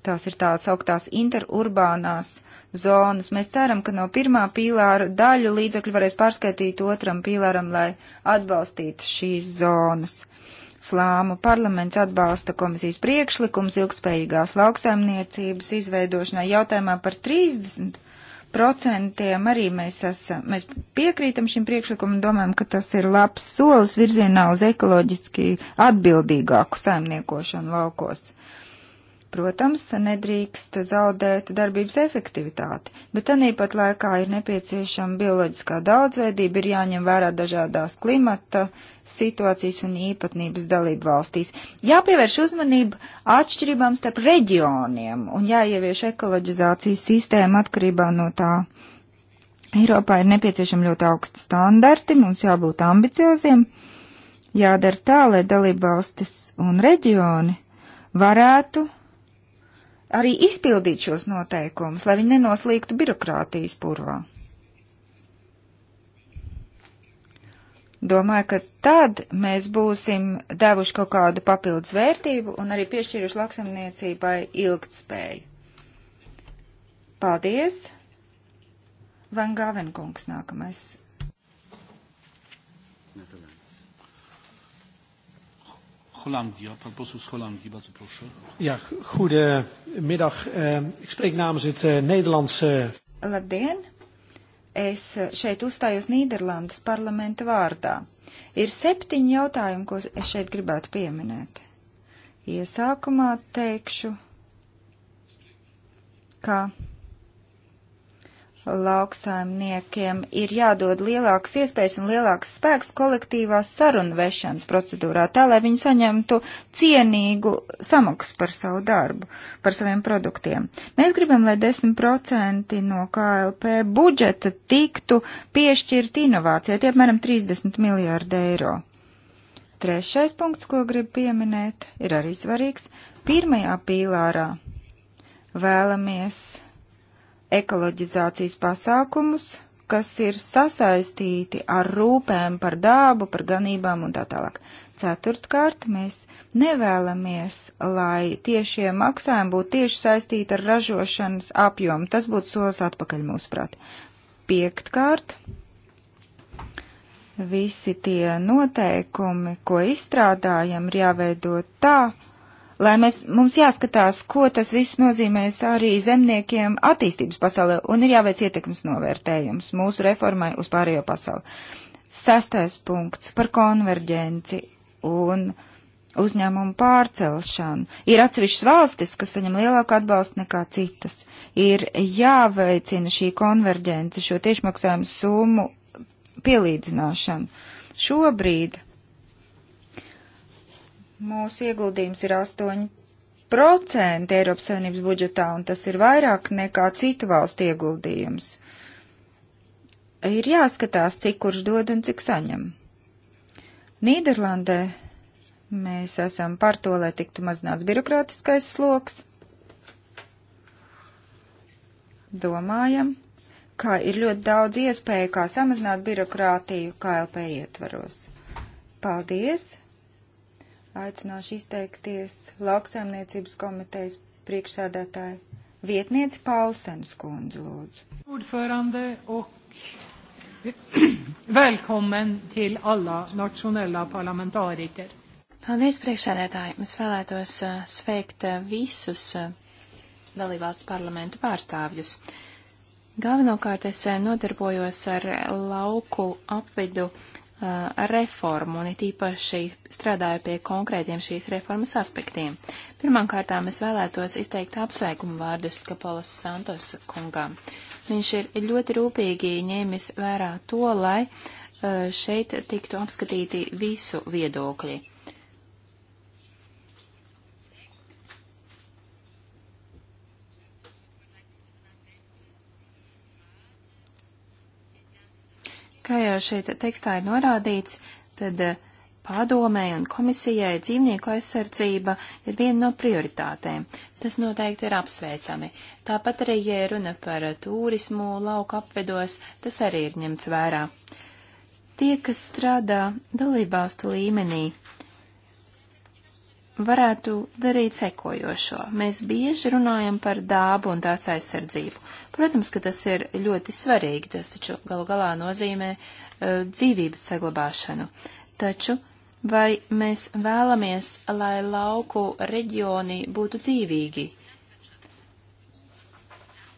Tās ir tās augtās interurbānās zonas. Mēs ceram, ka no pirmā pīlāra daļu līdzekļu varēs pārskaitīt otram pīlāram, lai atbalstītu šīs zonas. Flāmu parlaments atbalsta komisijas priekšlikums ilgspējīgās lauksaimniecības izveidošanai jautājumā par 30 procentiem arī mēs esam, mēs piekrītam šim priekšlikumam un domājam, ka tas ir labs solis virzienā uz ekoloģiski atbildīgāku saimniekošanu laukos. Protams, nedrīkst zaudēt darbības efektivitāti, bet tanīpat laikā ir nepieciešama bioloģiskā daudzveidība, ir jāņem vērā dažādās klimata situācijas un īpatnības dalību valstīs. Jāpievērš uzmanība atšķirībām starp reģioniem un jāievieš ekoloģizācijas sistēma atkarībā no tā. Eiropā ir nepieciešami ļoti augsti standarti, mums jābūt ambicioziem, jādara tā, lai dalību valstis un reģioni varētu arī izpildīt šos noteikumus, lai viņi nenoslīgtu birokrātijas purvā. Domāju, ka tad mēs būsim devuši kaut kādu papildus vērtību un arī piešķīruši lauksamniecībai ilgtspēju. Paldies! Van Gavenkungs nākamais Hollandia. Pan poseł z Holandii, bardzo proszę. Ja, goedemiddag. Ehm, ik spreek namens het eh, Nederlandse... Labdien! Es eh, šeit uzstājos Nīderlandes parlamenta vārdā. Ir septiņi jautājumi, ko es šeit gribētu pieminēt. Iesākumā teikšu, ka lauksaimniekiem ir jādod lielākas iespējas un lielāks spēks kolektīvās sarunvešanas procedūrā, tā lai viņi saņemtu cienīgu samaksu par savu darbu, par saviem produktiem. Mēs gribam, lai 10% no KLP budžeta tiktu piešķirt inovācijai, tie apmēram 30 miljārdi eiro. Trešais punkts, ko gribu pieminēt, ir arī svarīgs. Pirmajā pīlārā vēlamies ekoloģizācijas pasākumus, kas ir sasaistīti ar rūpēm par dābu, par ganībām un tā tālāk. Ceturtkārt, mēs nevēlamies, lai tiešie maksājumi būtu tieši saistīti ar ražošanas apjomu. Tas būtu solis atpakaļ mūsuprāt. Piektkārt, visi tie noteikumi, ko izstrādājam, ir jāveido tā, lai mēs, mums jāskatās, ko tas viss nozīmēs arī zemniekiem attīstības pasaulē, un ir jāveic ietekmes novērtējums mūsu reformai uz pārējo pasauli. Sestais punkts par konverģenci un uzņēmumu pārcelšanu. Ir atsevišķas valstis, kas saņem lielāku atbalstu nekā citas. Ir jāveicina šī konverģence, šo tiešmaksājumu summu pielīdzināšanu. Šobrīd Mūsu ieguldījums ir 8% Eiropas Savienības budžetā, un tas ir vairāk nekā citu valstu ieguldījums. Ir jāskatās, cik kurš dod un cik saņem. Nīderlandē mēs esam par to, lai tiktu mazināts birokrātiskais sloks. Domājam, ka ir ļoti daudz iespēju, kā samazināt birokrātiju KLP ietvaros. Paldies! aicināšu izteikties lauksaimniecības komitejas priekšsēdētāju vietnieci Paulsenas kundzi, lūdzu. Ordförande och välkommen till alla nationella parlamentariker. Paldies, priekšsēdētāji. Es vēlētos eh, sveikt eh, visus eh, dalībvalstu parlamentu pārstāvjus. Galvenokārt es nodarbojos ar lauku apvidu Uh, reformu, un it īpaši strādāju pie konkrētiem šīs reformas aspektiem. Pirmkārtām es vēlētos izteikt apsveikumu vārdus Kapolas Santos kungām. Viņš ir ļoti rūpīgi ņēmis vērā to, lai uh, šeit tiktu apskatīti visu viedokļi. Kā jau šeit tekstā ir norādīts, tad eh, padomēji un komisijai dzīvnieku aizsardzība ir viena no prioritātēm. Tas noteikti ir apsveicami. Tāpat arī, ja runa par turismu lauku apvedos, tas arī ir ņemts vērā. Tie, kas strādā dalībvalstu līmenī, varētu darīt sekojošo. Mēs bieži runājam par dābu un tās aizsardzību. Protams, ka tas ir ļoti svarīgi, tas taču galu galā nozīmē uh, dzīvības saglabāšanu. Taču vai mēs vēlamies, lai lauku reģioni būtu dzīvīgi?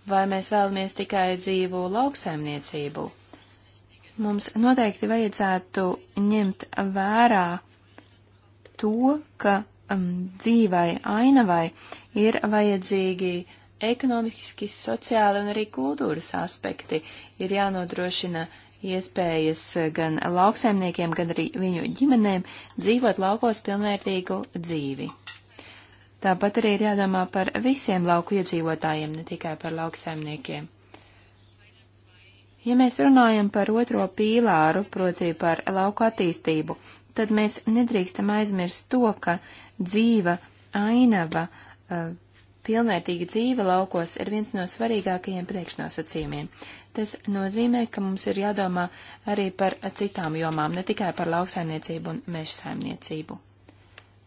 Vai mēs vēlamies tikai dzīvu lauksaimniecību? Mums noteikti vajadzētu ņemt vērā to, ka um, dzīvai, ainavai, ir vajadzīgi ekonomiski, sociāli un arī kultūras aspekti. Ir jānodrošina iespējas gan lauksaimniekiem, gan arī viņu ģimenēm dzīvot laukos pilnvērtīgu dzīvi. Tāpat arī ir jādomā par visiem lauku iedzīvotājiem, ne tikai par lauksaimniekiem. Ja mēs runājam par otro pīlāru, proti par lauku attīstību, tad mēs nedrīkstam aizmirst to, ka dzīva ainava, uh, pilnvērtīga dzīve laukos ir viens no svarīgākajiem priekšnosacījumiem. Tas nozīmē, ka mums ir jādomā arī par citām jomām, ne tikai par lauksaimniecību un meža saimniecību.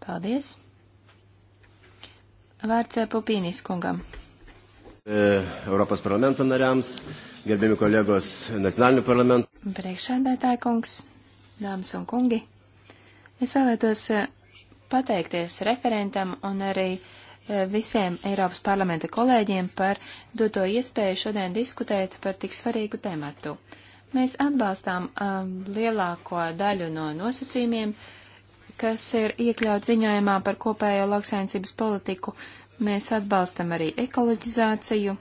Paldies! Vārds uh, Pupīnīs kungam. E, Eiropas parlamento nariams, gerbimi kolegos nacionaliniu parlamentu. Priekšsēdētāja kungs, dāmas un kungi. Es vēlētos eh, pateikties referentam un arī eh, visiem Eiropas parlamenta kolēģiem par doto iespēju šodien diskutēt par tik svarīgu tematu. Mēs atbalstām um, lielāko daļu no nosacījumiem, kas ir iekļauts ziņojumā par kopējo lauksainicības politiku. Mēs atbalstam arī ekoloģizāciju,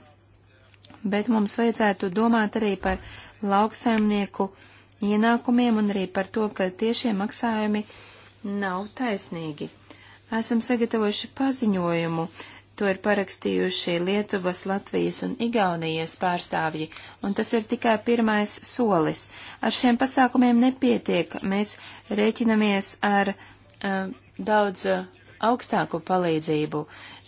bet mums vajadzētu domāt arī par lauksaimnieku ienākumiem un arī par to, ka tiešie maksājumi uh, nav taisnīgi. Esam sagatavojuši paziņojumu, to ir parakstījuši Lietuvas, Latvijas un Igaunijas pārstāvji, un tas ir tikai pirmais solis. Ar šiem pasākumiem nepietiek, mēs rēķinamies ar uh, daudz eh, augstāku palīdzību.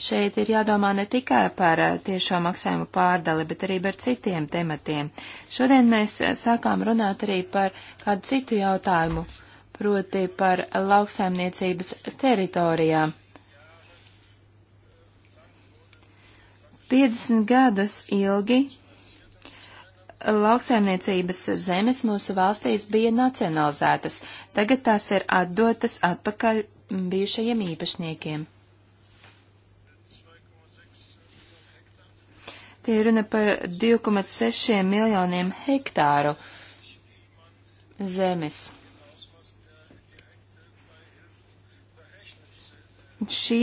Šeit ir jādomā ne tikai par eh, tiešo maksājumu pārdali, bet arī par citiem tematiem. Šodien mēs sākām runāt arī par kādu citu jautājumu, proti par lauksaimniecības teritorijām. 50 gadus ilgi lauksaimniecības zemes mūsu valstīs bija nacionalizētas, tagad tās ir atdotas atpakaļ bijušajiem īpašniekiem. Tie runa par 2,6 miljoniem hektāru zemes. šī,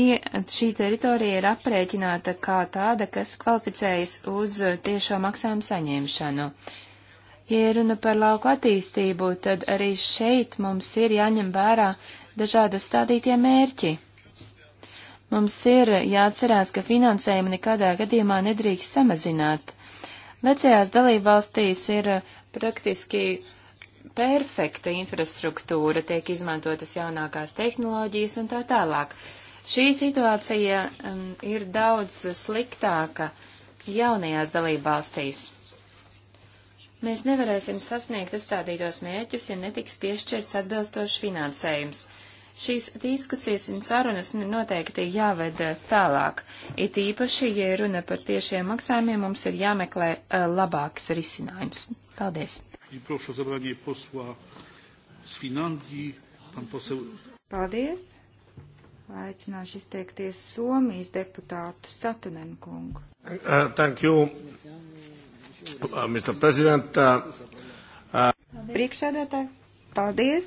šī teritorija ir aprēķināta kā tāda, kas kvalificējas uz tiešo maksājumu saņemšanu. Ja runa par lauku attīstību, tad arī šeit mums ir jāņem vērā dažādi stādītie mērķi. Mums ir jāatcerās, ka finansējumu nekādā gadījumā nedrīkst samazināt. Vecajās dalībvalstīs ir praktiski perfekta infrastruktūra, tiek izmantotas jaunākās tehnoloģijas un tā tālāk. Šī situācija um, ir daudz sliktāka jaunajās dalībvalstīs. Mēs nevarēsim sasniegt uzstādītos mērķus, ja netiks piešķirts atbilstošs finansējums. Šīs diskusijas un sarunas noteikti jāved uh, tālāk. It īpaši, ja runa par tiešiem maksājumiem, mums ir jāmeklē uh, labāks risinājums. Paldies! Paldies! Aicināšu izteikties Somijas deputātu Satunenu kungu. Uh, thank you, uh, Mr. President. Uh, uh, Priekšsēdētāji, paldies.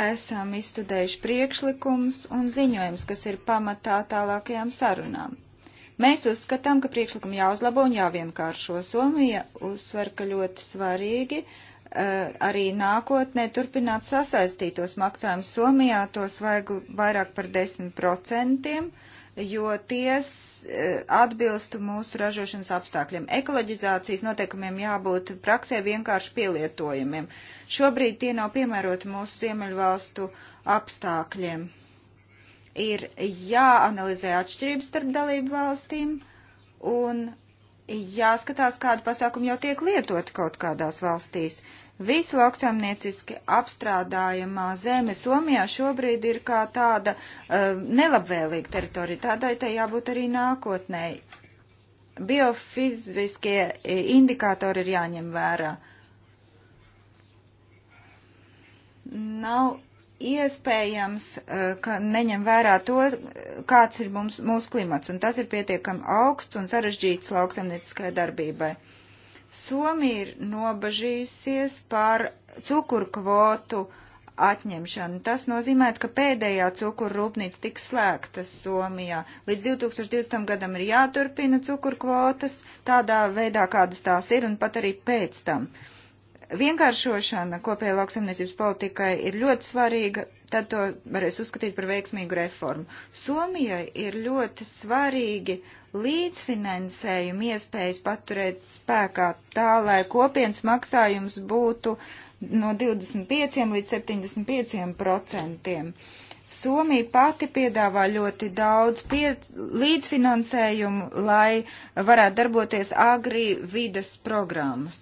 Esam izstudējuši priekšlikums un ziņojums, kas ir pamatā tālākajām sarunām. Mēs uzskatām, ka priekšlikumu jāuzlabo un jāvienkāršo. Somija uzsver, ka ļoti svarīgi uh, Eh, arī nākotnē turpināt sasaistītos maksājumus. Somijā tos vajag vairāk par 10%, jo ties eh, atbilstu mūsu ražošanas apstākļiem. Ekoloģizācijas noteikumiem jābūt praksē vienkārši pielietojumiem. Šobrīd tie nav piemēroti mūsu ziemeļvalstu apstākļiem. Ir jāanalizē atšķirības starp dalību valstīm un jāskatās, kādu pasākumu jau tiek lietoti kaut kādās valstīs. Uh, Visa lauksaimnieciski apstrādājamā zeme Somijā šobrīd ir kā tāda uh, nelabvēlīga teritorija, tādai tai jābūt arī nākotnē. Biofiziskie e, indikātori ir jāņem vērā. Nav iespējams, e, ka neņem vērā to, kāds ir mums, mūsu klimats, un tas ir pietiekami augsts un sarežģīts lauksamnieciskai darbībai. Uh, Somija ir nobažījusies par cukurkvotu atņemšanu. Tas nozīmē, ka pēdējā cukuru rūpnīca tiks slēgta Somijā. Līdz 2020. gadam ir jāturpina cukurkvotas tādā veidā, kādas tās ir, un pat arī pēc tam. Vienkāršošana kopējai lauksaimniecības politikai ir ļoti svarīga, tad to varēs uzskatīt par veiksmīgu reformu. Somijai ir ļoti svarīgi, līdzfinansējumu iespējas paturēt spēkā tā, lai kopienas maksājums būtu no 25 līdz 75 procentiem. Somija pati piedāvā ļoti daudz pie, līdzfinansējumu, lai varētu darboties agri vides programmas.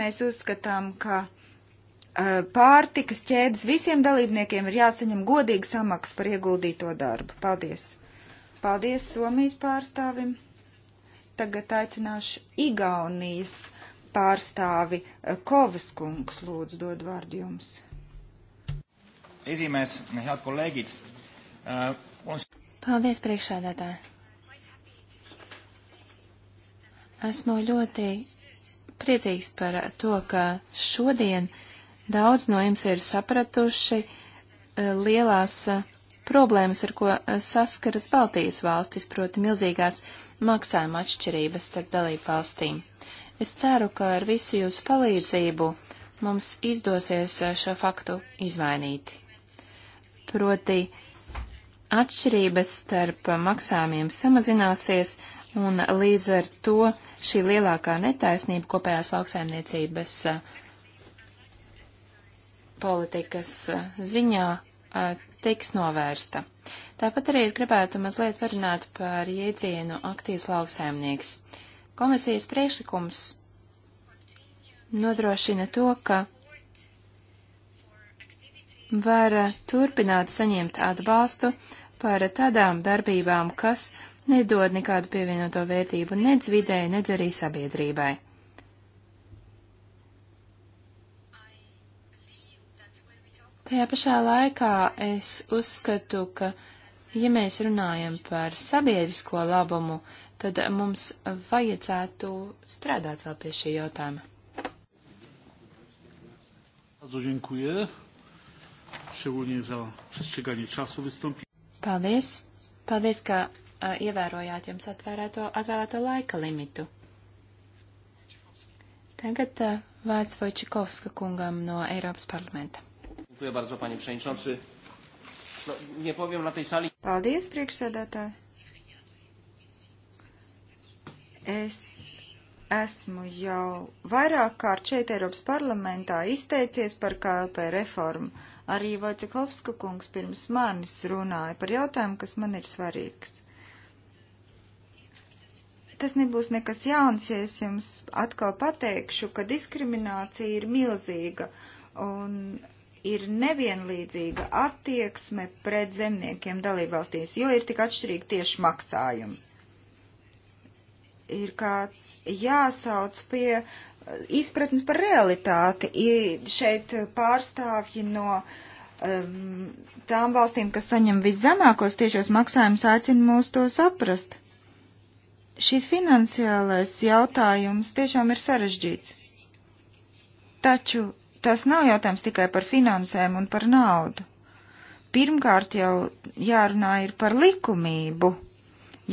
Mēs uzskatām, ka uh, pārtikas ķēdes visiem dalībniekiem ir jāsaņem godīga samaksa par ieguldīto darbu. Paldies! Paldies Somijas pārstāvim. Tagad aicināšu Igaunijas pārstāvi eh, Kovas kungs. Lūdzu, dod vārdu jums. Ezīmēs, head kolēģis. Uh, eh, un... Paldies, priekšādātāji. Esmu ļoti priecīgs par to, ka šodien daudz no jums ir sapratuši eh, lielās problēmas, ar ko eh, saskaras Baltijas valstis, proti milzīgās maksājuma atšķirības starp dalību valstīm. Es ceru, ka ar visu jūsu palīdzību mums izdosies eh, šo faktu izmainīt. Proti, atšķirības starp eh, maksājumiem samazināsies, un līdz ar to šī lielākā netaisnība kopējās lauksaimniecības politikas ziņā tiks novērsta. Tāpat arī es gribētu mazliet parunāt par jēdzienu aktīvs lauksaimnieks. Komisijas priekšlikums nodrošina to, ka var turpināt saņemt atbalstu par tādām darbībām, kas nedod nekādu pievienoto vērtību nedz vidē, nedz arī sabiedrībai. Tajā pašā laikā es uzskatu, ka, ja mēs runājam par sabiedrisko labumu, tad mums vajadzētu strādāt vēl pie šī jautājuma. Paldies! Paldies, ka ievērojāt jums atvērēto, atvēlēto laika limitu. Tagad vārds Vojčikovska kungam no Eiropas parlamenta. Dziękuję bardzo, panie przewodniczący. No, nie powiem na tej sali. Paldies, priekšsēdētāji. Es esmu jau vairāk kārt šeit Eiropas parlamentā izteicies par KLP reformu. Arī Vojcekovska kungs pirms manis runāja par jautājumu, kas man ir svarīgs. Tas nebūs nekas jauns, ja es jums atkal pateikšu, ka diskriminācija ir milzīga un ir nevienlīdzīga attieksme pret zemniekiem dalībvalstīs, jo ir tik atšķirīgi tieši maksājumi. Ir kāds jāsauc pie eh, izpratnes par realitāti. Ir šeit pārstāvji no um, tām valstīm, kas saņem viszemākos tiešos maksājumus, aicina mūs to saprast. Šis finansiālais jautājums tiešām ir sarežģīts. Taču tas nav jautājums tikai par finansēm un par naudu. Pirmkārt jau jārunā ir par likumību.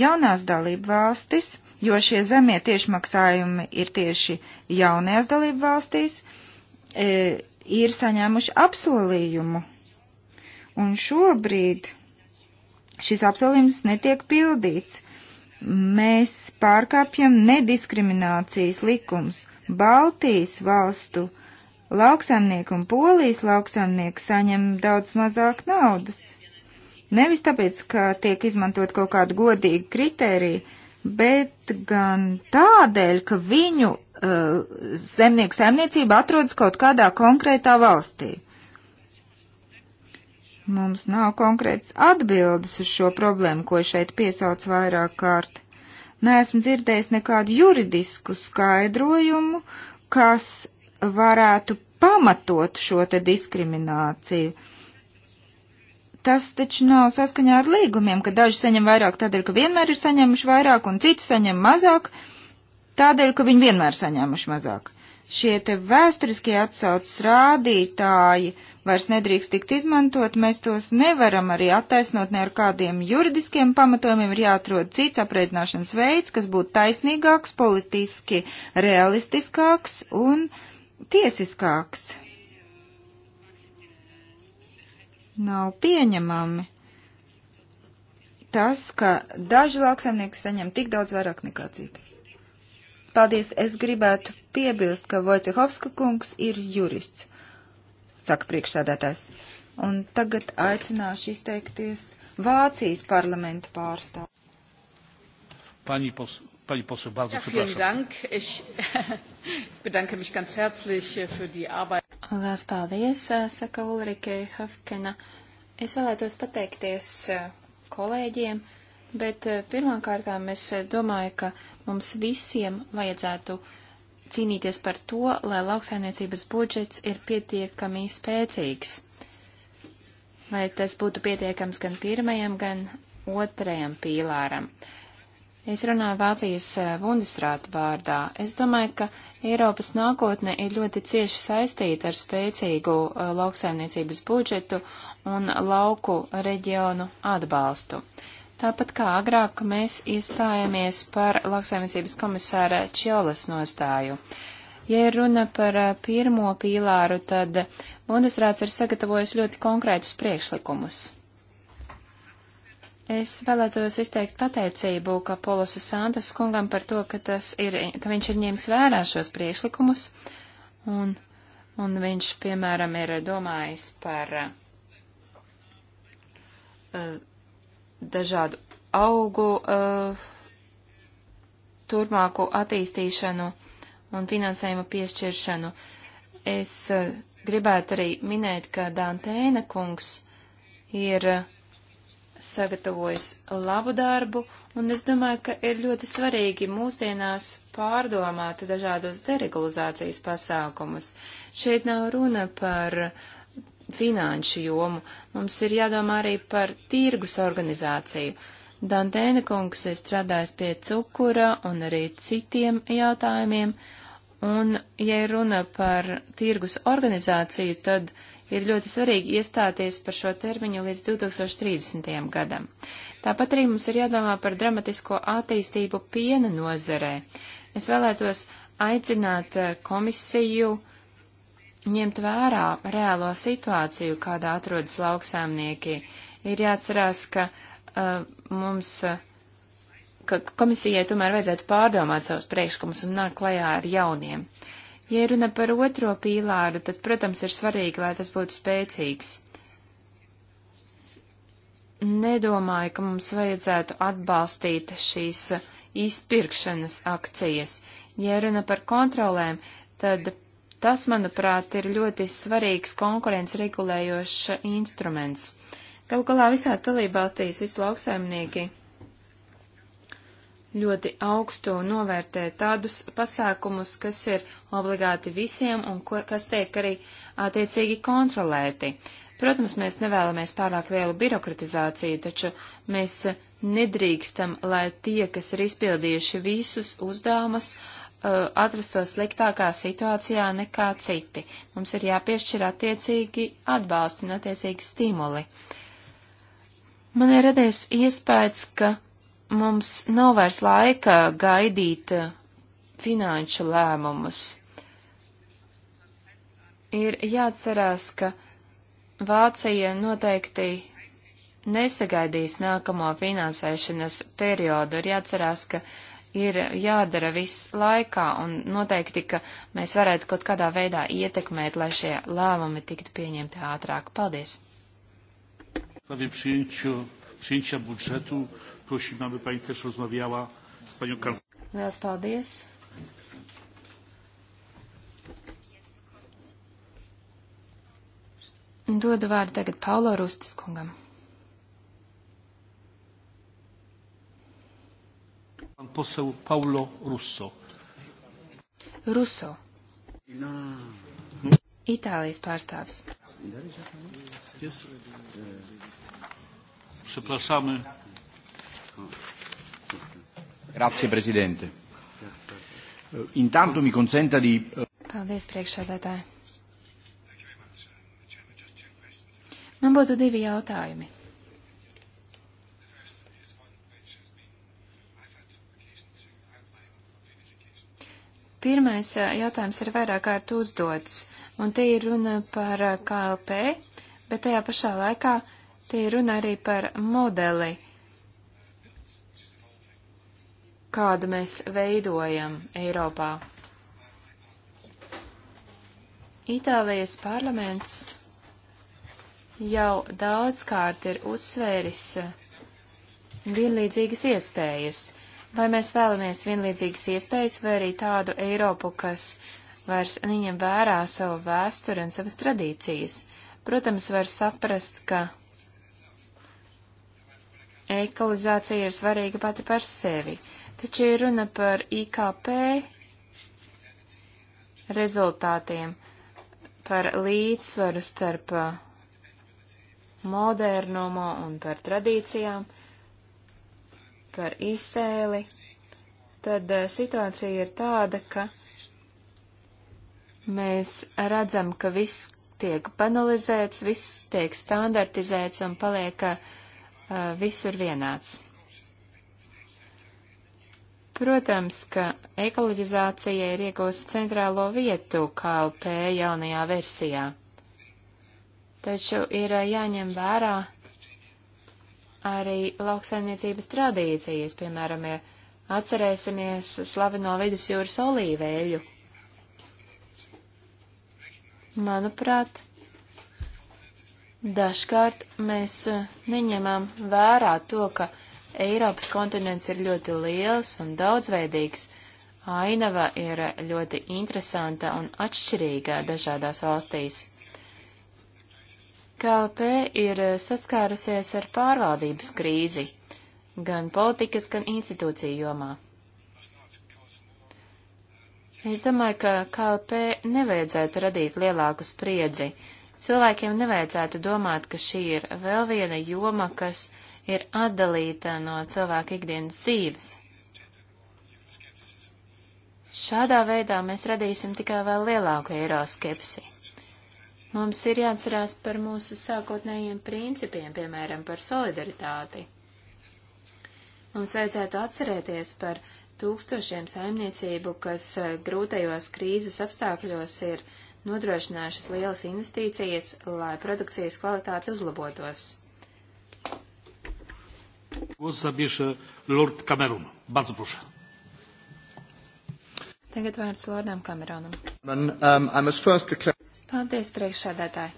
Jaunās dalību valstis, jo šie zemie tiešmaksājumi ir tieši jaunajās dalību valstīs, e, ir saņēmuši apsolījumu. Un šobrīd šis apsolījums netiek pildīts. Mēs pārkāpjam nediskriminācijas likums. Baltijas valstu uh, lauksaimnieki un polijas lauksaimnieki saņem daudz mazāk naudas. Nevis tāpēc, ka tiek izmantot kaut kādu godīgu kritēriju, bet gan tādēļ, ka viņu uh, zemnieku saimniecība atrodas kaut kādā konkrētā valstī. Mums nav konkrēts atbildes uz šo problēmu, ko šeit piesauc vairāk kārt. Neesmu dzirdējis nekādu juridisku skaidrojumu, kas varētu pamatot šo te diskrimināciju. Tas taču nav saskaņā ar līgumiem, ka daži saņem vairāk tādēļ, ka vienmēr ir saņēmuši vairāk, un citi saņem mazāk tādēļ, ka viņi vienmēr saņēmuši mazāk. Šie te vēsturiskie atsaucas rādītāji vairs nedrīkst tikt izmantot, mēs tos nevaram arī attaisnot ne ar kādiem juridiskiem pamatojumiem, ir jāatrod cits apreidināšanas veids, kas būtu taisnīgāks, politiski realistiskāks un uh, tiesiskāks. Nav pieņemami tas, ka daži lauksaimnieki saņem tik daudz vairāk nekā citi. Paldies, es gribētu piebilst, ka Vojcehovska kungs ir jurists, saka priekšsēdētājs. Un tagad aicināšu izteikties Vācijas parlamenta pārstāvu. Pani, pos Pani poseł, bardzo ja, przepraszam. Dank. Ich bedanke mich ganz herzlich äh, für die Arbeit. Lās paldies, äh, saka Ulrike Hafkena. Es vēlētos pateikties äh, kolēģiem, bet pirmkārtām es domāju, ka mums visiem vajadzētu cīnīties par to, lai lauksainiecības budžets ir pietiekami spēcīgs. Lai tas būtu pietiekams gan pirmajam, gan otrajam pīlāram. Uh, Es runāju Vācijas eh, Bundesrāta vārdā. Es domāju, ka Eiropas nākotne ir ļoti cieši saistīta ar spēcīgu eh, lauksaimniecības budžetu un lauku reģionu atbalstu. Tāpat kā agrāk mēs iestājāmies par lauksaimniecības komisāra Čiolas nostāju. Ja runa par eh, pirmo pīlāru, tad Bundesrāts ir sagatavojis ļoti konkrētus priekšlikumus. Es vēlētos izteikt pateicību Kapolosa Santos kungam par to, ka, ir, ka viņš ir ņēmis vērā šos priekšlikumus, un, un viņš, piemēram, ir domājis par uh, dažādu augu uh, turpmāku attīstīšanu un finansējumu piešķiršanu. Es uh, gribētu arī minēt, ka Dantēna kungs ir uh, sagatavojis labu darbu, un es domāju, ka ir ļoti svarīgi mūsdienās pārdomāt dažādos deregulizācijas pasākumus. Šeit nav runa par finanšu jomu, mums ir jādomā arī par tirgus organizāciju. Dantēna kungs ir strādājis pie cukura un arī citiem jautājumiem, un, ja runa par tirgus organizāciju, tad uh, ir ļoti svarīgi iestāties par šo termiņu līdz 2030. gadam. Tāpat arī mums ir jādomā par dramatisko attīstību piena nozarē. Es vēlētos aicināt eh, komisiju ņemt vērā reālo situāciju, kādā atrodas lauksēmnieki. Ir jāatcerās, ka uh, mums, uh, ka komisijai tomēr vajadzētu pārdomāt savus priekšlikumus un nākt klajā ar jauniem. Uh, Ja runa par otro pīlāru, tad, protams, ir svarīgi, lai tas būtu spēcīgs. Nedomāju, ka mums vajadzētu atbalstīt šīs izpirkšanas akcijas. Ja runa par kontrolēm, tad tas, manuprāt, ir ļoti svarīgs konkurence regulējošs instruments. Galu galā visās dalībvalstīs visi lauksaimnieki ļoti augstu un novērtē tādus pasākumus, kas ir obligāti visiem un ko, kas tiek arī attiecīgi kontrolēti. Protams, mēs nevēlamies pārāk lielu birokratizāciju, taču mēs nedrīkstam, lai tie, kas ir izpildījuši visus uzdevumus, uh, atrastos sliktākā situācijā nekā citi. Mums ir jāpiešķir attiecīgi atbalsti un attiecīgi stimuli. Man ir radies iespējas, ka mums nav vairs laika gaidīt eh, finanšu lēmumus. Ir jāatcerās, ka Vācija noteikti nesagaidīs nākamo finansēšanas periodu. Ir jāatcerās, ka ir jādara viss laikā un noteikti, ka mēs varētu kaut kādā veidā ietekmēt, lai šie lēmumi tiktu pieņemti ātrāk. Paldies! Prawie przyjęciu, przyjęcia budżetu prosimy, aby Pani też rozmawiała z Panią kanclerz. Dodu vārdu tagad Paulo Rustis kungam. Pan poseł Paulo Russo. Russo. No. Itālijas pārstāvis. Yes. Przepraszamy. Grazie, Presidente. Intanto mi consenta di... Eh, Paldies, priekšsēdētāji. Man būtu divi jautājumi. Pirmais eh, jautājums ir vairāk kārt uzdots, un te ir runa par eh, KLP, bet tajā pašā laikā te ir runa arī par modeli, kādu mēs veidojam Eiropā. Itālijas parlaments jau daudzkārt ir uzsvēris vienlīdzīgas iespējas. Vai mēs vēlamies vienlīdzīgas iespējas vai arī tādu Eiropu, kas vairs neņem vērā savu vēsturi un savas tradīcijas? Protams, var saprast, ka ekoloģizācija ir svarīga pati par sevi, Taču ir runa par IKP rezultātiem, par līdzsvaru starp uh, modernumu un par tradīcijām, par izsēli, tad uh, situācija ir tāda, ka mēs redzam, ka viss tiek banalizēts, viss tiek standartizēts un paliek uh, visur vienāds. Protams, ka ekoloģizācija ir iegūst centrālo vietu KLP jaunajā versijā, taču ir eh, jāņem vērā arī lauksaimniecības tradīcijas, piemēram, ja atcerēsimies slaveno vidusjūras olīveļu. Manuprāt, dažkārt mēs eh, neņemam vērā to, ka Eiropas kontinents ir ļoti liels un daudzveidīgs. Ainava ir ļoti interesanta un atšķirīga dažādās valstīs. KLP ir saskārusies ar pārvaldības krīzi, gan politikas, gan institūciju jomā. Es domāju, ka KLP nevajadzētu radīt lielāku spriedzi. Cilvēkiem nevajadzētu domāt, ka šī ir vēl viena joma, kas ir atdalīta no cilvēka ikdienas dzīves. Šādā veidā mēs radīsim tikai vēl lielāku eiroskepsi. Mums ir jāatcerās par mūsu sākotnējiem principiem, piemēram, par solidaritāti. Mums vajadzētu atcerēties par tūkstošiem saimniecību, kas eh, grūtajos krīzes apstākļos ir nodrošinājušas lielas investīcijas, lai produkcijas kvalitāte uzlabotos. Głos zabierze Lord Cameron. Bardzo proszę. Tagad vārds Lordam Cameronam. Man, um, I must first declare... Paldies, priekšsēdētāji.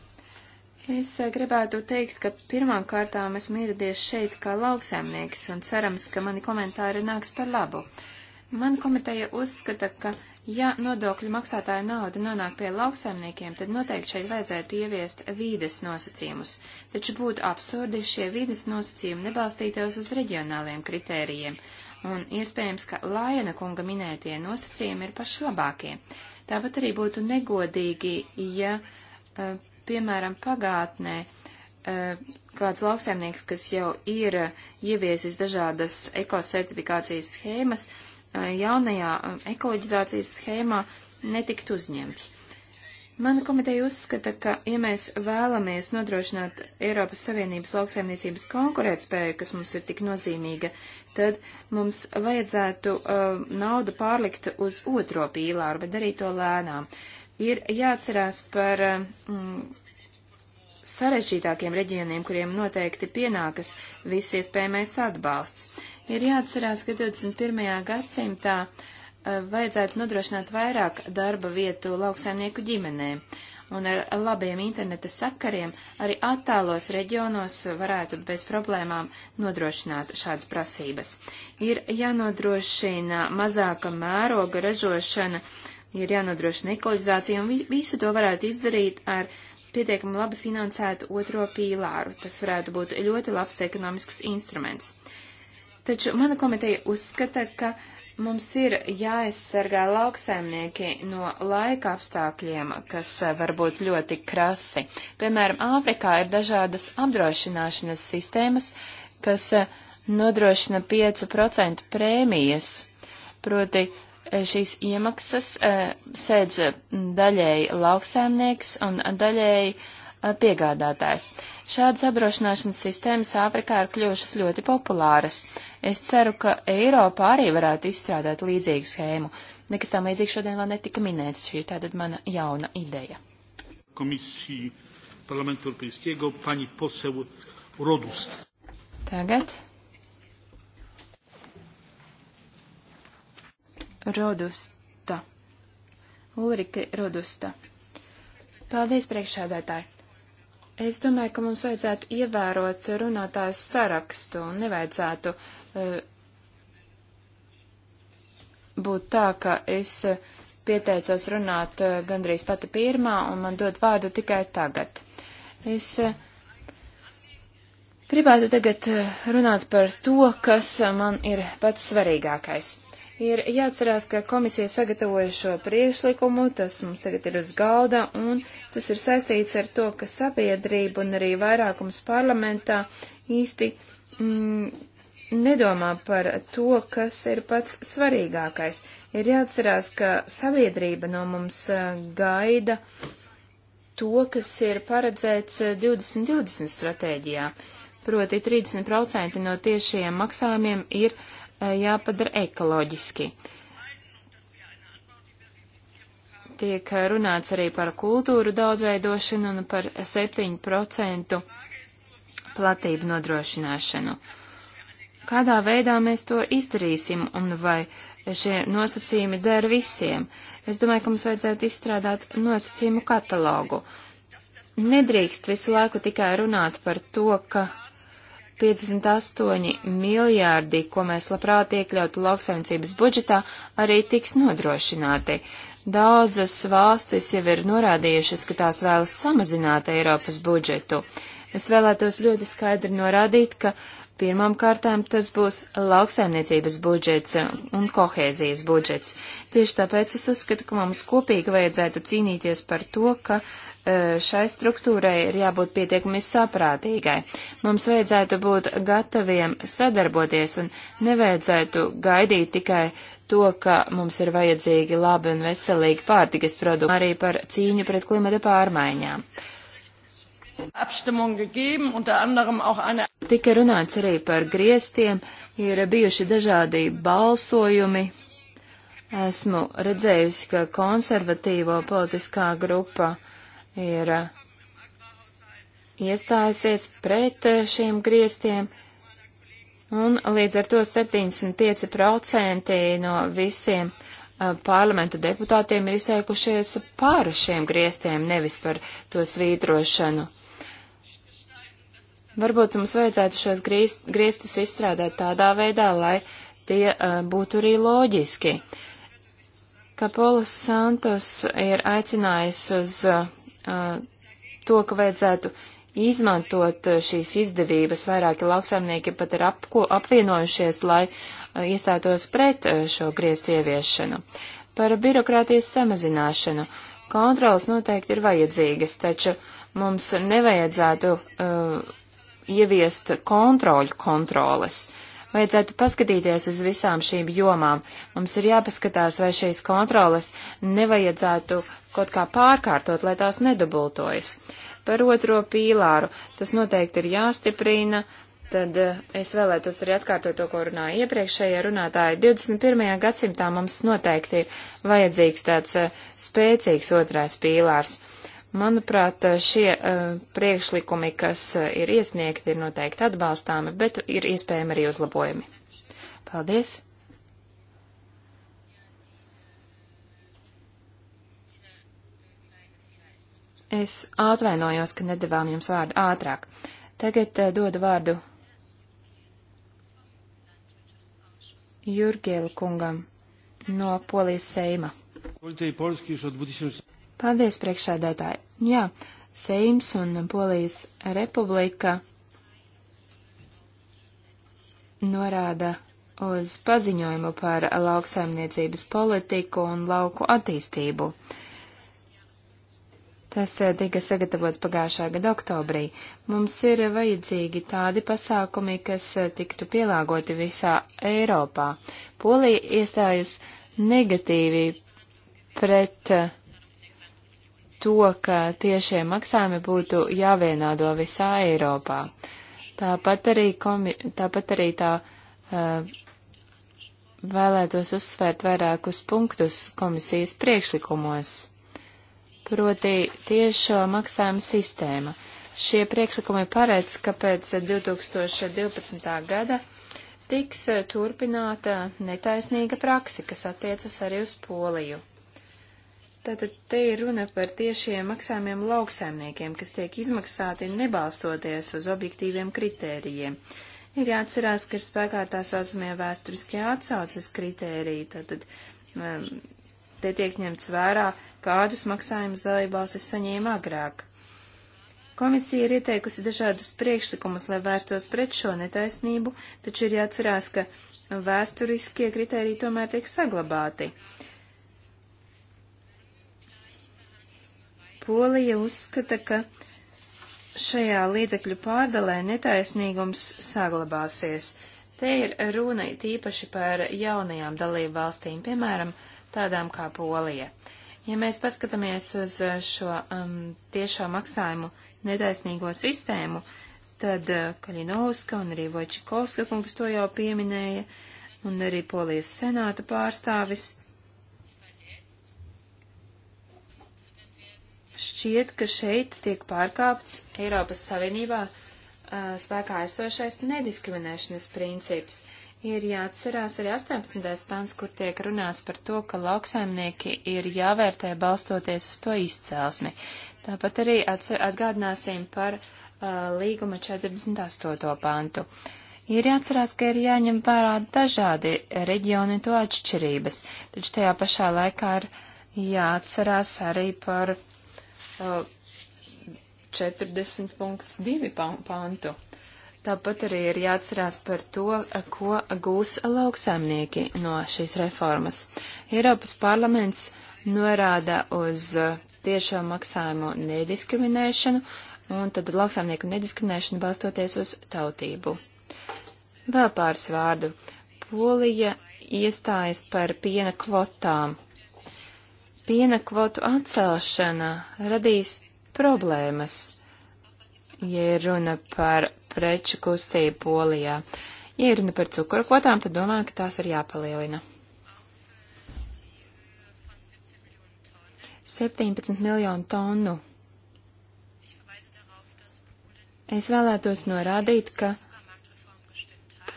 Es eh, gribētu teikt, ka pirmām kārtām esmu ieradies šeit kā lauksēmnieks un cerams, ka mani komentāri nāks par labu. Man komiteja uzskata, ka Ja nodokļu maksātāja nauda nonāk pie lauksaimniekiem, tad noteikti šeit vajadzētu ieviest vīdes nosacījumus, taču būtu absurdi šie vīdes nosacījumi nebalstītos uz reģionāliem kritērijiem, un iespējams, ka Lajana kunga minētie nosacījumi ir pašlabākie. Tāpat arī būtu negodīgi, ja, eh, piemēram, pagātnē eh, kāds lauksaimnieks, kas jau ir eh, ieviesis dažādas ekosertifikācijas schēmas, uh, Eh, jaunajā eh, ekoloģizācijas schēmā netiktu uzņemts. Mana komiteja uzskata, ka, ja mēs vēlamies nodrošināt Eiropas Savienības lauksaimniecības konkurētspēju, kas mums ir tik nozīmīga, tad mums vajadzētu uh, naudu pārlikt uz otro pīlāru, bet darīt to lēnām. Ir jāatcerās par mm, sarežģītākiem reģioniem, kuriem noteikti pienākas visiespējamais atbalsts. Ir jāatcerās, ka 21. gadsimtā eh, vajadzētu nodrošināt vairāk darba vietu lauksaimnieku ģimenēm, un ar labiem interneta sakariem arī attālos reģionos varētu bez problēmām nodrošināt šādas prasības. Ir jānodrošina mazāka mēroga ražošana, ir jānodrošina ekoloģizācija, un visu to varētu izdarīt ar pietiekami labi finansētu otro pīlāru. Tas varētu būt ļoti labs ekonomisks instruments. Taču mana komiteja uzskata, ka mums ir jāaizsargā lauksaimnieki no laika apstākļiem, kas eh, var būt ļoti krasi. Piemēram, Āfrikā ir dažādas apdrošināšanas sistēmas, kas eh, nodrošina 5% prēmijas. Proti eh, šīs iemaksas sēdz daļēji lauksaimnieks un daļēji uh, Eh, piegādātājs. Šādas apdrošināšanas sistēmas Āfrikā ir kļuvušas ļoti populāras. Es ceru, ka Eiropā arī varētu izstrādāt līdzīgu schēmu. Nekas tam līdzīgs šodien vēl netika minēts. Šī ir tātad mana jauna ideja. Komisija parlamentu europeiskiego pani poseł Rodust. Tagad. Rodusta. Ulrika Rodusta. Paldies, priekšādātāji! Es domāju, ka mums vajadzētu ievērot runātāju sarakstu un nevajadzētu uh, būt tā, ka es eh, pieteicos runāt uh, gandrīz pati pirmā un man dod vārdu tikai tagad. Es uh, gribētu tagad runāt par to, kas man ir pats svarīgākais. Ir jāatcerās, ka komisija sagatavoja šo priekšlikumu, tas mums tagad ir uz galda, un tas ir saistīts ar to, ka sabiedrība un arī vairākums parlamentā īsti mm, nedomā par to, kas ir pats svarīgākais. Ir jāatcerās, ka sabiedrība no mums gaida to, kas ir paredzēts 2020 stratēģijā, proti 30% no tiešajiem maksājumiem ir Eh, jāpadara ekoloģiski. Tiek runāts arī par kultūru daudzveidošanu un par 7% platību nodrošināšanu. Kādā veidā mēs to izdarīsim un vai šie nosacījumi der visiem? Es domāju, ka mums vajadzētu izstrādāt nosacījumu katalogu. Nedrīkst visu laiku tikai runāt par to, ka 58 miljārdi, ko mēs labprāt iekļautu lauksaimniecības budžetā, arī tiks nodrošināti. Daudzas valstis jau ir norādījušas, ka tās vēlas samazināt Eiropas budžetu. Es vēlētos ļoti skaidri norādīt, ka Pirmām kārtām tas būs lauksaimniecības budžets un kohēzijas budžets. Tieši tāpēc es uzskatu, ka mums kopīgi vajadzētu cīnīties par to, ka e, šai struktūrai ir jābūt pietiekami saprātīgai. Mums vajadzētu būt gataviem sadarboties un nevajadzētu gaidīt tikai to, ka mums ir vajadzīgi labi un veselīgi pārtikas produkti, arī par cīņu pret klimata pārmaiņām. Uh, Tika runāts arī par griestiem, ir bijuši dažādi balsojumi. Esmu redzējusi, ka konservatīvo politiskā grupa ir iestājusies pret šiem griestiem, un līdz ar to 75% no visiem parlamenta deputātiem ir izteikušies par šiem griestiem, nevis par to svītrošanu. Varbūt mums vajadzētu šos grīz, griestus izstrādāt tādā veidā, lai tie uh, būtu arī loģiski. Kapolas Santos ir aicinājis uz uh, to, ka vajadzētu izmantot šīs izdevības. Vairāki lauksaimnieki pat ir apko, apvienojušies, lai uh, iestātos pret uh, šo griestu ieviešanu. Par birokrātijas samazināšanu. Kontrolas noteikti ir vajadzīgas, taču mums nevajadzētu uh, ieviest kontroļu kontroles. Vajadzētu paskatīties uz visām šīm jomām. Mums ir jāpaskatās, vai šīs kontroles nevajadzētu kaut kā pārkārtot, lai tās nedubultojas. Par otro pīlāru tas noteikti ir jāstiprina, tad eh, es vēlētos arī atkārtot to, ko runāja iepriekšējie runātāji. 21. gadsimtā mums noteikti ir vajadzīgs tāds eh, spēcīgs otrais pīlārs. Manuprāt, šie uh, priekšlikumi, kas eh, ir iesniegti, ir noteikti atbalstāmi, bet ir iespējami arī uzlabojumi. Paldies! Es atvainojos, ka nedavām jums vārdu ātrāk. Tagad uh, dodu vārdu Jurgielu kungam no Polijas Seima. Politei Polski już od 2000 Paldies, priekšsēdētāji. Jā, Seims un Polijas republika norāda uz paziņojumu par lauksaimniecības politiku un lauku attīstību. Tas eh, tika sagatavots pagājušā gada oktobrī. Mums ir vajadzīgi tādi pasākumi, kas eh, tiktu pielāgoti visā Eiropā. Polija iestājas negatīvi pret uh, to, ka tiešie maksājumi būtu jāvienādo visā Eiropā. Tāpat arī, komi, tāpat arī tā uh, vēlētos uzsvērt vairākus punktus komisijas priekšlikumos, proti tiešo maksājumu sistēma. Šie priekšlikumi paredz, ka pēc 2012. gada tiks turpināta netaisnīga praksa, kas attiecas arī uz Poliju. Tātad te ir runa par tiešiem maksājumiem lauksaimniekiem, kas tiek izmaksāti nebalstoties uz objektīviem kritērijiem. Ir jāatcerās, ka ir spēkā tā saucamie vēsturiskie atsauces kritēriji, tātad um, te tiek ņemts vērā, kādus maksājumus dalībvalstis saņēma agrāk. Komisija ir ieteikusi dažādus priekšlikumus, lai vērstos pret šo netaisnību, taču ir jāatcerās, ka vēsturiskie kritēriji tomēr tiek saglabāti. Uh, Polija uzskata, ka šajā līdzekļu pārdalē netaisnīgums saglabāsies. Te ir runa tīpaši par jaunajām dalību valstīm, piemēram, tādām kā Polija. Ja mēs paskatāmies uz šo um, tiešo maksājumu netaisnīgo sistēmu, tad uh, Kaļinovska un arī Vojčikovska kungs to jau pieminēja, un arī Polijas senāta pārstāvis. Šķiet, ka šeit tiek pārkāpts Eiropas Savienībā uh, spēkā esošais nediskriminēšanas princips. Ir jāatcerās arī 18. pants, kur tiek runāts par to, ka lauksaimnieki ir jāvērtē balstoties uz to izcelsmi. Tāpat arī atgādināsim par uh, līguma 48. pantu. Ir jāatcerās, ka ir jāņem vērā dažādi reģioni to atšķirības, taču tajā pašā laikā ir jāatcerās arī par 40.2 pantu. Tāpat arī ir jāatcerās par to, ko gūs lauksaimnieki no šīs reformas. Eiropas parlaments norāda uz tiešo maksājumu nediskriminēšanu, un tad lauksaimnieku nediskriminēšanu balstoties uz tautību. Vēl pāris vārdu. Polija iestājas par piena kvotām piena kvotu atcelšana radīs problēmas, ja runa par preču kustību polijā. Ja runa par cukuru kvotām, tad domāju, ka tās ir jāpalielina. 17 miljonu tonu. Es vēlētos norādīt, ka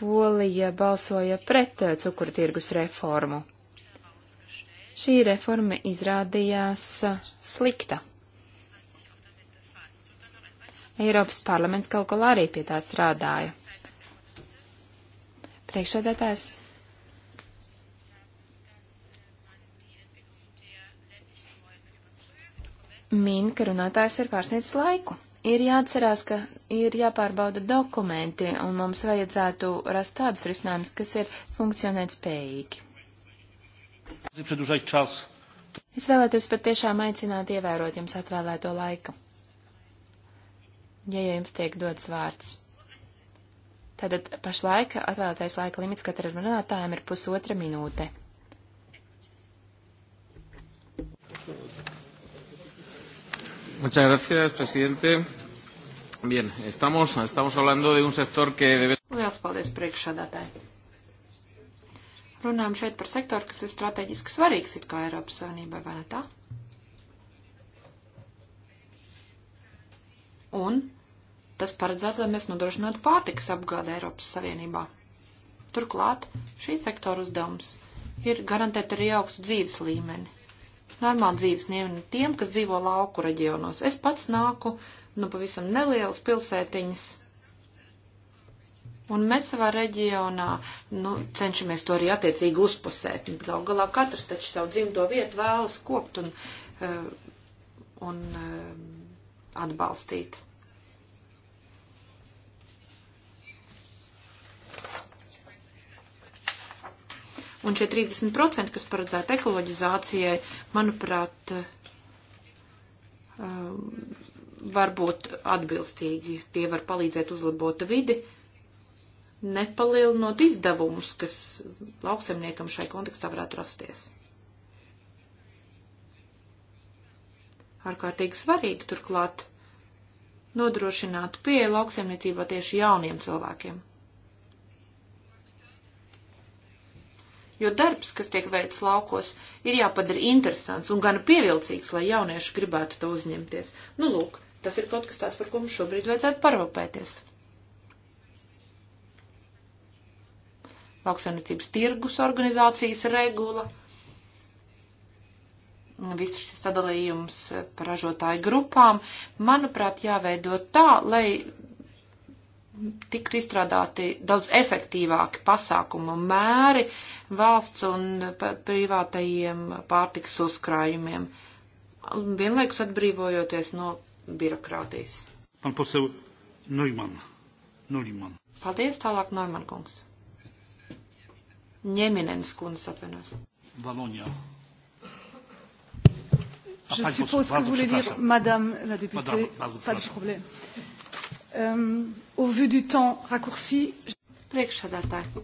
Polija balsoja pret eh, cukuru tirgus reformu. Šī reforma izrādījās uh, slikta. Eiropas parlaments kaut ko arī pie tā strādāja. Priekšsēdētājs. Min, ka runātājs ir pārsniedzis laiku. Ir jāatcerās, ka ir jāpārbauda dokumenti, un mums vajadzētu rast tādus risinājumus, kas ir funkcionēt spējīgi. Es vēlētos patiešām aicināt ievērot jums atvēlēto laiku, ja jums tiek dots vārds. Tātad pašlaik atvēlētais laika limits katram runātājam ir pusotra minūte. Muchas gracias, presidente. Bien, estamos, estamos hablando de un sector que debe. Lielas paldies priekšsādātāji. Runājam šeit par sektoru, kas ir strateģiski svarīgs it kā Eiropas Savienībai, vai ne tā? Un tas paredzēts, lai mēs nodrošinātu pārtikas apgādi Eiropas Savienībā. Turklāt šī sektora uzdevums ir garantēt arī augstu dzīves līmeni. Normāli dzīves līmeni tiem, kas dzīvo lauku reģionos. Es pats nāku no nu, pavisam nelielas pilsētiņas Un mēs savā reģionā nu, cenšamies to arī attiecīgi uzpusēt. Galu galā katrs taču savu dzimto vietu vēlas kopt un, eh, un eh, atbalstīt. Un šie 30%, kas paredzēti ekoloģizācijai, manuprāt, eh, varbūt atbilstīgi. Tie var palīdzēt uzlabot vidi nepalielinot izdevumus, kas lauksemniekam šai kontekstā varētu rasties. Ārkārtīgi svarīgi turklāt nodrošināt pieeja lauksemniecībā tieši jauniem cilvēkiem. Jo darbs, kas tiek veikts laukos, ir jāpadara interesants un gan pievilcīgs, lai jaunieši gribētu to uzņemties. Nu, lūk, tas ir kaut kas tāds, par ko mums šobrīd vajadzētu parūpēties. lauksaimniecības tirgus organizācijas regula, viss šis sadalījums par ražotāju grupām, manuprāt, jāveido tā, lai tiktu izstrādāti daudz efektīvāki pasākumu mēri valsts un privātajiem pārtiks uzkrājumiem, vienlaikus atbrīvojoties no birokrātijas. Man pusē Neumann. Neumann. Paldies, tālāk Neumann kungs. Ņeminenes kundzes atvainos. Valonijā. Je suppose que vous voulez dire, Madame la députée, pas de problème. Euh, au vu du temps raccourci, priekšsēdētāji.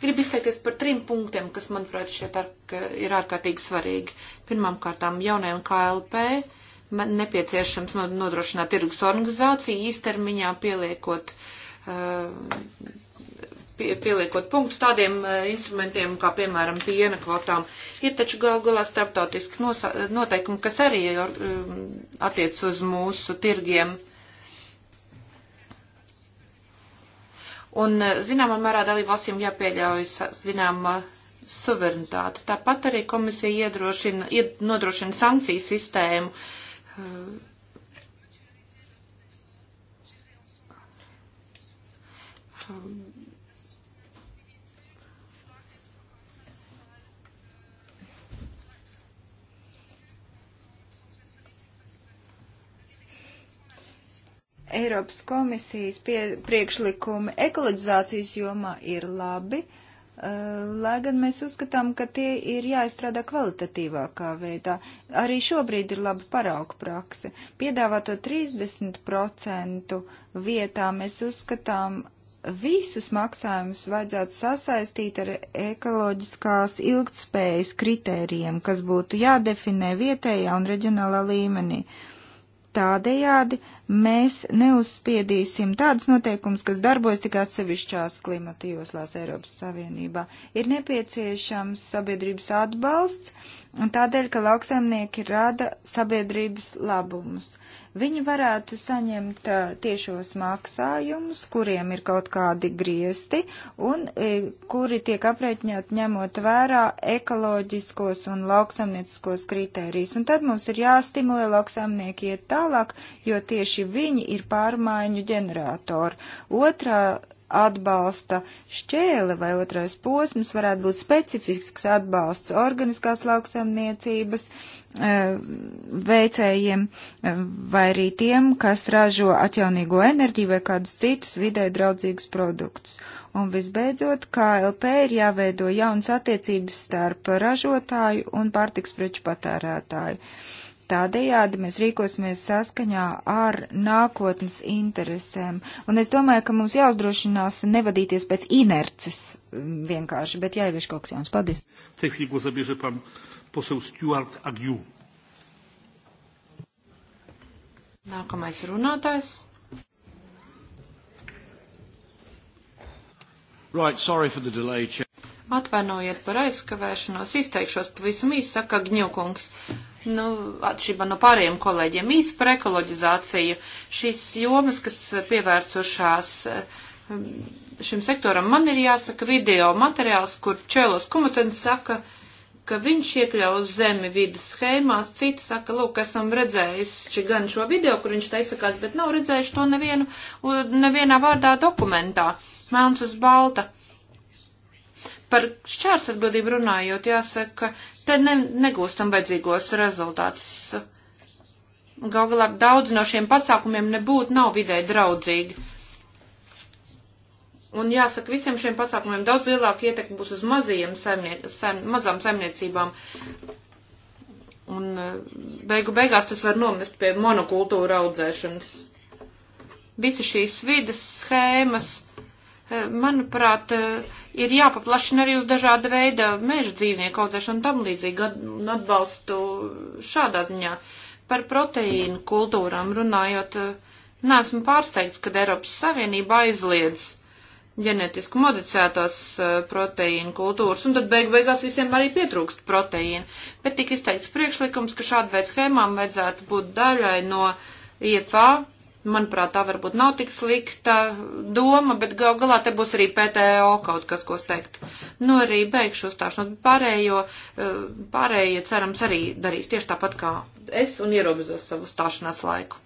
Gribu izteikties par trim punktiem, kas, manuprāt, šeit ar, ir ārkārtīgi svarīgi. Pirmkārt, jaunajam KLP nepieciešams nodrošināt tirgus organizāciju īstermiņā pieliekot uh, pie, pieliekot punktu tādiem e, instrumentiem, kā piemēram piena kvotām. Ir taču gal galā starptautiski nosa, noteikumi, kas arī e, e, attiec uz mūsu tirgiem. Un, zināmā mērā, dalībvalstīm jāpieļaujas, zināmā, suverenitāte. Tāpat arī komisija iedrošina, ied, nodrošina sankciju sistēmu. Um, Eiropas komisijas pie, priekšlikumi ekoloģizācijas jomā ir labi, eh, lai gan mēs uzskatām, ka tie ir jāizstrādā kvalitatīvākā veidā. Arī šobrīd ir laba parauga prakse. Piedāvāto 30% vietā mēs uzskatām visus maksājumus vajadzētu sasaistīt ar ekoloģiskās ilgtspējas kritērijiem, kas būtu jādefinē vietējā un reģionālā līmenī. Uh, Tādējādi mēs neuzspiedīsim tādus noteikumus, kas darbojas tikai atsevišķās klimata joslās Eiropas Savienībā. Ir nepieciešams sabiedrības atbalsts, un tādēļ, ka lauksaimnieki rada sabiedrības labumus viņi varētu saņemt tiešos maksājumus, kuriem ir kaut kādi griesti un kuri tiek aprēķināti ņemot vērā ekoloģiskos un lauksamnieciskos kritērijus. Un tad mums ir jāstimulē lauksamnieki iet tālāk, jo tieši viņi ir pārmaiņu ģeneratori. Otrā atbalsta šķēle vai otrais posms varētu būt specifisks atbalsts organiskās lauksaimniecības eh, veicējiem eh, vai arī tiem, kas ražo atjaunīgo enerģiju vai kādus citus vidē draudzīgus produktus. Un visbeidzot, KLP ir jāveido jaunas attiecības starp ražotāju un pārtikspreču patērētāju. Uh, Tādējādi mēs rīkosimies saskaņā ar nākotnes interesēm. Un es domāju, ka mums jāuzdrošinās nevadīties pēc inerces mm, vienkārši, bet jāievieš kaut kas jauns. Paldies! Tehniku zabieže pam posev Stuart Agju. Nākamais runātājs. Right, sorry for the delay, Atvainojiet par aizskavēšanos, izteikšos pavisam īsi, saka Gņukungs nu, atšķirībā no pārējiem kolēģiem, īsi par ekoloģizāciju, šīs jomas, kas pievērsušās eh, šim sektoram, man ir jāsaka video materiāls, kur Čēlos Kumatens saka, ka viņš iekļaus zemi vidas schēmās, citi saka, lūk, esam redzējuši gan šo video, kur viņš tā izsakās, bet nav redzējuši to nevienu, nevienā vārdā dokumentā, melns uz balta. Par šķērs atbildību runājot, jāsaka, ka te ne, negūstam vajadzīgos rezultātus. Galu galā daudz no šiem pasākumiem nebūtu nav vidē draudzīgi. Un jāsaka, visiem šiem pasākumiem daudz lielāka ietekme būs uz mazajiem saimniec, saim, mazām saimniecībām. Un eh, beigu beigās tas var nomest pie monokultūra audzēšanas. Visi šīs vides schēmas manuprāt, eh, ir jāpaplašina arī uz dažāda veida meža dzīvnieku audzēšanu tam līdzīgi atbalstu šādā ziņā. Par proteīnu kultūrām runājot, eh, neesmu pārsteigts, kad Eiropas Savienība aizliedz ģenetiski modificētās eh, proteīnu kultūras, un tad beig beigās visiem arī pietrūkst proteīna. Bet tika izteikts priekšlikums, ka šāda veida schēmām vajadzētu būt daļai no IFA Manuprāt, tā varbūt nav tik slikta doma, bet gal galā te būs arī PTO kaut kas, ko teikt. Nu, arī beigšu uzstāšanos, bet pārējo, eh, pārējie cerams arī darīs tieši tāpat kā es un ierobežos savu uzstāšanās laiku.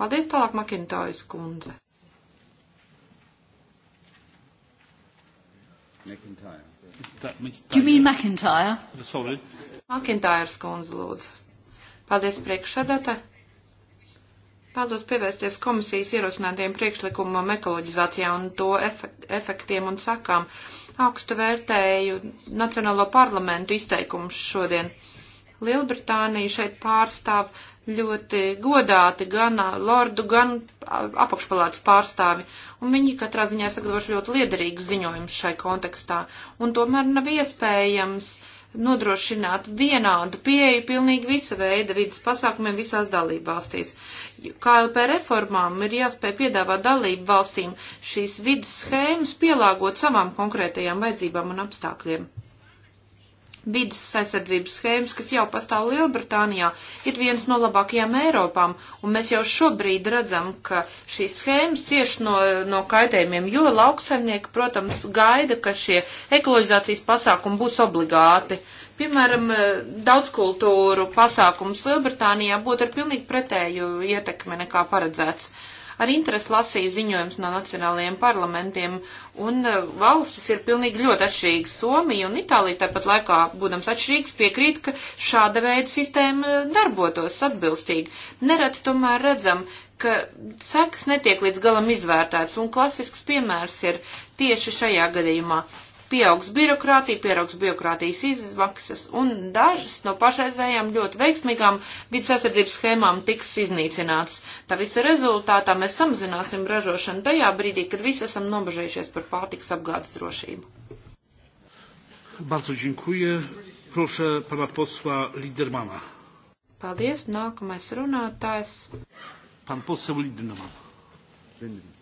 Paldies tālāk, Makintājas kundze. McIntyre. Do you mean McIntyre? Sorry. McIntyre skundze, lūdzu. Paldies priekšsēdētāji. Vēlos pievērsties komisijas ierosinātajiem priekšlikumam ekoloģizācijā un to efektiem un sakām. Augstu vērtēju Nacionālo parlamentu izteikumus šodien. Lielbritānija šeit pārstāv ļoti godāti gan lordu, gan apakšpalātas pārstāvi, un viņi katrā ziņā sagatavoši ļoti liederīgu ziņojumu šai kontekstā, un tomēr nav iespējams nodrošināt vienādu pieeju pilnīgi visa veida vidas pasākumiem visās dalībvalstīs. valstīs. KLP reformām ir jāspēj piedāvāt dalību valstīm šīs vidas schēmas pielāgot savām konkrētajām vajadzībām un apstākļiem vidas aizsardzības schēmas, kas jau pastāv Lielbritānijā, ir viens no labākajām Eiropām, un mēs jau šobrīd redzam, ka šīs schēmas cieši no, no kaitējumiem, jo lauksaimnieki, protams, gaida, ka šie ekoloģizācijas pasākumi būs obligāti. Piemēram, eh, daudzkultūru pasākums Lielbritānijā būtu ar pilnīgi pretēju ietekmi nekā paredzēts. Ar interesi lasīju ziņojums no nacionālajiem parlamentiem, un eh, valstis ir pilnīgi ļoti atšķirīgas. Somija un Itālija tāpat laikā, būdams atšķirīgs, piekrīt, ka šāda veida sistēma eh, darbotos atbilstīgi. Nereti tomēr redzam, ka sekas netiek līdz galam izvērtēts, un klasisks piemērs ir tieši šajā gadījumā pieaugs birokrātija, pieaugs birokrātijas izmaksas, un dažas no pašreizējām ļoti veiksmīgām vidas aizsardzības schēmām tiks iznīcināts. Tā visa rezultātā mēs samazināsim ražošanu tajā brīdī, kad visi esam nobežējušies par pārtiks apgādes drošību. Bardzo dziękuję. Proszę pana posła Lidermana. Paldies. Nākamais runātājs. Pan poseł Liderman. Liderman.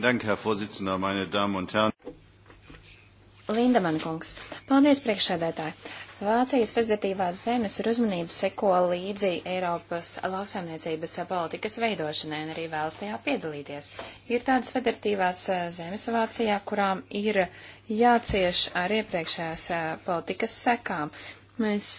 Dank, Herr Vorsitzender, meine Damen un Herren. Lindemann kungs. Paldies, priekšsēdētāji. Vācijas prezidentībās zemes ar uzmanību seko līdzi Eiropas lauksaimniecības politikas veidošanai un arī vēlas tajā piedalīties. Ir tādas federatīvās eh, zemes Vācijā, kurām ir jācieš ar iepriekšējās eh, politikas sekām. Mēs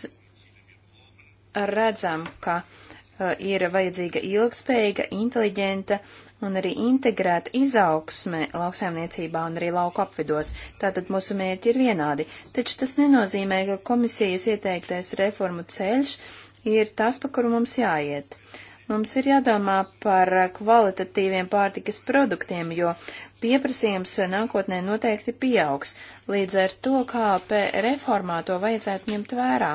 redzam, ka eh, ir vajadzīga ilgspējīga, inteliģenta uh, un arī integrēta izaugsme lauksaimniecībā un arī lauku apvidos. Tātad mūsu mērķi ir vienādi, taču tas nenozīmē, ka komisijas ieteiktais reformu ceļš ir tas, pa kuru mums jāiet. Mums ir jādomā par kvalitatīviem pārtikas produktiem, jo pieprasījums nākotnē noteikti pieaugs, līdz ar to, kā reformā to vajadzētu ņemt vērā.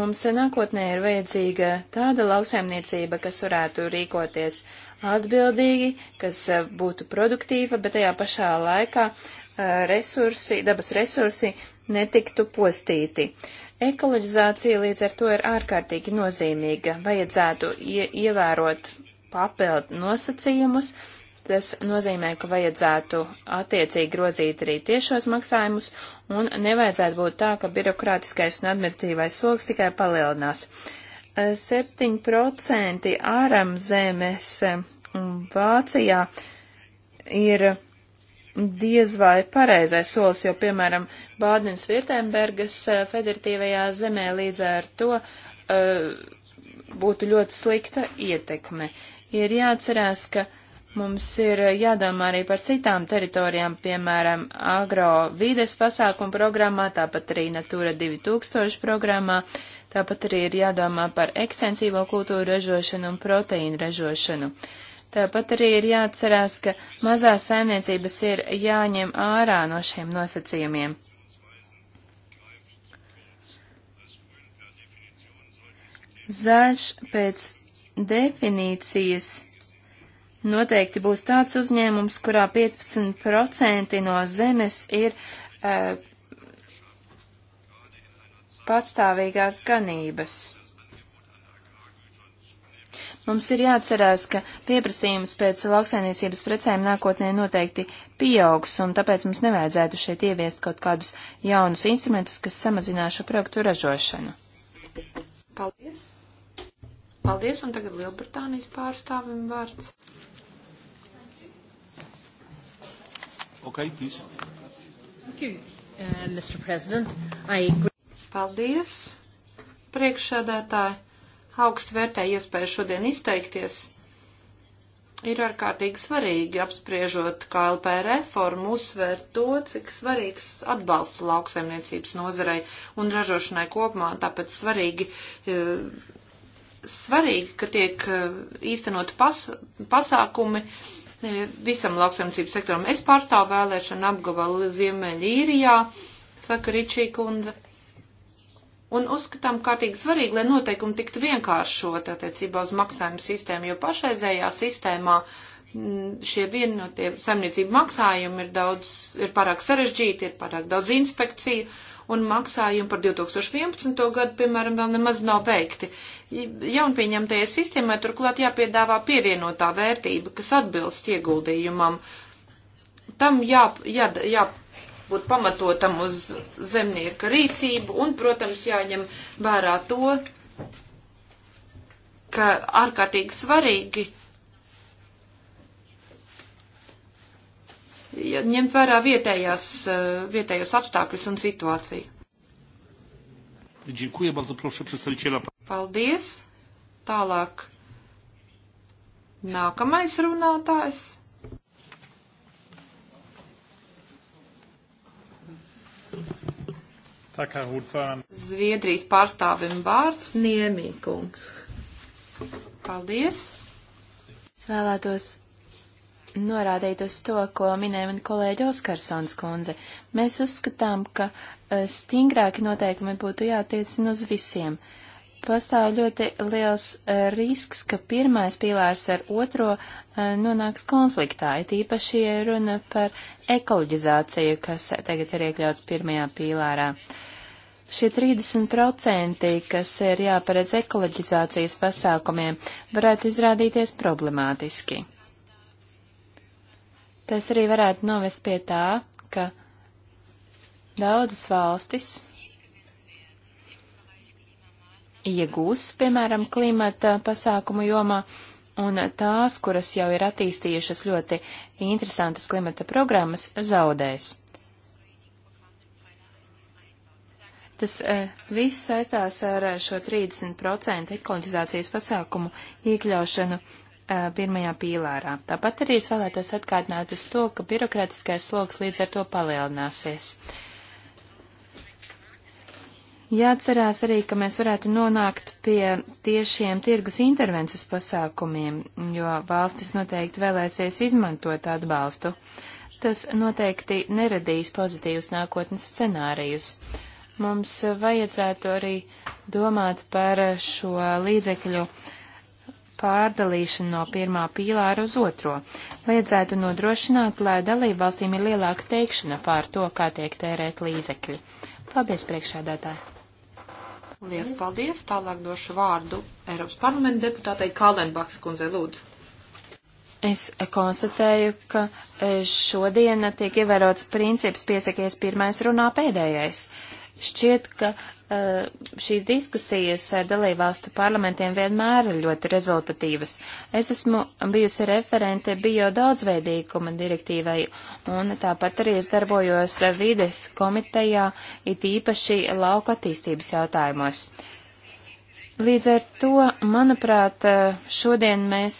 Mums nākotnē ir vajadzīga tāda lauksaimniecība, kas varētu rīkoties atbildīgi, kas eh, būtu produktīva, bet tajā pašā laikā eh, resursi, dabas resursi netiktu postīti. Ekoloģizācija līdz ar to ir ārkārtīgi nozīmīga. Vajadzētu ie ievērot papildu nosacījumus. Tas nozīmē, ka vajadzētu attiecīgi grozīt arī tiešos maksājumus un nevajadzētu būt tā, ka birokrātiskais un administratīvais sloks tikai palielinās. Uh, 7% ārzemēs mm, Vācijā ir diez vai pareizais solis, jo, piemēram, Bādens Viertembergas eh, federatīvajā zemē līdz ar to uh, būtu ļoti slikta ietekme. Ir jāatcerās, ka mums ir jādomā arī par citām teritorijām, piemēram, agro vides pasākumu programmā, tāpat arī Natura 2000 programmā. Uh, Tāpat arī ir jādomā par ekstensīvo kultūru ražošanu un proteīnu ražošanu. Tāpat arī ir jāatcerās, ka mazās saimniecības ir jāņem ārā no šiem nosacījumiem. Zaļš pēc definīcijas noteikti būs tāds uzņēmums, kurā 15% no zemes ir uh, patstāvīgās ganības. Mums ir jāatcerās, ka pieprasījums pēc lauksainiecības precēm nākotnē noteikti pieaugs, un tāpēc mums nevajadzētu šeit ieviest kaut kādus jaunus instrumentus, kas samazināšu produktu ražošanu. Paldies! Paldies, un tagad Lielbritānijas pārstāvim vārds. Okay, please. Thank you, uh, Mr. President. I agree. Paldies, priekšsēdētāji. Augst vērtēju iespēju šodien izteikties. Ir ārkārtīgi svarīgi apspriežot KLP reformu, uzsvērt to, cik svarīgs atbalsts lauksaimniecības nozarei un ražošanai kopumā, tāpēc svarīgi e, svarīgi, ka tiek e, īstenot pas, pasākumi e, visam lauksaimniecības sektoram. Es pārstāvu vēlēšanu apgabalu Ziemeļīrijā, saka Ričī kundze. Un uzskatām kārtīgi svarīgi, lai noteikumi tiktu vienkāršot attiecībā uz maksājumu sistēmu, jo pašreizējā sistēmā mm, šie vienotie no saimniecību maksājumi ir daudz, ir pārāk sarežģīti, ir pārāk daudz inspekciju, un maksājumi par 2011. gadu, piemēram, vēl nemaz nav veikti. Jaunpieņemtajai sistēmai turklāt jāpiedāvā pievienotā vērtība, kas atbilst ieguldījumam. Tam jā, jā, jā jābūt pamatotam uz zemnieka rīcību un, protams, jāņem vērā to, ka ārkārtīgi svarīgi ņemt vērā vietējās, eh, vietējos apstākļus un situāciju. Dziękuję bardzo, proszę przedstawiciela. Paldies. Tālāk. Nākamais runātājs Zviedrijas pārstāvim vārds Niemīkungs. Paldies! Es vēlētos norādīt uz to, ko minēja man kolēģi Oskarsons kundze. Mēs uzskatām, ka eh, stingrāki noteikumi būtu jātiecina uz visiem. Pastāv ļoti liels eh, risks, ka pirmais pīlārs ar otro eh, nonāks konfliktā, it īpaši, ja runa par ekoloģizāciju, kas tagad ir iekļauts pirmajā pīlārā. Uh, Šie 30%, kas ir jāparedz ekoloģizācijas pasākumiem, varētu izrādīties problemātiski. Tas arī varētu novest pie tā, ka daudzas valstis iegūs, piemēram, klimata pasākumu jomā, un tās, kuras jau ir attīstījušas ļoti interesantas klimata programmas, zaudēs. Tas e, viss saistās ar e, šo 30% ekoloģizācijas pasākumu iekļaušanu e, pirmajā pīlārā. Tāpat arī es vēlētos atkārtināt uz to, ka birokrātiskais sloks līdz ar to palielināsies. Jāatcerās arī, ka mēs varētu nonākt pie tiešiem tirgus intervences pasākumiem, jo valstis noteikti vēlēsies izmantot atbalstu. Tas noteikti neradīs pozitīvus nākotnes scenārijus. Mums vajadzētu arī domāt par šo līdzekļu pārdalīšanu no pirmā pīlāra uz otro. Vajadzētu nodrošināt, lai dalībvalstīm ir lielāka teikšana pār to, kā tiek tērēt līdzekļi. Paldies, priekšādātāji! Lielas paldies! Tālāk došu vārdu Eiropas parlamenta deputātei Kālenbaks kundze lūdzu. Es konstatēju, ka eh, šodien tiek ievērots princips piesakies pirmais runā pēdējais. Šķiet, ka eh, šīs diskusijas ar dalībvalstu parlamentiem vienmēr ir ļoti rezultatīvas. Es esmu bijusi referente bio daudzveidīguma direktīvai, un tāpat arī es darbojos vides komitejā, it īpaši lauku attīstības jautājumos. Līdz ar to, manuprāt, šodien mēs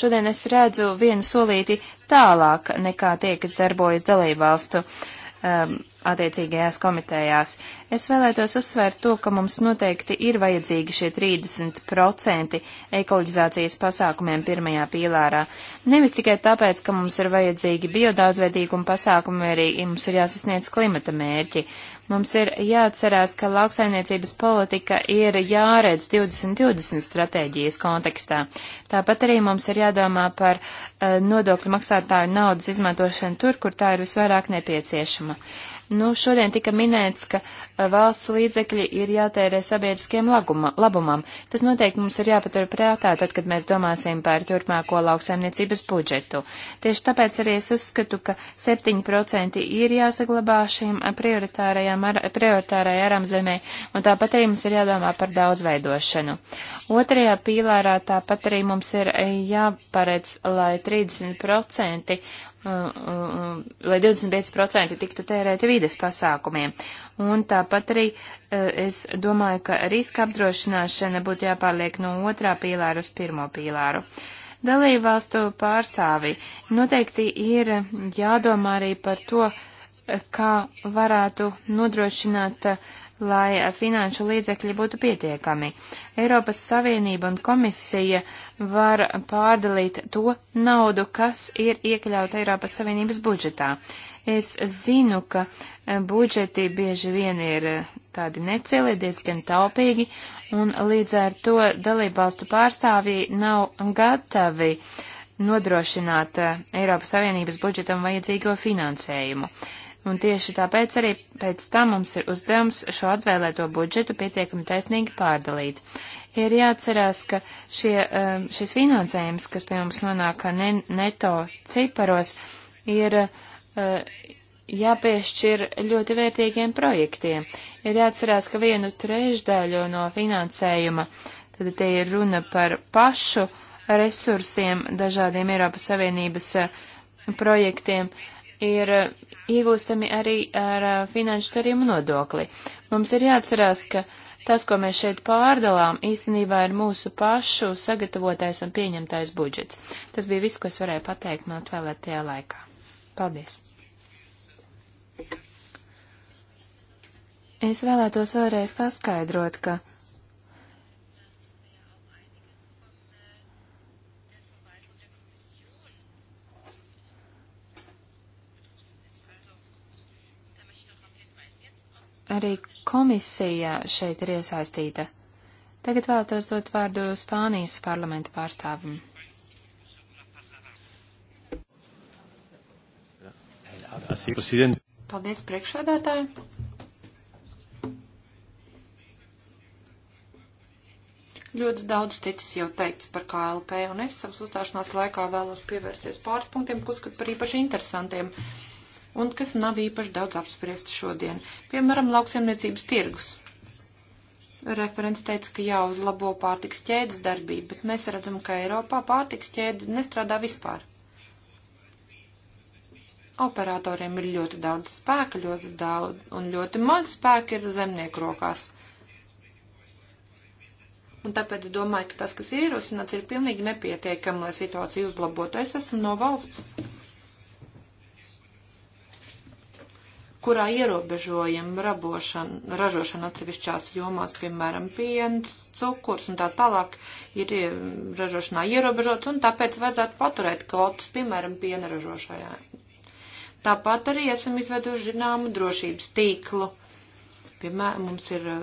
šodien es redzu vienu solīti tālāk nekā tie, kas darbojas dalībvalstu um, attiecīgajās komitejās. Es vēlētos uzsvērt to, ka mums noteikti ir vajadzīgi šie 30% ekoloģizācijas pasākumiem pirmajā pīlārā. Nevis tikai tāpēc, ka mums ir vajadzīgi biodaudzveidīguma pasākumi, arī mums ir jāsasniedz klimata mērķi. Mums ir jāatcerās, ka lauksaimniecības politika ir jāredz 2020 stratēģijas kontekstā. Tāpat arī mums ir jādomā par uh, nodokļu maksātāju naudas izmantošanu tur, kur tā ir visvairāk nepieciešama. Uh, Nu, šodien tika minēts, ka uh, valsts līdzekļi ir jātērē sabiedriskiem laguma, labumam. Tas noteikti mums ir jāpatur prātā, tad, kad mēs domāsim par turpmāko lauksaimniecības budžetu. Tieši tāpēc arī es uzskatu, ka 7% ir jāsaglabā šīm prioritārajām, ar, prioritārai aramzemē, un tāpat arī mums ir jādomā par daudzveidošanu. Otrajā pīlārā tāpat arī mums ir eh, jāparedz, lai 30% Uh, uh, lai 25% tiktu tērēti vides pasākumiem. Un tāpat arī uh, es domāju, ka riska apdrošināšana būtu jāpārliek no otrā pīlāra uz pirmo pīlāru. Dalību valstu pārstāvi noteikti ir jādomā arī par to, kā varētu nodrošināt uh, lai eh, finanšu līdzekļi būtu pietiekami. Eiropas Savienība un komisija var pārdalīt to naudu, kas ir iekļauta Eiropas Savienības budžetā. Es zinu, ka eh, budžeti bieži vien ir eh, tādi necili, diezgan taupīgi, un līdz ar to dalībvalstu pārstāvji nav gatavi uh, nodrošināt Eiropas Savienības budžetam vajadzīgo finansējumu. Un tieši tāpēc arī pēc tam mums ir uzdevums šo atvēlēto budžetu pietiekami taisnīgi pārdalīt. Ir jāatcerās, ka šie, um, šis finansējums, kas pie mums nonāk ne, neto ciparos, ir uh, jāpiešķir ļoti vērtīgiem projektiem. Ir jāatcerās, ka vienu trešdaļu no finansējuma, tad te ir runa par pašu resursiem dažādiem Eiropas Savienības uh, projektiem, ir iegūstami arī ar finanšu darījumu nodokli. Mums ir jāatcerās, ka tas, ko mēs šeit pārdalām, īstenībā ir mūsu pašu sagatavotais un pieņemtais budžets. Tas bija viss, ko es varēju pateikt man atvēlētajā laikā. Paldies! Es vēlētos vēlreiz paskaidrot, ka arī komisija šeit ir iesaistīta. Tagad vēlētos dot vārdu Spānijas parlamenta pārstāvim. Paldies, priekšsēdētāji! Ļoti daudz ticis jau teikts par KLP, un es savas uzstāšanās laikā vēlos pievērsties pāris punktiem, ko uzskatu par īpaši interesantiem. Uh, un kas nav īpaši daudz apspriesta šodien. Piemēram, lauksaimniecības tirgus. Referents teica, ka jāuzlabo pārtiks ķēdes darbība, bet mēs redzam, ka Eiropā pārtiks ķēde nestrādā vispār. Operatoriem ir ļoti daudz spēka, ļoti daudz un ļoti maz spēka ir zemnieku rokās. Un tāpēc domāju, ka tas, kas ir ierosināts, ir pilnīgi nepietiekami, lai situāciju uzlabotu. Es esmu no valsts kurā ierobežojam rabošanu, ražošanu atsevišķās jomās, piemēram, piens, cukurs un tā tālāk ir e, ražošanā ierobežots, un tāpēc vajadzētu paturēt kvotas, piemēram, piena ražošajā. Tāpat arī esam izveidojuši zināmu drošības tīklu. Piemēram, mums ir e,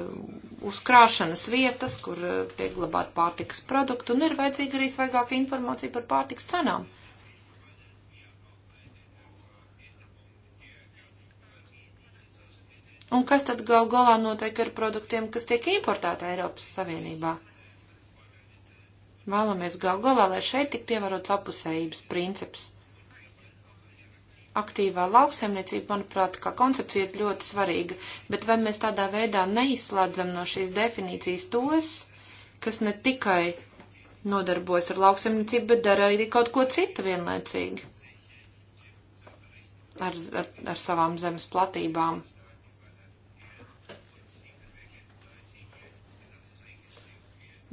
uzkrāšanas vietas, kur e, tiek glabāt pārtikas produktu, un ir vajadzīga arī svaigāka informācija par pārtikas cenām. Un kas tad gal galā notiek ar produktiem, kas tiek importēti Eiropas Savienībā? Vēlamies gal galā, lai šeit tik ievērots apusējības princips. Aktīvā lauksaimniecība, manuprāt, kā koncepcija ir ļoti svarīga, bet vai mēs tādā veidā neizslēdzam no šīs definīcijas tos, kas ne tikai nodarbojas ar lauksaimniecību, bet dara arī kaut ko citu vienlaicīgi ar, ar, ar savām zemes platībām?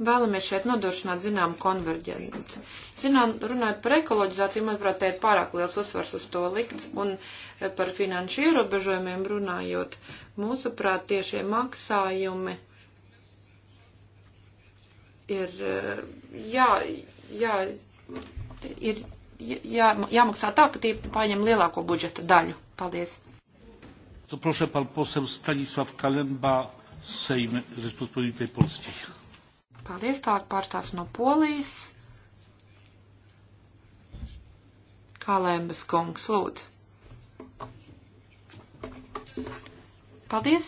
Vēlamies šeit nodrošināt zinām konverģenci. Zinām, runājot par ekoloģizāciju, manuprāt, te ir pārāk liels uzsvars uz to likts, un e, par finanšu ierobežojumiem runājot, mūsuprāt, tiešie maksājumi ir, e, jā, jā, ir jā, jāmaksā tā, ka tie paņem lielāko budžeta daļu. Paldies. To proszę pan poseł Stanisław Kalemba, Sejm Rzeczypospolitej Polskiej. Paldies, tālāk pārstāvs no Polijas. Kalēmbas kungs, lūdzu. Paldies!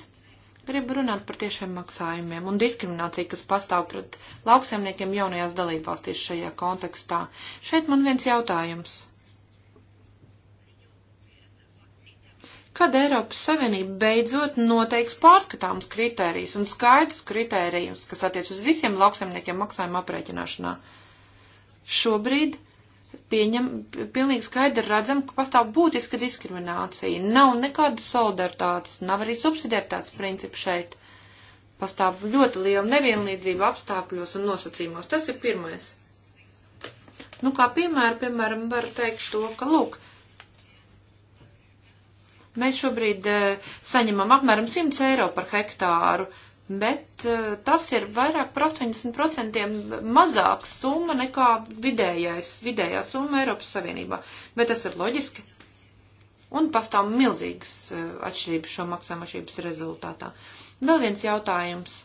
Gribu runāt par tiešiem maksājumiem un diskrimināciju, kas pastāv pret lauksaimniekiem jaunajās dalībvalstīs šajā kontekstā. Šeit man viens jautājums. kad Eiropas Savienība beidzot noteiks pārskatāmus kritērijus un skaidrus kritērijus, kas attiec uz visiem lauksaimniekiem maksājuma aprēķināšanā. Šobrīd pieņem, pilnīgi skaidri redzam, ka pastāv būtiska diskriminācija. Nav nekādas solidaritātes, nav arī subsidiaritātes principu šeit. Pastāv ļoti liela nevienlīdzība apstākļos un nosacījumos. Tas ir pirmais. Nu, kā piemēru, piemēram, var teikt to, ka, lūk, Mēs šobrīd eh, saņemam apmēram 100 eiro par hektāru, bet eh, tas ir vairāk par 80% mazāks summa nekā vidējais, vidējā summa Eiropas Savienībā. Bet tas ir loģiski. Un pastāv milzīgas eh, atšķirības šo maksāmašības rezultātā. Vēl viens jautājums,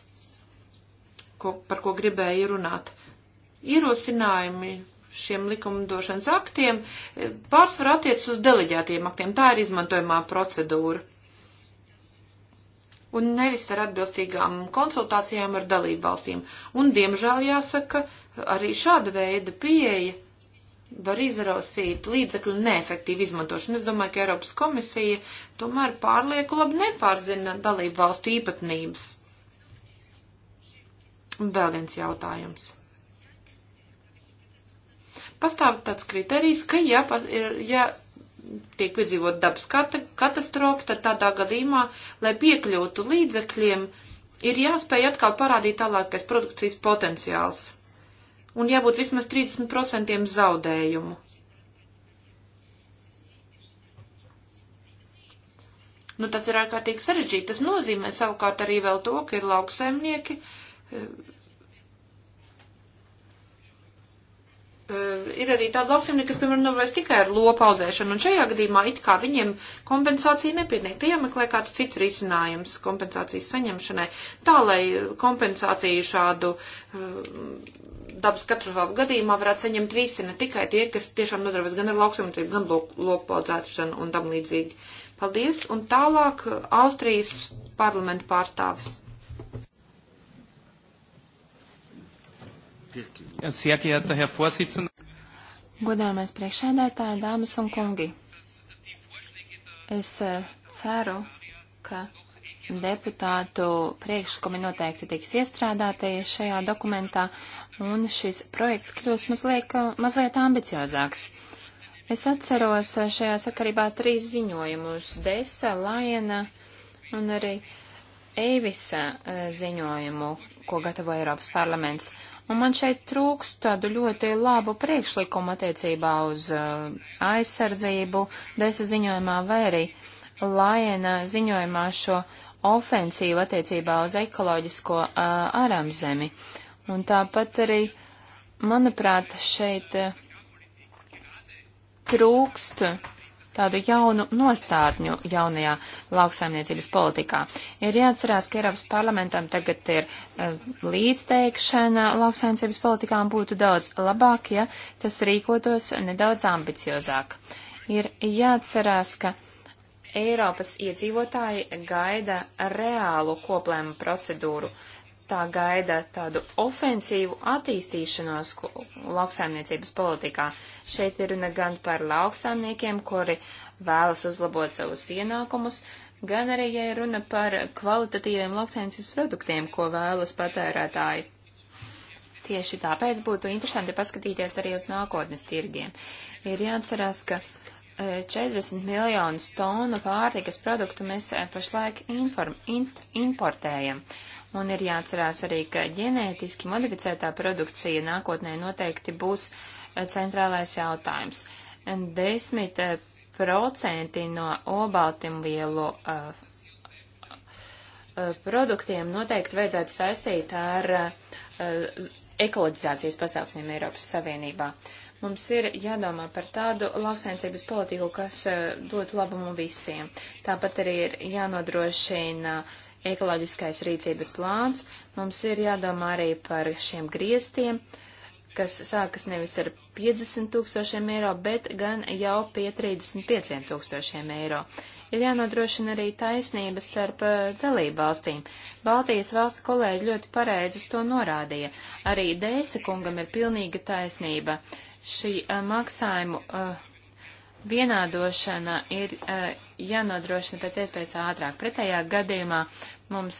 ko, par ko gribēju runāt. Ierosinājumi šiem likumdošanas aktiem pārsvarā attiec uz deleģētiem aktiem. Tā ir izmantojumā procedūra. Un nevis ar atbilstīgām konsultācijām ar dalību valstīm. Un, diemžēl, jāsaka, arī šāda veida pieeja var izrausīt līdzekļu neefektīvu izmantošanu. Es domāju, ka Eiropas komisija tomēr pārlieku labi nepārzina dalību valstu īpatnības. Vēl viens jautājums pastāv tāds kriterijs, ka ja, ja tiek piedzīvot dabas katastrofa, tad tādā gadījumā, lai piekļūtu līdzekļiem, ir jāspēj atkal parādīt tālākais produkcijas potenciāls. Un jābūt vismaz 30% zaudējumu. Nu, tas ir ārkārtīgi sarežģīti. Tas nozīmē savukārt arī vēl to, ka ir lauksaimnieki, eh, Uh, ir arī tāda lauksimnieka, kas, piemēram, novērs tikai ar lopu audzēšanu, un šajā gadījumā it kā viņiem kompensācija nepietiek. Tie jāmeklē kāds cits risinājums kompensācijas saņemšanai, tā lai kompensāciju šādu uh, dabas katastrofu gadījumā varētu saņemt visi, ne tikai tie, kas tiešām nodarbojas gan ar lauksimniecību, gan lopu audzēšanu un tam līdzīgi. Paldies, un tālāk eh, Austrijas parlamentu pārstāvis. Sehr geehrter Herr Vorsitzender. Godāmais priekšēdētāji, dāmas un kungi. Es eh, ceru, ka deputātu priekšlikumi noteikti tiks iestrādāti šajā dokumentā, un šis projekts kļūs mazliet, mazliet ambiciozāks. Es atceros eh, šajā sakarībā trīs ziņojumus - Desa, Lajena un arī Eivisa eh, ziņojumu, ko gatavo Eiropas parlaments. Un man šeit trūks tādu ļoti labu priekšlikumu attiecībā uz uh, aizsardzību, desa ziņojumā vai arī Lajena ziņojumā šo ofensīvu attiecībā uz ekoloģisko uh, aramzemi. Un tāpat arī, manuprāt, šeit uh, trūkst tādu jaunu nostādņu jaunajā lauksaimniecības politikā. Ir jāatcerās, ka Eiropas parlamentam tagad ir eh, līdzteikšana lauksaimniecības politikām būtu daudz labāk, ja tas rīkotos nedaudz ambiciozāk. Ir jāatcerās, ka. Eiropas iedzīvotāji gaida reālu koplēmu procedūru. Uh, tā gaida tādu ofensīvu attīstīšanos lauksaimniecības politikā. Šeit ir runa gan par lauksaimniekiem, kuri vēlas uzlabot savus ienākumus, gan arī, ja runa par kvalitatīviem lauksaimniecības produktiem, ko vēlas patērētāji. Tieši tāpēc būtu interesanti paskatīties arī uz nākotnes tirgiem. Ir jāatcerās, ka 40 e, miljonus tonu pārtikas produktu mēs e, pašlaik inform, in, importējam. Uh, Un ir jāatcerās arī, ka ģenētiski modificētā produkcija nākotnē noteikti būs eh, centrālais jautājums. 10% eh, no obaltimvielu uh, eh, produktiem noteikti vajadzētu saistīt ar uh, ekoloģizācijas pasākumiem Eiropas Savienībā. Mums ir jādomā par tādu lauksainicības politiku, kas uh, dotu labumu visiem. Tāpat arī ir jānodrošina uh, ekoloģiskais rīcības plāns, mums ir jādomā arī par šiem griestiem, kas sākas nevis ar 50 tūkstošiem eiro, bet gan jau pie 35 tūkstošiem eiro. Ir jānodrošina arī taisnība starp eh, dalību valstīm. Baltijas valstu kolēģi ļoti pareizi to norādīja. Arī Dēsa kungam ir pilnīga taisnība. Šī uh, maksājumu uh, vienādošana ir uh, jānodrošina pēc iespējas ātrāk. Pretējā gadījumā mums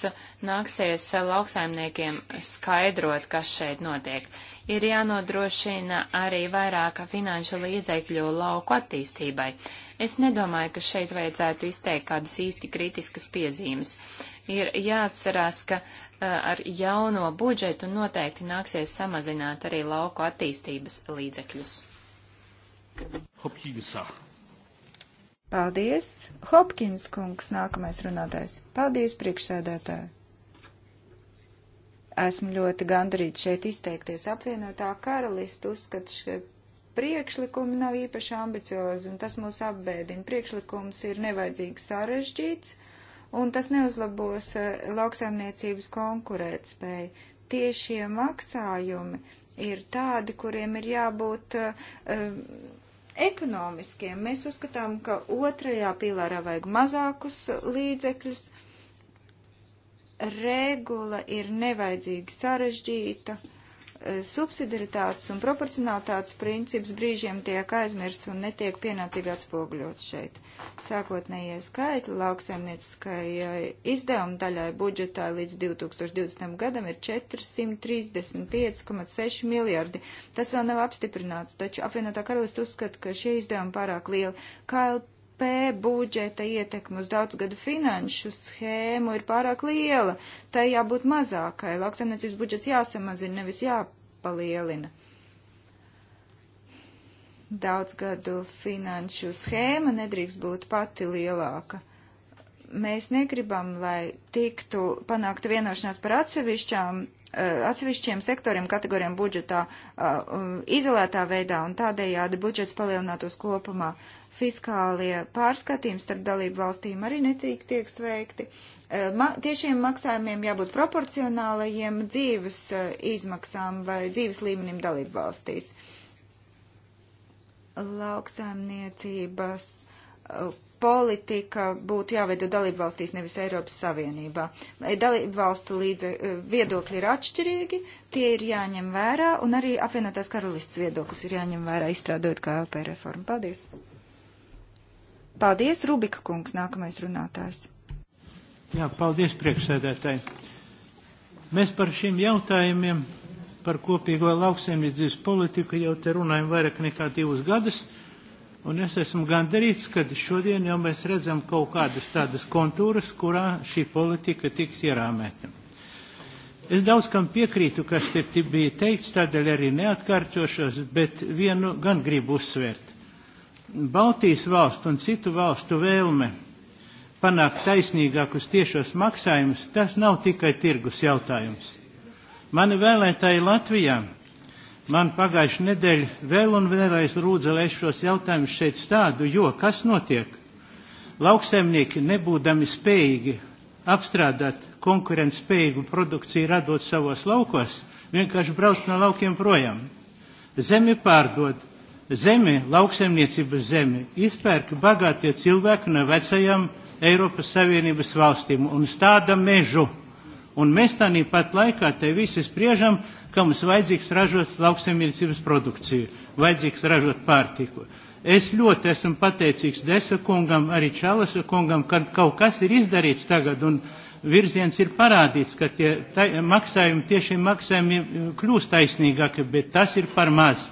nāksies uh, lauksaimniekiem skaidrot, kas šeit notiek. Ir jānodrošina arī vairāka finanšu līdzekļu lauku attīstībai. Es nedomāju, ka šeit vajadzētu izteikt kādus īsti kritiskas piezīmes. Ir jāatcerās, ka uh, ar jauno budžetu noteikti nāksies samazināt arī lauku attīstības līdzekļus. Hopkinsa. Paldies. Hopkins kungs nākamais runātājs. Paldies, priekšsēdētāji. Esmu ļoti gandarīts šeit izteikties apvienotā karalista uzskatu, ka priekšlikumi nav īpaši ambiciozi, un tas mūs apbēdina. Priekšlikums ir nevajadzīgi sarežģīts, un tas neuzlabos eh, lauksaimniecības konkurētspēju. Tiešie maksājumi ir tādi, kuriem ir jābūt uh, ekonomiskiem. Mēs uzskatām, ka otrajā pilārā vajag mazākus līdzekļus. Regula ir nevajadzīgi sarežģīta. Uh, subsidiaritātes un proporcionalitātes princips brīžiem tiek aizmirsts un netiek pienācīgi atspoguļots šeit. Sākotnējie skaitļi lauksaimnieciskajai izdevuma daļai budžetā līdz 2020. gadam ir 435,6 miljardi. Tas vēl nav apstiprināts, taču apvienotā karalista uzskata, ka šie izdevumi pārāk lieli. KLP KLP budžeta ietekme uz daudzgadu finanšu schēmu ir pārāk liela. Tā jābūt mazākai. Lauksaimniecības budžets jāsamazina, nevis jāpalielina. Daudzgadu finanšu schēma nedrīkst būt pati lielāka mēs negribam, lai tiktu panākta vienošanās par atsevišķām, eh, atsevišķiem sektoriem, kategorijām budžetā eh, izolētā veidā un tādējādi budžets palielinātos kopumā. Fiskālie pārskatījumi starp dalību valstīm arī netiek tiek veikti. Eh, ma tiešiem maksājumiem jābūt proporcionālajiem dzīves eh, izmaksām vai dzīves līmenim dalību valstīs. Lauksaimniecības eh, politika būtu jāveido dalību valstīs, nevis Eiropas Savienībā. Dalību valstu līdze, viedokļi ir atšķirīgi, tie ir jāņem vērā, un arī apvienotās karalists viedoklis ir jāņem vērā, izstrādojot KLP reformu. Paldies! Paldies, Rubika kungs, nākamais runātājs. Jā, paldies priekšsēdētāji. Mēs par šiem jautājumiem, par kopīgo lauksaimniecības politiku jau te runājam vairāk nekā divus gadus, un es esmu gandarīts, ka šodien jau mēs redzam kaut kādas tādas kontūras, kurā šī politika tiks ierāmēta. Es daudz kam piekrītu, kas te bija teikts, tādēļ arī neatkārtošos, bet vienu gan gribu uzsvērt. Baltijas valstu un citu valstu vēlme panākt taisnīgākus tiešos maksājumus, tas nav tikai tirgus jautājums. Mani vēlētāji Latvijā man pagājuši nedēļu vēl un vēlreiz rūdza, lai es šos jautājumus šeit stādu, jo kas notiek? Lauksaimnieki nebūdami spējīgi apstrādāt konkurentspējīgu produkciju radot savos laukos, vienkārši brauc no laukiem projām. Zemi pārdod, zemi, lauksaimniecības zemi, izpērka bagātie cilvēki no vecajām Eiropas Savienības valstīm un stāda mežu. Un mēs tādā pat laikā te visi spriežam, ka mums vajadzīgs ražot lauksaimniecības produkciju, vajadzīgs ražot pārtiku. Es ļoti esmu pateicīgs Desa kungam, arī Čalasa kungam, ka kaut kas ir izdarīts tagad un virziens ir parādīts, ka tie tai, maksājumi, tiešie maksājumi kļūst taisnīgāki, bet tas ir par maz.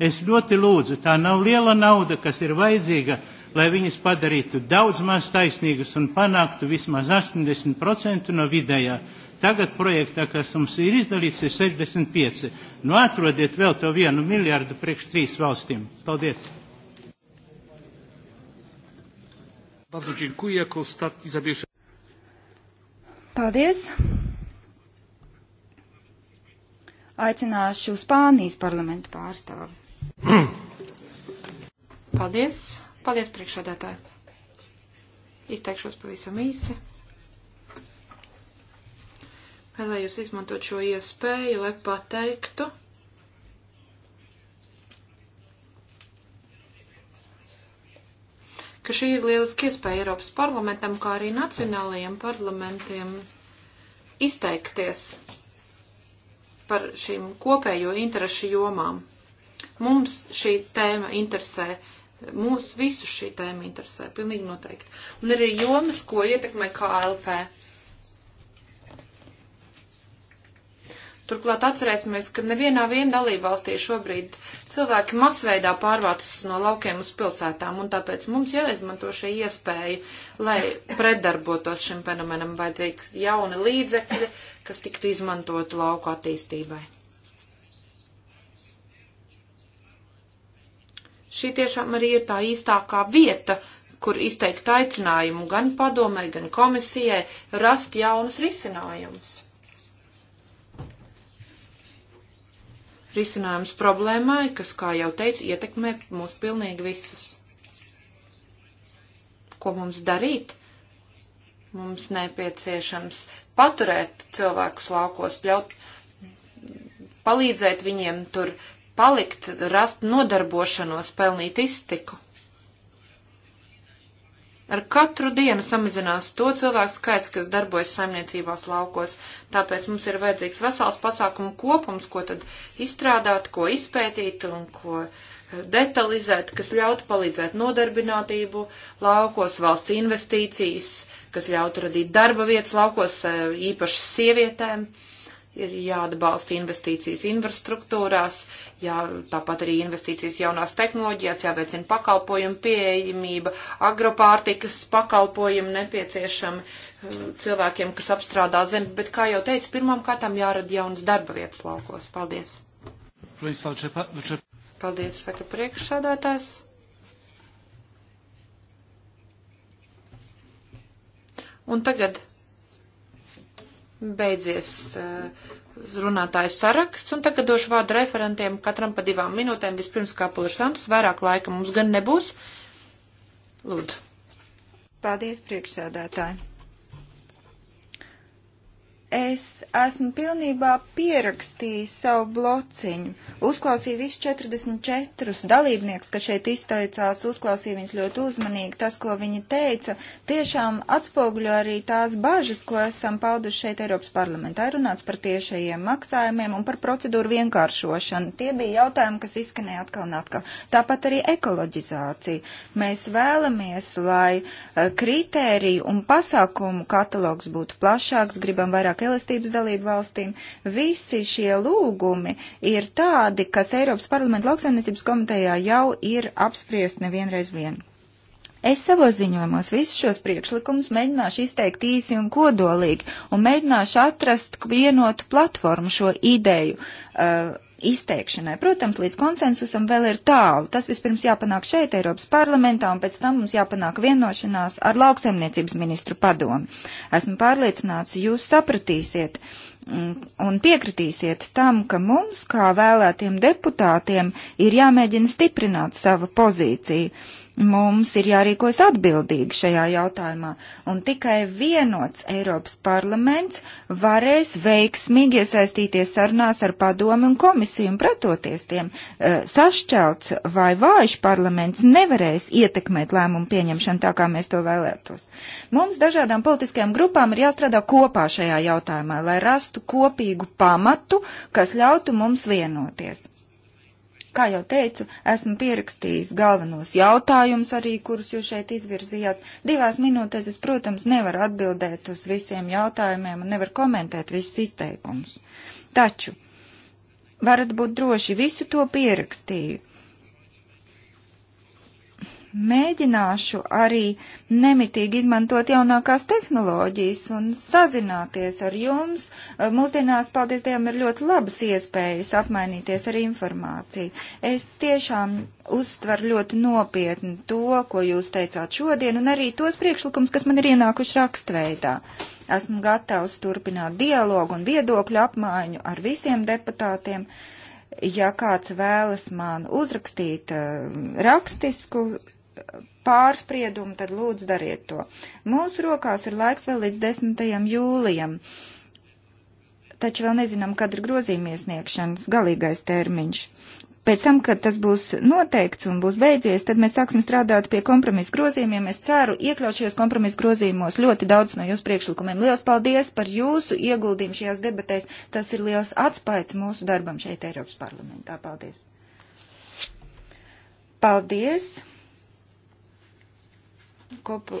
Es ļoti lūdzu, tā nav liela nauda, kas ir vajadzīga, lai viņas padarītu daudz maz taisnīgas un panāktu vismaz 80% no vidējā. Tagad projektā, kas mums ir izdalīts, ir 65. Nu atrodiet vēl to vienu miljardu priekš trīs valstīm. Paldies! Paldies! Aicināšu Spānijas parlamentu pārstāvi. Paldies. Paldies, priekšādātāji. Izteikšos pavisam īsi. Vēlējos izmantot šo iespēju, lai pateiktu. ka šī ir lieliski iespēja Eiropas parlamentam, kā arī nacionālajiem parlamentiem izteikties par šīm kopējo interešu jomām. Mums šī tēma interesē. Mūs visus šī tēma interesē, pilnīgi noteikti. Un arī jomas, ko ietekmē KLP. Turklāt atcerēsimies, ka nevienā vien dalībvalstī šobrīd cilvēki masveidā pārvācas no laukiem uz pilsētām, un tāpēc mums jāizmanto šī iespēja, lai pretdarbotos šim fenomenam vajadzīgi jauni līdzekļi, kas tiktu izmantoti lauku attīstībai. šī tiešām arī ir tā īstākā vieta, kur izteikt aicinājumu gan padomē, gan komisijai rast jaunus risinājumus. Risinājums problēmai, kas, kā jau teicu, ietekmē mūs pilnīgi visus. Ko mums darīt? Mums nepieciešams paturēt cilvēkus laukos, ļaut, palīdzēt viņiem tur palikt, rast nodarbošanos, pelnīt iztiku. Ar katru dienu samazinās to cilvēku skaits, kas darbojas saimniecībās laukos, tāpēc mums ir vajadzīgs vesels pasākumu kopums, ko tad izstrādāt, ko izpētīt un ko detalizēt, kas ļautu palīdzēt nodarbinātību laukos, valsts investīcijas, kas ļautu radīt darba vietas laukos e, īpaši sievietēm. Uh, ir jāatbalsta investīcijas infrastruktūrās, jā, tāpat arī investīcijas jaunās tehnoloģijās, jāveicina pakalpojumu pieejamība, agropārtikas pakalpojumu nepieciešami eh, cilvēkiem, kas apstrādā zemi, bet, kā jau teicu, pirmām kārtām jārada jaunas darba vietas laukos. Paldies! Paldies, saka priekšsādātājs. Un tagad beidzies eh, runātājs saraksts, un tagad došu vārdu referentiem katram pa divām minūtēm. Vispirms kā pulšantus, vairāk laika mums gan nebūs. Lūdzu. Paldies, priekšsēdētāji. Es esmu pilnībā pierakstījis savu blociņu. Uzklausīju visus 44 dalībniekus, kas šeit izteicās, uzklausīju viņus ļoti uzmanīgi. Tas, ko viņi teica, tiešām atspoguļo arī tās bažas, ko esam pauduši šeit Eiropas parlamentā. Ir runāts par tiešajiem maksājumiem un par procedūru vienkāršošanu. Tie bija jautājumi, kas izskanēja atkal un atkal. Tāpat arī ekoloģizācija. Mēs vēlamies, lai eh, kritēriju un pasākumu katalogs būtu plašāks, gribam vairāk vairāk elastības dalību valstīm. Visi šie lūgumi ir tādi, kas Eiropas parlamenta lauksaimniecības komitejā jau ir apspriest nevienreiz vien. Es savos ziņojumos visus šos priekšlikumus mēģināšu izteikt īsi un kodolīgi, un mēģināšu atrast vienotu platformu šo ideju. Uh, izteikšanai. Protams, līdz konsensusam vēl ir tālu. Tas vispirms jāpanāk šeit, Eiropas parlamentā, un pēc tam mums jāpanāk vienošanās ar lauksaimniecības ministru padomu. Esmu pārliecināts, jūs sapratīsiet un piekritīsiet tam, ka mums, kā vēlētiem deputātiem, ir jāmēģina stiprināt savu pozīciju Mums ir jārīkojas atbildīgi šajā jautājumā, un tikai vienots Eiropas parlaments varēs veiksmīgi iesaistīties sarunās ar padomi un komisiju un pretoties tiem. Eh, sašķelts vai vājš parlaments nevarēs ietekmēt lēmumu pieņemšanu tā, kā mēs to vēlētos. Mums dažādām politiskajām grupām ir jāstrādā kopā šajā jautājumā, lai rastu kopīgu pamatu, kas ļautu mums vienoties. Kā jau teicu, esmu pierakstījis galvenos jautājumus arī, kurus jūs šeit izvirzījāt. Divās minūtēs es, protams, nevaru atbildēt uz visiem jautājumiem un nevaru komentēt visus izteikumus. Taču varat būt droši, visu to pierakstīju mēģināšu arī nemitīgi izmantot jaunākās tehnoloģijas un sazināties ar jums. Eh, mūsdienās, paldies Dievam, ir ļoti labas iespējas apmainīties ar informāciju. Es tiešām uztveru ļoti nopietni to, ko jūs teicāt šodien, un arī tos priekšlikums, kas man ir ienākuši rakstveidā. Esmu gatavs turpināt dialogu un viedokļu apmaiņu ar visiem deputātiem ja kāds vēlas man uzrakstīt uh, rakstisku pārspriedumu, tad lūdzu dariet to. Mūsu rokās ir laiks vēl līdz 10. jūlijam, taču vēl nezinām, kad ir grozījuma iesniegšanas galīgais termiņš. Pēc tam, kad tas būs noteikts un būs beidzies, tad mēs sāksim strādāt pie kompromisu grozījumiem. Es ceru iekļaut šajos kompromisu grozījumos ļoti daudz no jūsu priekšlikumiem. Lielas paldies par jūsu ieguldījumu šajās debatēs. Tas ir liels atspaids mūsu darbam šeit Eiropas parlamentā. Paldies! Paldies!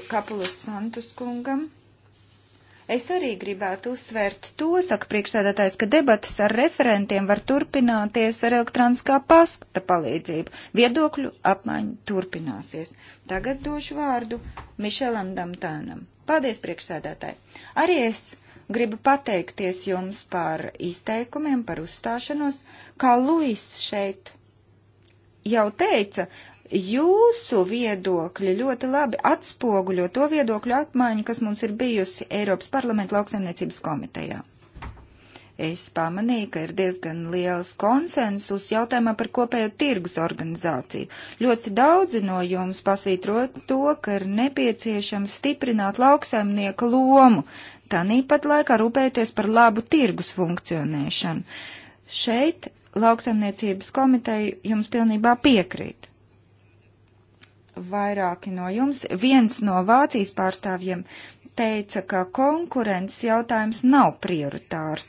Kapulas Santus kungam. Es arī gribētu uzsvērt to, saka priekšsēdētājs, ka debatas ar referentiem var turpināties ar elektroniskā paskata palīdzību. Viedokļu apmaiņa turpināsies. Tagad došu vārdu Mišelam Damtānam. Paldies, priekšsēdētāji. Arī es gribu pateikties jums par izteikumiem, par uzstāšanos, kā Luis šeit jau teica, jūsu viedokļi ļoti labi atspoguļo to viedokļu apmaiņu, kas mums ir bijusi Eiropas parlamenta lauksaimniecības komitejā. Es pamanīju, ka ir diezgan liels konsensus jautājumā par kopējo tirgus organizāciju. Ļoti daudzi no jums pasvītro to, ka ir nepieciešams stiprināt lauksaimnieku lomu, tanīpat laikā rūpēties par labu tirgus funkcionēšanu. Šeit lauksaimniecības komiteja jums pilnībā piekrīt vairāki no jums. Viens no Vācijas pārstāvjiem teica, ka konkurences jautājums nav prioritārs.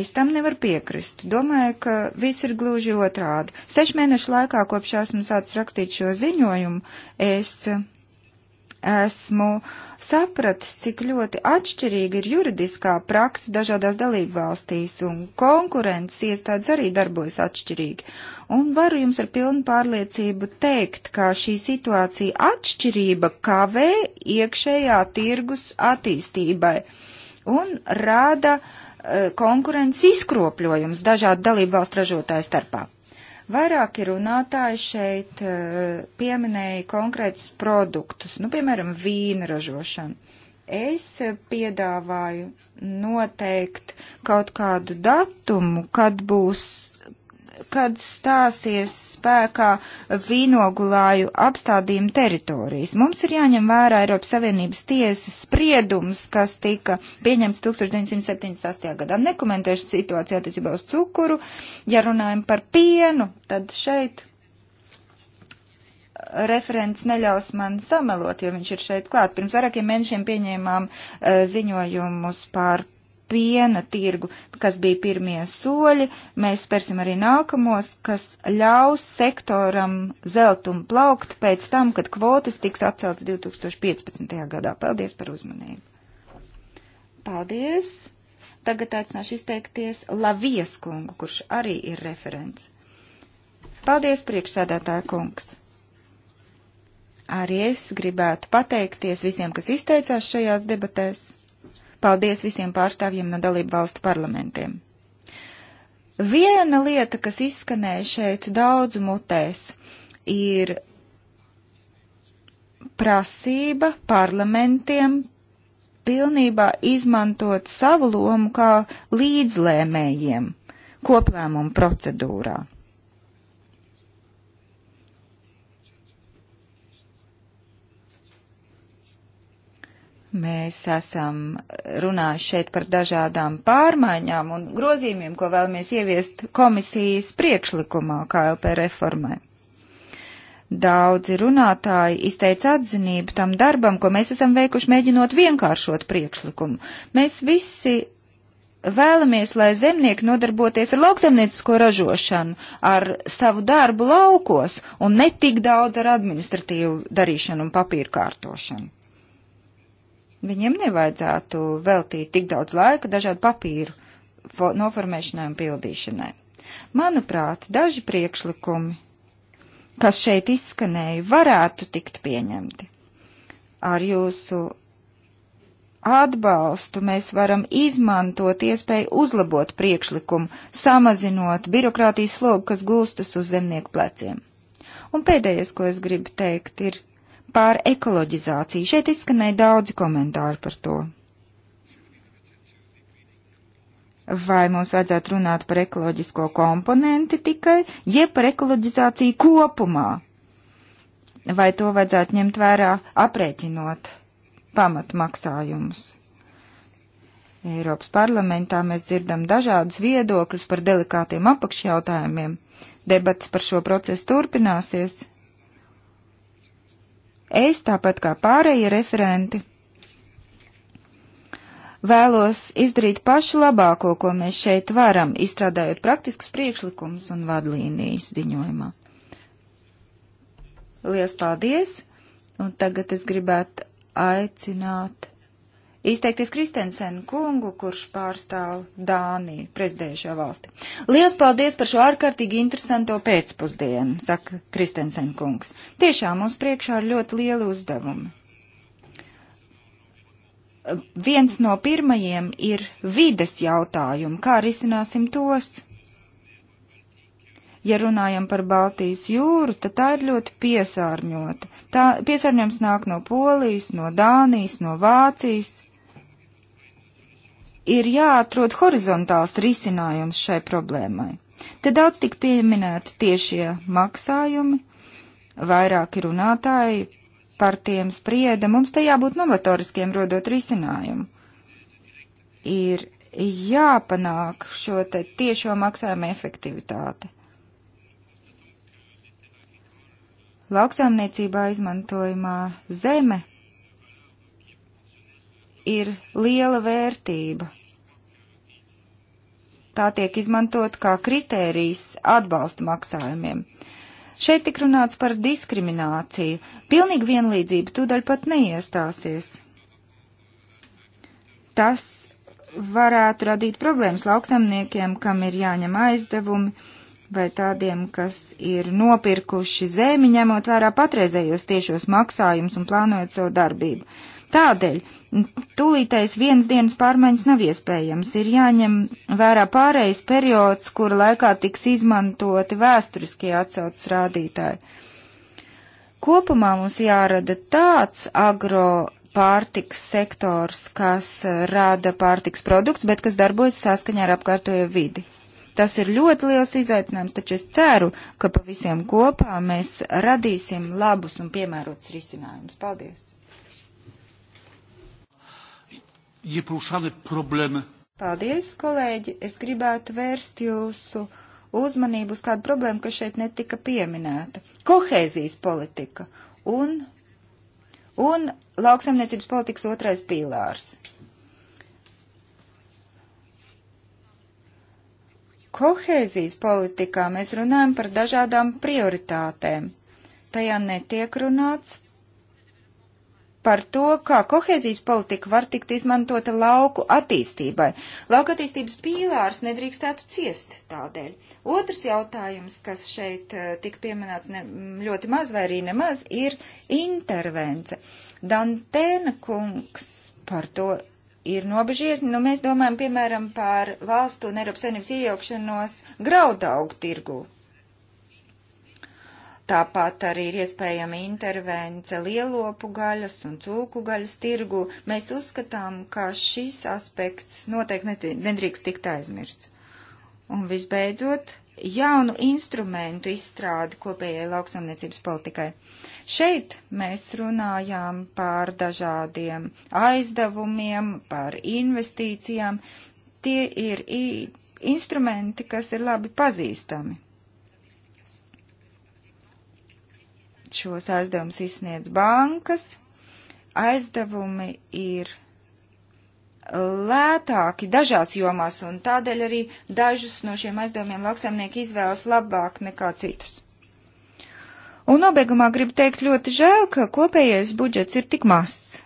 Es tam nevaru piekrist. Domāju, ka viss ir gluži otrādi. Sešu mēnešu laikā, kopš esmu sācis rakstīt šo ziņojumu, es esmu sapratis, cik ļoti atšķirīga ir juridiskā praksa dažādās dalību valstīs, un konkurences iestādes arī darbojas atšķirīgi. Un varu jums ar pilnu pārliecību teikt, ka šī situācija atšķirība kavē iekšējā tirgus attīstībai un rāda uh, konkurences izkropļojums dažādu dalību valstu ražotāju starpā. Vairāki runātāji šeit eh, pieminēja konkrētus produktus, nu, piemēram, vīna ražošanu. Es piedāvāju noteikt kaut kādu datumu, kad būs, kad stāsies spēkā vīnogulāju apstādījumu teritorijas. Mums ir jāņem vērā Eiropas Savienības tiesas spriedums, kas tika pieņemts 1978. gadā. Nekomentēšu situāciju attiecībā uz cukuru. Ja runājam par pienu, tad šeit referents neļaus man samelot, jo viņš ir šeit klāt. Pirms vairākiem mēnešiem pieņēmām uh, ziņojumus par piena tirgu, kas bija pirmie soļi. Mēs spērsim arī nākamos, kas ļaus sektoram zeltumu plaukt pēc tam, kad kvotas tiks atcelts 2015. gadā. Paldies par uzmanību! Paldies! Tagad aicināšu izteikties Lavijas kungu, kurš arī ir referents. Paldies, priekšsēdētāja kungs! Arī es gribētu pateikties visiem, kas izteicās šajās debatēs. Paldies visiem pārstāvjiem no dalību valstu parlamentiem. Viena lieta, kas izskanēja šeit daudz mutēs, ir prasība parlamentiem pilnībā izmantot savu lomu kā līdzlēmējiem koplēmumu procedūrā. Mēs esam runājuši šeit par dažādām pārmaiņām un grozījumiem, ko vēlamies ieviest komisijas priekšlikumā KLP reformai. Daudzi runātāji izteica atzinību tam darbam, ko mēs esam veikuši mēģinot vienkāršot priekšlikumu. Mēs visi vēlamies, lai zemnieki nodarboties ar lauksemniecisko ražošanu, ar savu darbu laukos un ne tik daudz ar administratīvu darīšanu un papīru kārtošanu. Viņiem nevajadzētu veltīt tik daudz laika dažādu papīru noformēšanai un pildīšanai. Manuprāt, daži priekšlikumi, kas šeit izskanēja, varētu tikt pieņemti. Ar jūsu atbalstu mēs varam izmantot iespēju uzlabot priekšlikumu, samazinot birokrātijas slogu, kas gulstas uz zemnieku pleciem. Un pēdējais, ko es gribu teikt, ir par ekoloģizāciju. Šeit izskanēja daudzi komentāri par to. Vai mums vajadzētu runāt par ekoloģisko komponenti tikai, jeb par ekoloģizāciju kopumā? Vai to vajadzētu ņemt vērā aprēķinot pamatmaksājumus? Eiropas parlamentā mēs dzirdam dažādus viedokļus par delikātiem apakšjautājumiem. Debats par šo procesu turpināsies Es, tāpat kā pārējie referenti, vēlos izdarīt pašu labāko, ko mēs šeit varam, izstrādājot praktiskus priekšlikumus un vadlīnijas ziņojumā. Lielas paldies! Un tagad es gribētu aicināt izteikties Kristensen kungu, kurš pārstāv Dāniju prezidējušo valsti. Lielas paldies par šo ārkārtīgi interesanto pēcpusdienu, saka Kristensen kungs. Tiešām mums priekšā ir ļoti liela uzdevuma. Viens no pirmajiem ir vides jautājumi, kā risināsim tos. Ja runājam par Baltijas jūru, tad tā ir ļoti piesārņota. Tā piesārņojums nāk no Polijas, no Dānijas, no Vācijas ir jāatrod horizontāls risinājums šai problēmai. Te daudz tik pieminēti tiešie maksājumi, vairāki runātāji par tiem sprieda, mums te jābūt novatoriskiem rodot risinājumu. Ir jāpanāk šo te tiešo maksājumu efektivitāte. Lauksaimniecībā izmantojumā zeme ir liela vērtība. Tā tiek izmantot kā kritērijs atbalsta maksājumiem. Šeit tik runāts par diskrimināciju. Pilnīgi vienlīdzība tūdaļ pat neiestāsies. Tas varētu radīt problēmas lauksamniekiem, kam ir jāņem aizdevumi, vai tādiem, kas ir nopirkuši zemi, ņemot vērā patreizējos tiešos maksājumus un plānojot savu darbību. Tādēļ Tūlītais vienas dienas pārmaiņas nav iespējams. Ir jāņem vērā pārējais periods, kura laikā tiks izmantoti vēsturiskie atsaucas rādītāji. Kopumā mums jārada tāds agro pārtiks sektors, kas rada pārtiks produkts, bet kas darbojas saskaņā ar apkārtējo vidi. Tas ir ļoti liels izaicinājums, taču es ceru, ka pa visiem kopā mēs radīsim labus un piemērots risinājumus. Paldies! nieporuszany problem. Paldies, kolēģi! Es gribētu vērst jūsu uzmanību uz kādu problēmu, kas šeit netika pieminēta. Kohēzijas politika un, un lauksaimniecības politikas otrais pīlārs. Kohēzijas politikā mēs runājam par dažādām prioritātēm. Tajā netiek runāts par to, kā kohēzijas politika var tikt izmantota lauku attīstībai. Lauka attīstības pīlārs nedrīkstētu ciest tādēļ. Otrs jautājums, kas šeit eh, tik pieminēts ne, ļoti maz vai arī nemaz, ir intervence. Dantēna kungs par to ir nobežies. Nu, mēs domājam, piemēram, par valstu un Eiropas saimnības iejaukšanos graudaugu tirgu. Tāpat arī ir iespējama intervence lielopu gaļas un cūku gaļas tirgu. Mēs uzskatām, ka šis aspekts noteikti nedrīkst tikt aizmirsts. Un visbeidzot, jaunu instrumentu izstrādi kopējai lauksamniecības politikai. Šeit mēs runājām par dažādiem aizdevumiem, par investīcijām. Tie ir instrumenti, kas ir labi pazīstami šos aizdevumus izsniedz bankas. Aizdevumi ir lētāki dažās jomās, un tādēļ arī dažus no šiem aizdevumiem lauksaimnieki izvēlas labāk nekā citus. Un nobeigumā gribu teikt ļoti žēl, ka kopējais budžets ir tik mazs.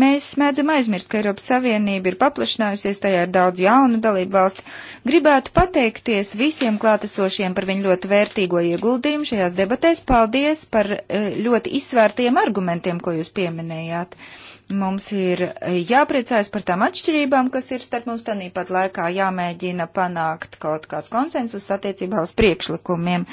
Mēs mēdzam aizmirst, ka Eiropas Savienība ir paplašinājusies, tajā ir daudz jaunu dalību valstu. Gribētu pateikties visiem klātesošiem par viņu ļoti vērtīgo ieguldījumu šajās debatēs. Paldies par eh, ļoti izsvērtiem argumentiem, ko jūs pieminējāt. Uh, Mums ir jāpriecājas par tām atšķirībām, kas ir starp mums tanīpat laikā jāmēģina panākt kaut kāds konsensus attiecībā uz priekšlikumiem,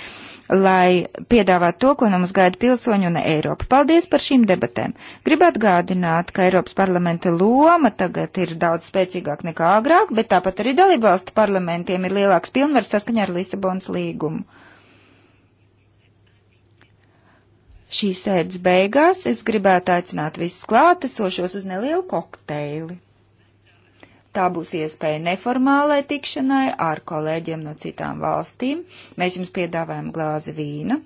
lai piedāvātu to, ko no mums gaida pilsoņi un Eiropa. Paldies par šīm debatēm. Gribu atgādināt, ka Eiropas parlamenta loma tagad ir daudz spēcīgāk nekā agrāk, bet tāpat arī dalībvalstu parlamentiem ir lielāks pilnvars saskaņā ar Lisabonas līgumu. šīs sēdes beigās es gribētu aicināt visus klātesošos uz nelielu kokteili. Tā būs iespēja neformālai tikšanai ar kolēģiem no citām valstīm. Mēs jums piedāvājam glāzi vīna.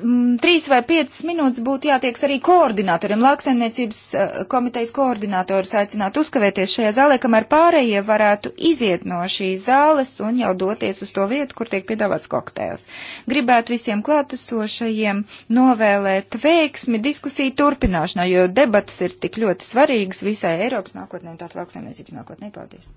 Mm, trīs vai piecas minūtes būtu jātieks arī koordinatoriem. Lauksaimniecības eh, komitejas koordinatorus aicināt uzkavēties šajā zālē, kamēr pārējie varētu iziet no šīs zāles un jau doties uz to vietu, kur tiek piedāvāts kokteils. Gribētu visiem klātesošajiem novēlēt veiksmi diskusiju turpināšanā, jo debatas ir tik ļoti svarīgas visai Eiropas nākotnē un tās lauksaimniecības nākotnē. Paldies!